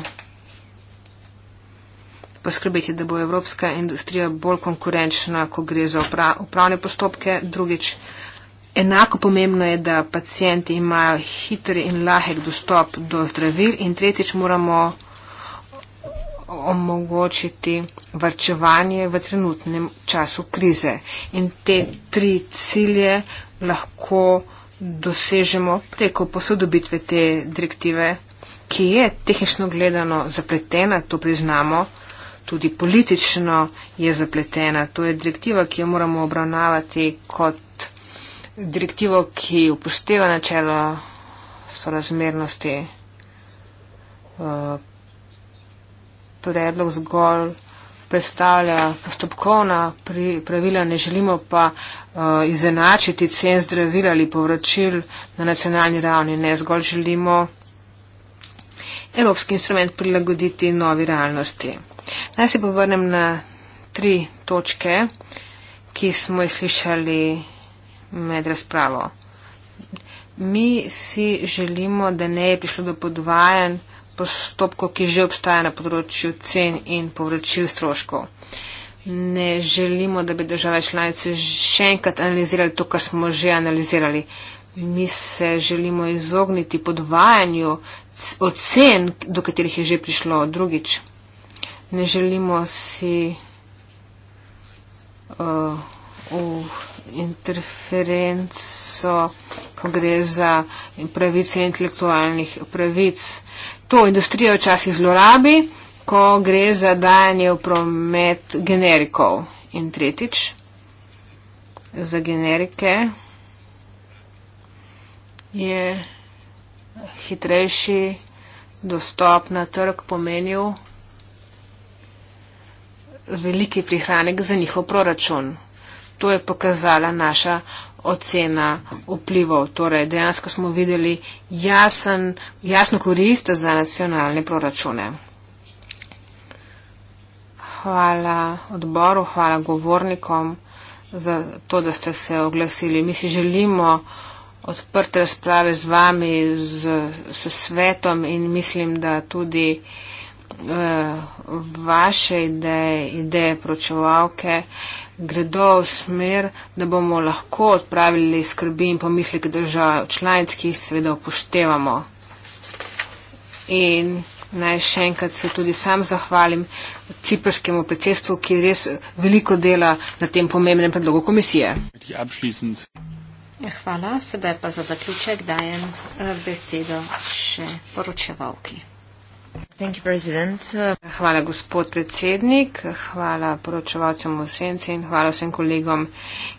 poskrbeti, da bo evropska industrija bolj konkurenčna, ko gre za upravne postopke. Drugič, enako pomembno je, da pacijenti imajo hitri in lahek dostop do zdravil. In tretjič, moramo omogočiti vrčevanje v trenutnem času krize. In te tri cilje lahko dosežemo preko posodobitve te direktive, ki je tehnično gledano zapletena, to priznamo, tudi politično je zapletena. To je direktiva, ki jo moramo obravnavati kot direktivo, ki upošteva načelo sorazmernosti eh, predlog zgolj predstavlja postopkovna pri, pravila, ne želimo pa uh, izenačiti cen zdravil ali povračil na nacionalni ravni, ne zgolj želimo evropski instrument prilagoditi novi realnosti. Naj se povrnem na tri točke, ki smo jih slišali med razpravo. Mi si želimo, da ne je prišlo do podvajanja postopkov, ki že obstaja na področju cen in povračil stroškov. Ne želimo, da bi države članice še enkrat analizirali to, kar smo že analizirali. Mi se želimo izogniti podvajanju ocen, do katerih je že prišlo drugič. Ne želimo si uh, v uh, uh, interferenco, ko gre za pravice intelektualnih pravic to industrijo včasih zlorabi, ko gre za dajanje v promet generikov. In tretjič, za generike je hitrejši dostop na trg pomenil veliki prihranek za njihov proračun. To je pokazala naša ocena vplivov. Torej, dejansko smo videli jasen, jasno korist za nacionalne proračune. Hvala odboru, hvala govornikom za to, da ste se oglasili. Mi si želimo odprte razprave z vami, z, s svetom in mislim, da tudi eh, vaše ideje, ideje pročevalke. Eh, gredo v smer, da bomo lahko odpravili skrbi in pomisleke držav članic, ki jih seveda upoštevamo. In naj še enkrat se tudi sam zahvalim ciprskemu predsedstvu, ki res veliko dela na tem pomembnem predlogu komisije. Hvala. Sedaj pa za zaključek dajem eh, besedo še poročevalki. Hvala, gospod predsednik, hvala poročevalcem v senci in hvala vsem kolegom,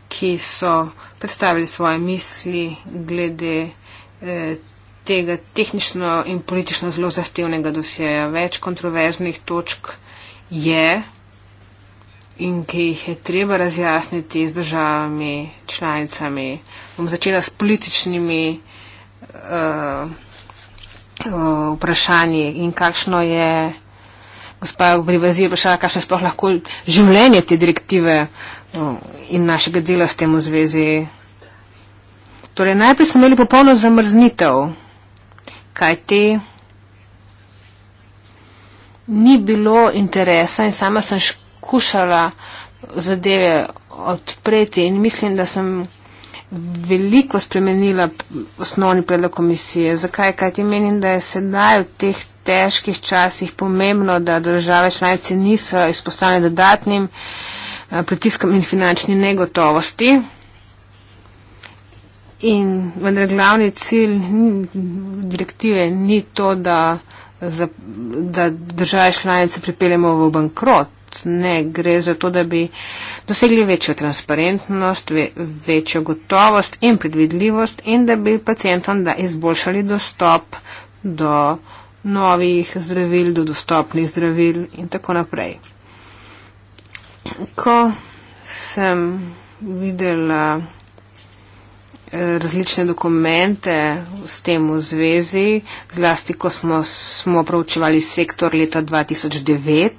ki so predstavili svoje misli glede eh, tega tehnično in politično zelo zahtevnega dosjeja. Več kontroverznih točk je in ki jih je treba razjasniti z državami, članicami. Bom začela s političnimi. Uh, Eh, vprašanji in kakšno je, gospa Brivazi je vprašala, kakšno je sploh lahko življenje te direktive eh, in našega dela s tem v zvezi. Torej, najprej smo imeli popolno zamrznitev, kaj te ni bilo interesa in sama sem skušala zadeve odpreti in mislim, da sem veliko spremenila osnovni predlog komisije. Zakaj? Kaj ti menim, da je sedaj v teh težkih časih pomembno, da države članice niso izpostavljene dodatnim eh, pritiskom in finančni negotovosti. In vendar glavni cilj direktive ni to, da, da države članice pripeljemo v bankrot ne gre za to, da bi dosegli večjo transparentnost, večjo gotovost in predvidljivost in da bi pacijentom da izboljšali dostop do novih zdravil, do dostopnih zdravil in tako naprej. Ko sem videla eh, različne dokumente s tem v zvezi, zlasti ko smo, smo proučevali sektor leta 2009,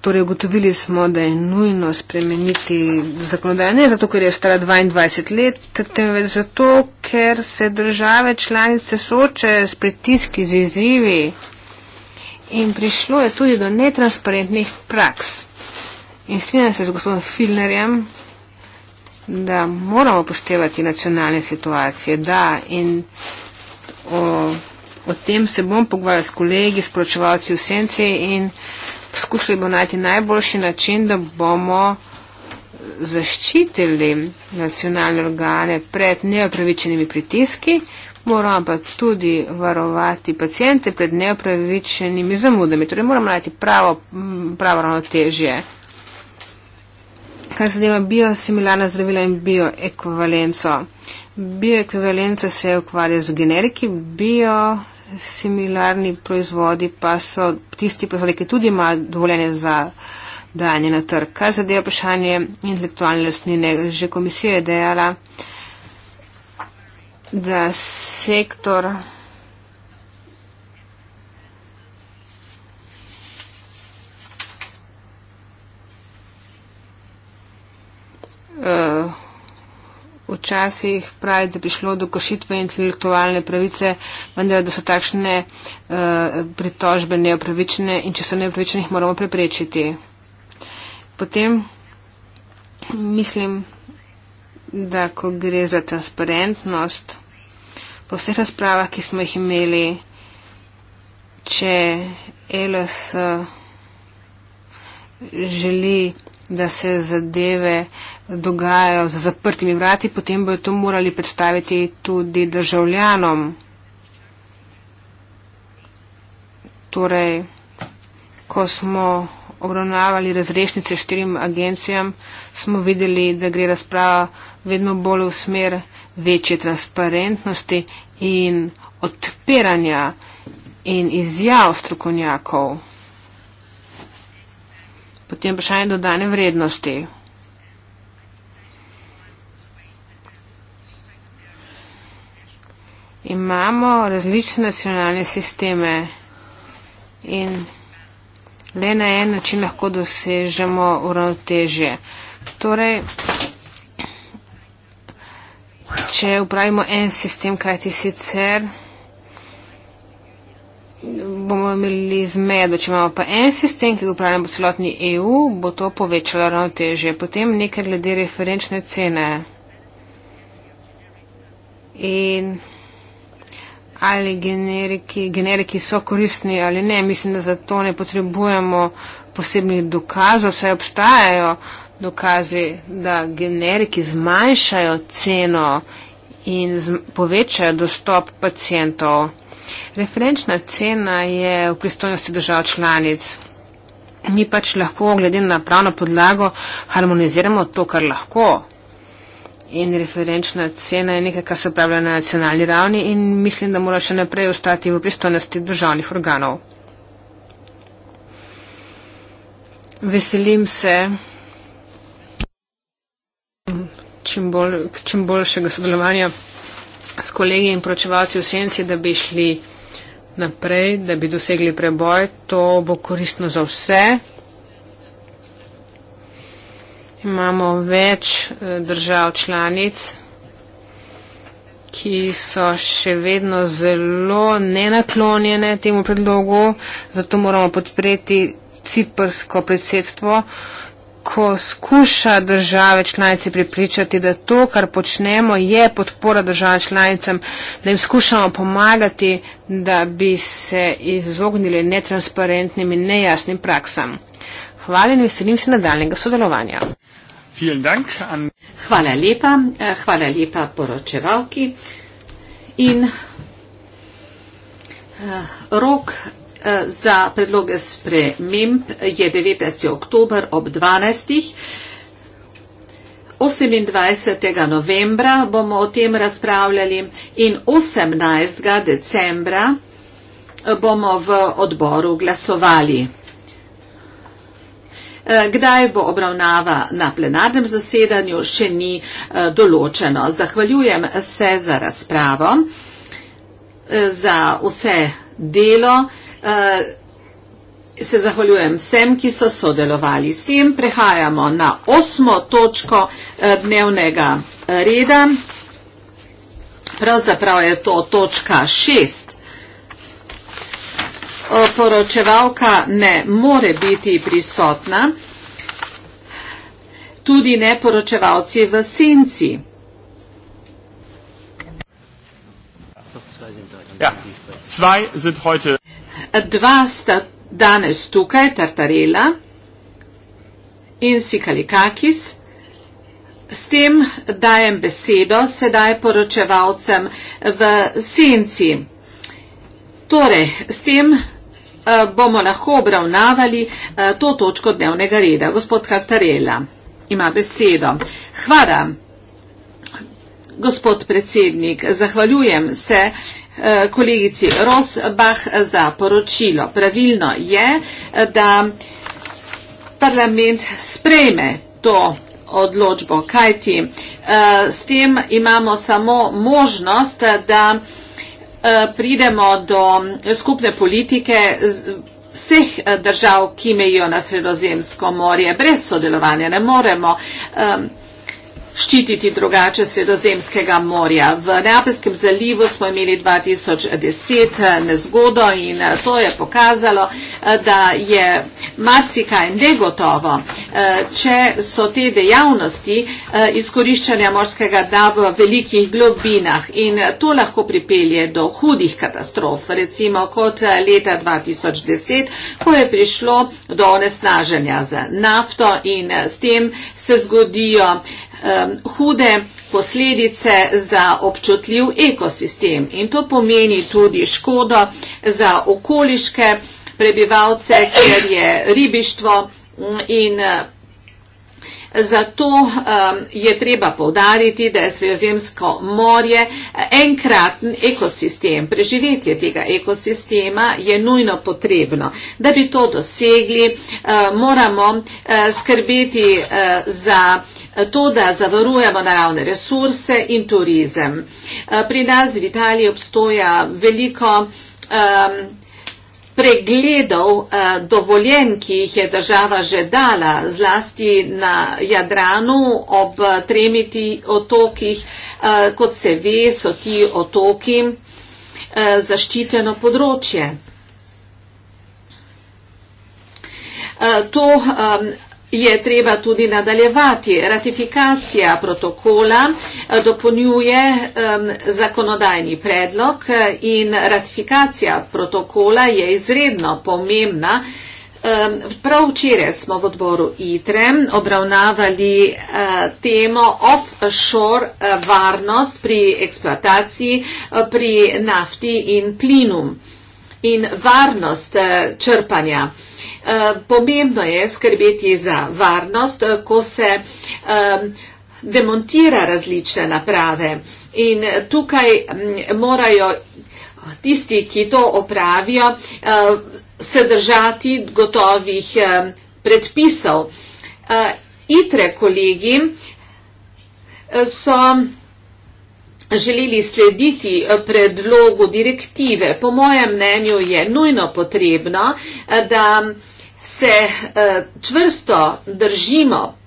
Torej, ugotovili smo, da je nujno spremeniti zakonodajo, ne zato, ker je stara 22 let, temveč zato, ker se države članice soočajo s pritiski, z izzivi in prišlo je tudi do netransparentnih praks. In strinjam se z gospodom Filnerjem, da moramo poštevati nacionalne situacije, da in o, o tem se bom pogovarjal s kolegi, s poročevalci v senci in poskušali bomo najti najboljši način, da bomo zaščitili nacionalne organe pred neopravičenimi pritiski, moramo pa tudi varovati pacijente pred neopravičenimi zamudami. Torej moramo najti pravo, pravo ravnotežje. Kar zadeva biosimilarna zdravila in bioekvivalenco. Bioekvivalenca se ukvarja z generiki, bio similarni proizvodi pa so tisti proizvodi, ki tudi imajo dovoljenje za danje na trg. Kar zadeva vprašanje intelektualne lastnine, že komisija je dejala, da sektor. Uh, včasih pravi, da bi šlo do kršitve intelektualne pravice, vendar da so takšne uh, pritožbe neopravične in če so neopravične, jih moramo preprečiti. Potem mislim, da ko gre za transparentnost, po vseh razpravah, ki smo jih imeli, če LS eh, želi da se zadeve dogajajo za zaprtimi vrati, potem bojo to morali predstaviti tudi državljanom. Torej, ko smo obravnavali razrešnice štirim agencijam, smo videli, da gre razprava vedno bolj v smer večje transparentnosti in odpiranja in izjav strokovnjakov. Potem vprašanje dodane vrednosti. Imamo različne nacionalne sisteme in le na en način lahko dosežemo uravnotežje. Torej, če upravimo en sistem, kajti sicer bomo imeli zmedo, če imamo pa en sistem, ki ga upravljamo celotni EU, bo to povečalo ravnotežje. Potem nekaj glede referenčne cene. In ali generiki, generiki so koristni ali ne, mislim, da za to ne potrebujemo posebnih dokazov, saj obstajajo dokazi, da generiki zmanjšajo ceno in povečajo dostop pacijentov. Referenčna cena je v pristojnosti držav članic. Mi pač lahko, glede na pravno podlago, harmoniziramo to, kar lahko. In referenčna cena je nekaj, kar se upravlja na nacionalni ravni in mislim, da mora še naprej ostati v pristojnosti državnih organov. Veselim se čim, bolj, čim boljšega sodelovanja s kolegi in pročevalci v senci, da bi šli naprej, da bi dosegli preboj, to bo koristno za vse. Imamo več eh, držav članic, ki so še vedno zelo nenaklonjene temu predlogu, zato moramo podpreti ciprsko predsedstvo, ko skuša države članice pripričati, da to, kar počnemo, je podpora državam članicam, da jim skušamo pomagati, da bi se izognili netransparentnim in nejasnim praksam. Hvala in veselim se nadaljnega sodelovanja. Hvala lepa, eh, hvala lepa poročevalki. In eh, rok Eh, za predloge sprememb je 19. oktober ob 12. 28. novembra bomo o tem razpravljali in 18. decembra eh, bomo v odboru glasovali. Eh, kdaj bo obravnava na plenarnem zasedanju, še ni določeno. Zahvaljujem se za razpravo, za vse delo. Eh, se zahvaljujem vsem, ki so sodelovali. S tem prehajamo na osmo točko eh, dnevnega eh, reda. Pravzaprav je to točka šest. Poročevalka ne more biti prisotna, tudi ne poročevalci v senci. Ja, zvaj zid hojte. Dva sta danes tukaj, Tartarela in Sikalikakis. S tem dajem besedo sedaj poročevalcem v senci. Torej, s tem eh, bomo lahko obravnavali eh, to točko dnevnega reda. Gospod Kartarela ima besedo. Hvala, gospod predsednik. Zahvaljujem se Eh, kolegici Rosbach za poročilo. Pravilno je, eh, da parlament sprejme to odločbo, kajti eh, s tem imamo samo možnost, da pridemo do skupne politike vseh držav, ki mejijo na Sredozemsko morje. Brez sodelovanja ne moremo ščititi drugače sredozemskega morja. V Neapeljskem zalivu smo imeli 2010 nezgodo in eh, to je pokazalo, eh, da je marsikaj negotovo, eh, če so te dejavnosti izkoriščanja morskega da v velikih globinah in to lahko pripelje do hudih katastrof, recimo kot leta 2010, ko je prišlo do onesnaženja z nafto in s tem se zgodijo um, hude posledice za občutljiv ekosistem. In to pomeni tudi škodo za okoliške prebivalce, ker je ribištvo in Zato um, je treba povdariti, da je Sredozemsko morje eh, enkraten ekosistem. Preživetje tega ekosistema je nujno potrebno. Da bi to dosegli, uh, moramo uh, skrbeti uh, za to, da zavarujemo naravne resurse in turizem. Uh, pri nas v Italiji obstoja veliko. Um, pregledov eh, dovoljen, ki jih je država že dala zlasti na Jadranu ob tremiti otokih, eh, kot se ve, so ti otoki eh, zaščiteno področje. To Je treba tudi nadaljevati. Ratifikacija protokola eh, dopolnjuje um, zakonodajni predlog eh, in ratifikacija protokola je izredno pomembna. Um, prav včeraj smo v odboru ITRE obravnavali uh, temo offshore uh, varnost pri eksploataciji uh, pri nafti in plinu in varnost uh, črpanja. Eh, pomembno je skrbeti za varnost, eh, ko se eh, demontira različne naprave in tukaj mm, morajo tisti, ki to opravijo, se držati gotovih predpisov. ITRE kolegi so želeli slediti eh, predlogu direktive, po mojem mnenju je nujno potrebno, eh, da se eh, čvrsto držimo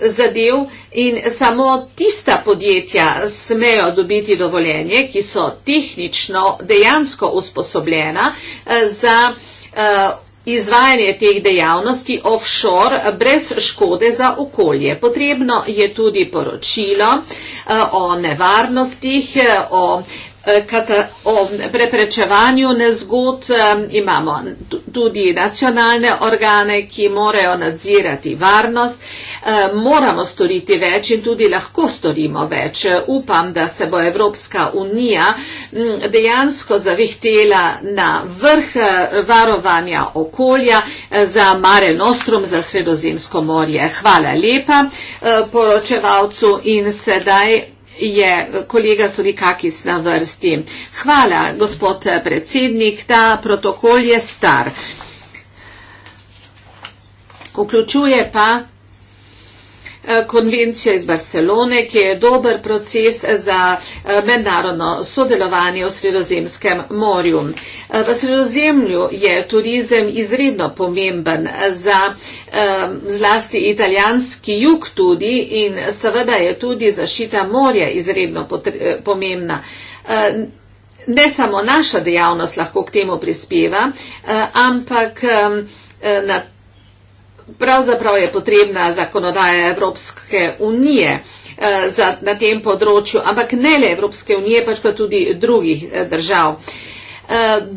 zadev in samo tista podjetja smejo dobiti dovoljenje, ki so tehnično dejansko usposobljena za Izvajanje teh dejavnosti offshore brez škode za okolje. Potrebno je tudi poročilo eh, o nevarnostih, eh, o Eh, kata, eh, o preprečevanju nezgod eh, imamo tudi nacionalne organe, ki morajo nadzirati varnost. Moramo storiti več in tudi lahko storimo več. Upam, da se bo Evropska unija mm, dejansko zavihtela na vrh varovanja okolja za Mare Nostrum, za Sredozemsko morje. Hvala lepa poročevalcu in sedaj je kolega Surikakis na vrsti. Hvala, gospod predsednik. Ta protokol je star. Vključuje pa Eh, konvencijo iz Barcelone, ki je dober proces za eh, mednarodno sodelovanje v Sredozemskem morju. Eh, v Sredozemlju je turizem izredno pomemben za zlasti italijanski jug tudi in seveda je tudi zašita morja izredno pomembna. Ne samo naša dejavnost lahko k temu prispeva, ampak na to, pravzaprav je potrebna zakonodaja Evropske unije eh, za, na tem področju, ampak ne le Evropske unije, pač pa tudi drugih eh, držav. Eh,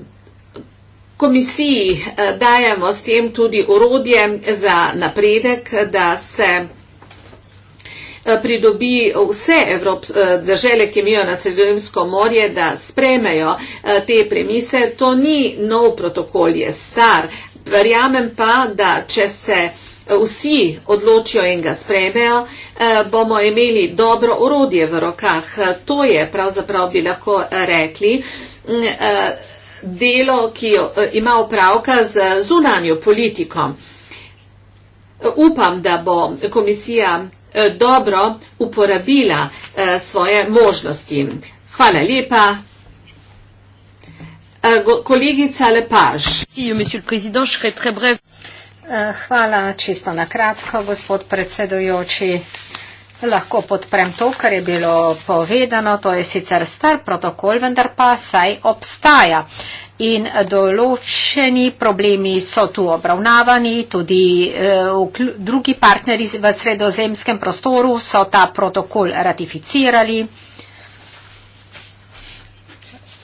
komisiji dajemo s tem tudi orodje za napredek, da se pridobi vse Evrop, države, ki imajo na sredozemsko morje, da spremejo te premise. To ni nov protokol, je star, Verjamem pa, da če se eh, vsi odločijo in ga sprejmejo, eh, bomo imeli dobro orodje v rokah. To je pravzaprav bi lahko eh, rekli mm, delo, ki ima upravka z zunanjo politiko. Upam, da bo komisija dobro uporabila svoje možnosti. Hvala lepa. Eh, kolegica Lepaš. Euh, eh, hvala, čisto na kratko, gospod predsedujoči. Lahko podprem to, kar je bilo povedano. To je sicer star protokol, vendar pa saj obstaja. In določeni problemi so tu obravnavani, tudi eh, drugi partneri v sredozemskem prostoru so ta protokol ratificirali.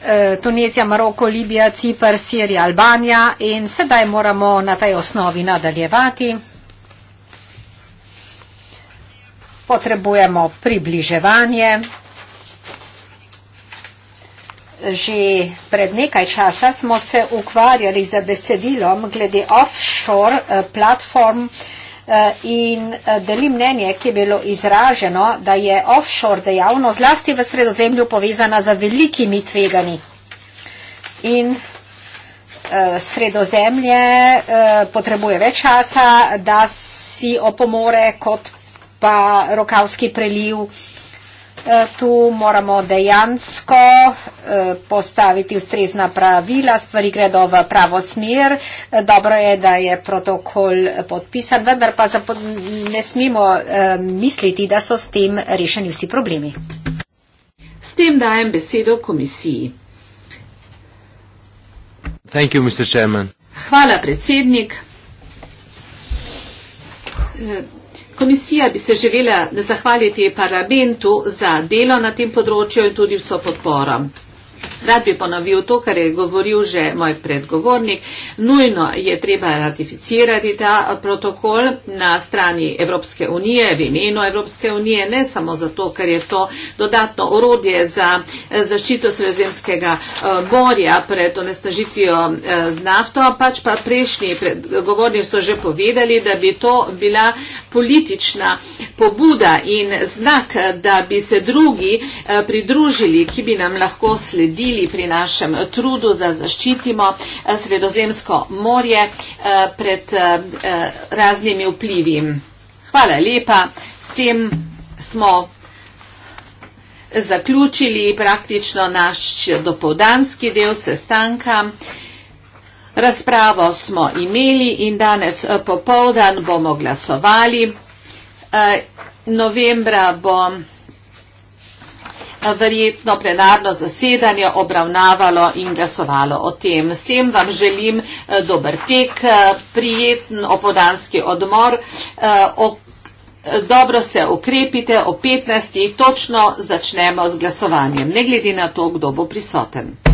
Eh, Tunizija, Maroko, Libija, Cipr, Sirija, Albanija in sedaj moramo na tej osnovi nadaljevati. Potrebujemo približevanje. Že pred nekaj časa smo se ukvarjali za besedilom glede offshore eh, platform uh, Eh, in eh, deli mnenje, ki je bilo izraženo, da je offshore dejavnost zlasti v sredozemlju povezana z velikimi tvegani. In eh, sredozemlje potrebuje več časa, da si opomore kot pa Rokavski preliv. E, tu moramo dejansko e, postaviti ustrezna pravila, stvari gredo v pravo smer. E, dobro je, da je protokol podpisan, vendar pa ne smemo misliti, da so s tem rešeni vsi problemi. S tem dajem besedo komisiji. You, Hvala, predsednik. Komisija bi se želela zahvaliti parlamentu za delo na tem področju in tudi vso podporo. Rad bi ponovil to, kar je govoril že moj predgovornik. Nujno je treba ratificirati ta eh, protokol na strani Evropske unije, v imenu Evropske unije, ne samo zato, ker je to dodatno orodje za eh, zaščito sredozemskega eh, morja pred onesnažitvijo z nafto, pač pa prejšnji predgovornik so že povedali, da bi to bila politična pobuda in znak, da bi se drugi pridružili, ki bi nam lahko sledili naredili pri našem trudu, da zaščitimo eh, sredozemsko morje eh, pred eh, raznimi vplivi. Hvala lepa. S tem smo zaključili praktično naš dopovdanski del sestanka. Razpravo smo imeli in danes popovdan bomo glasovali. Novembra bomo Eh, verjetno plenarno zasedanje obravnavalo in glasovalo o tem. S tem vam želim eh, dober tek, eh, prijeten opodanski odmor, dobro se ukrepite, o 15. točno začnemo z glasovanjem, ne glede na to, kdo bo prisoten.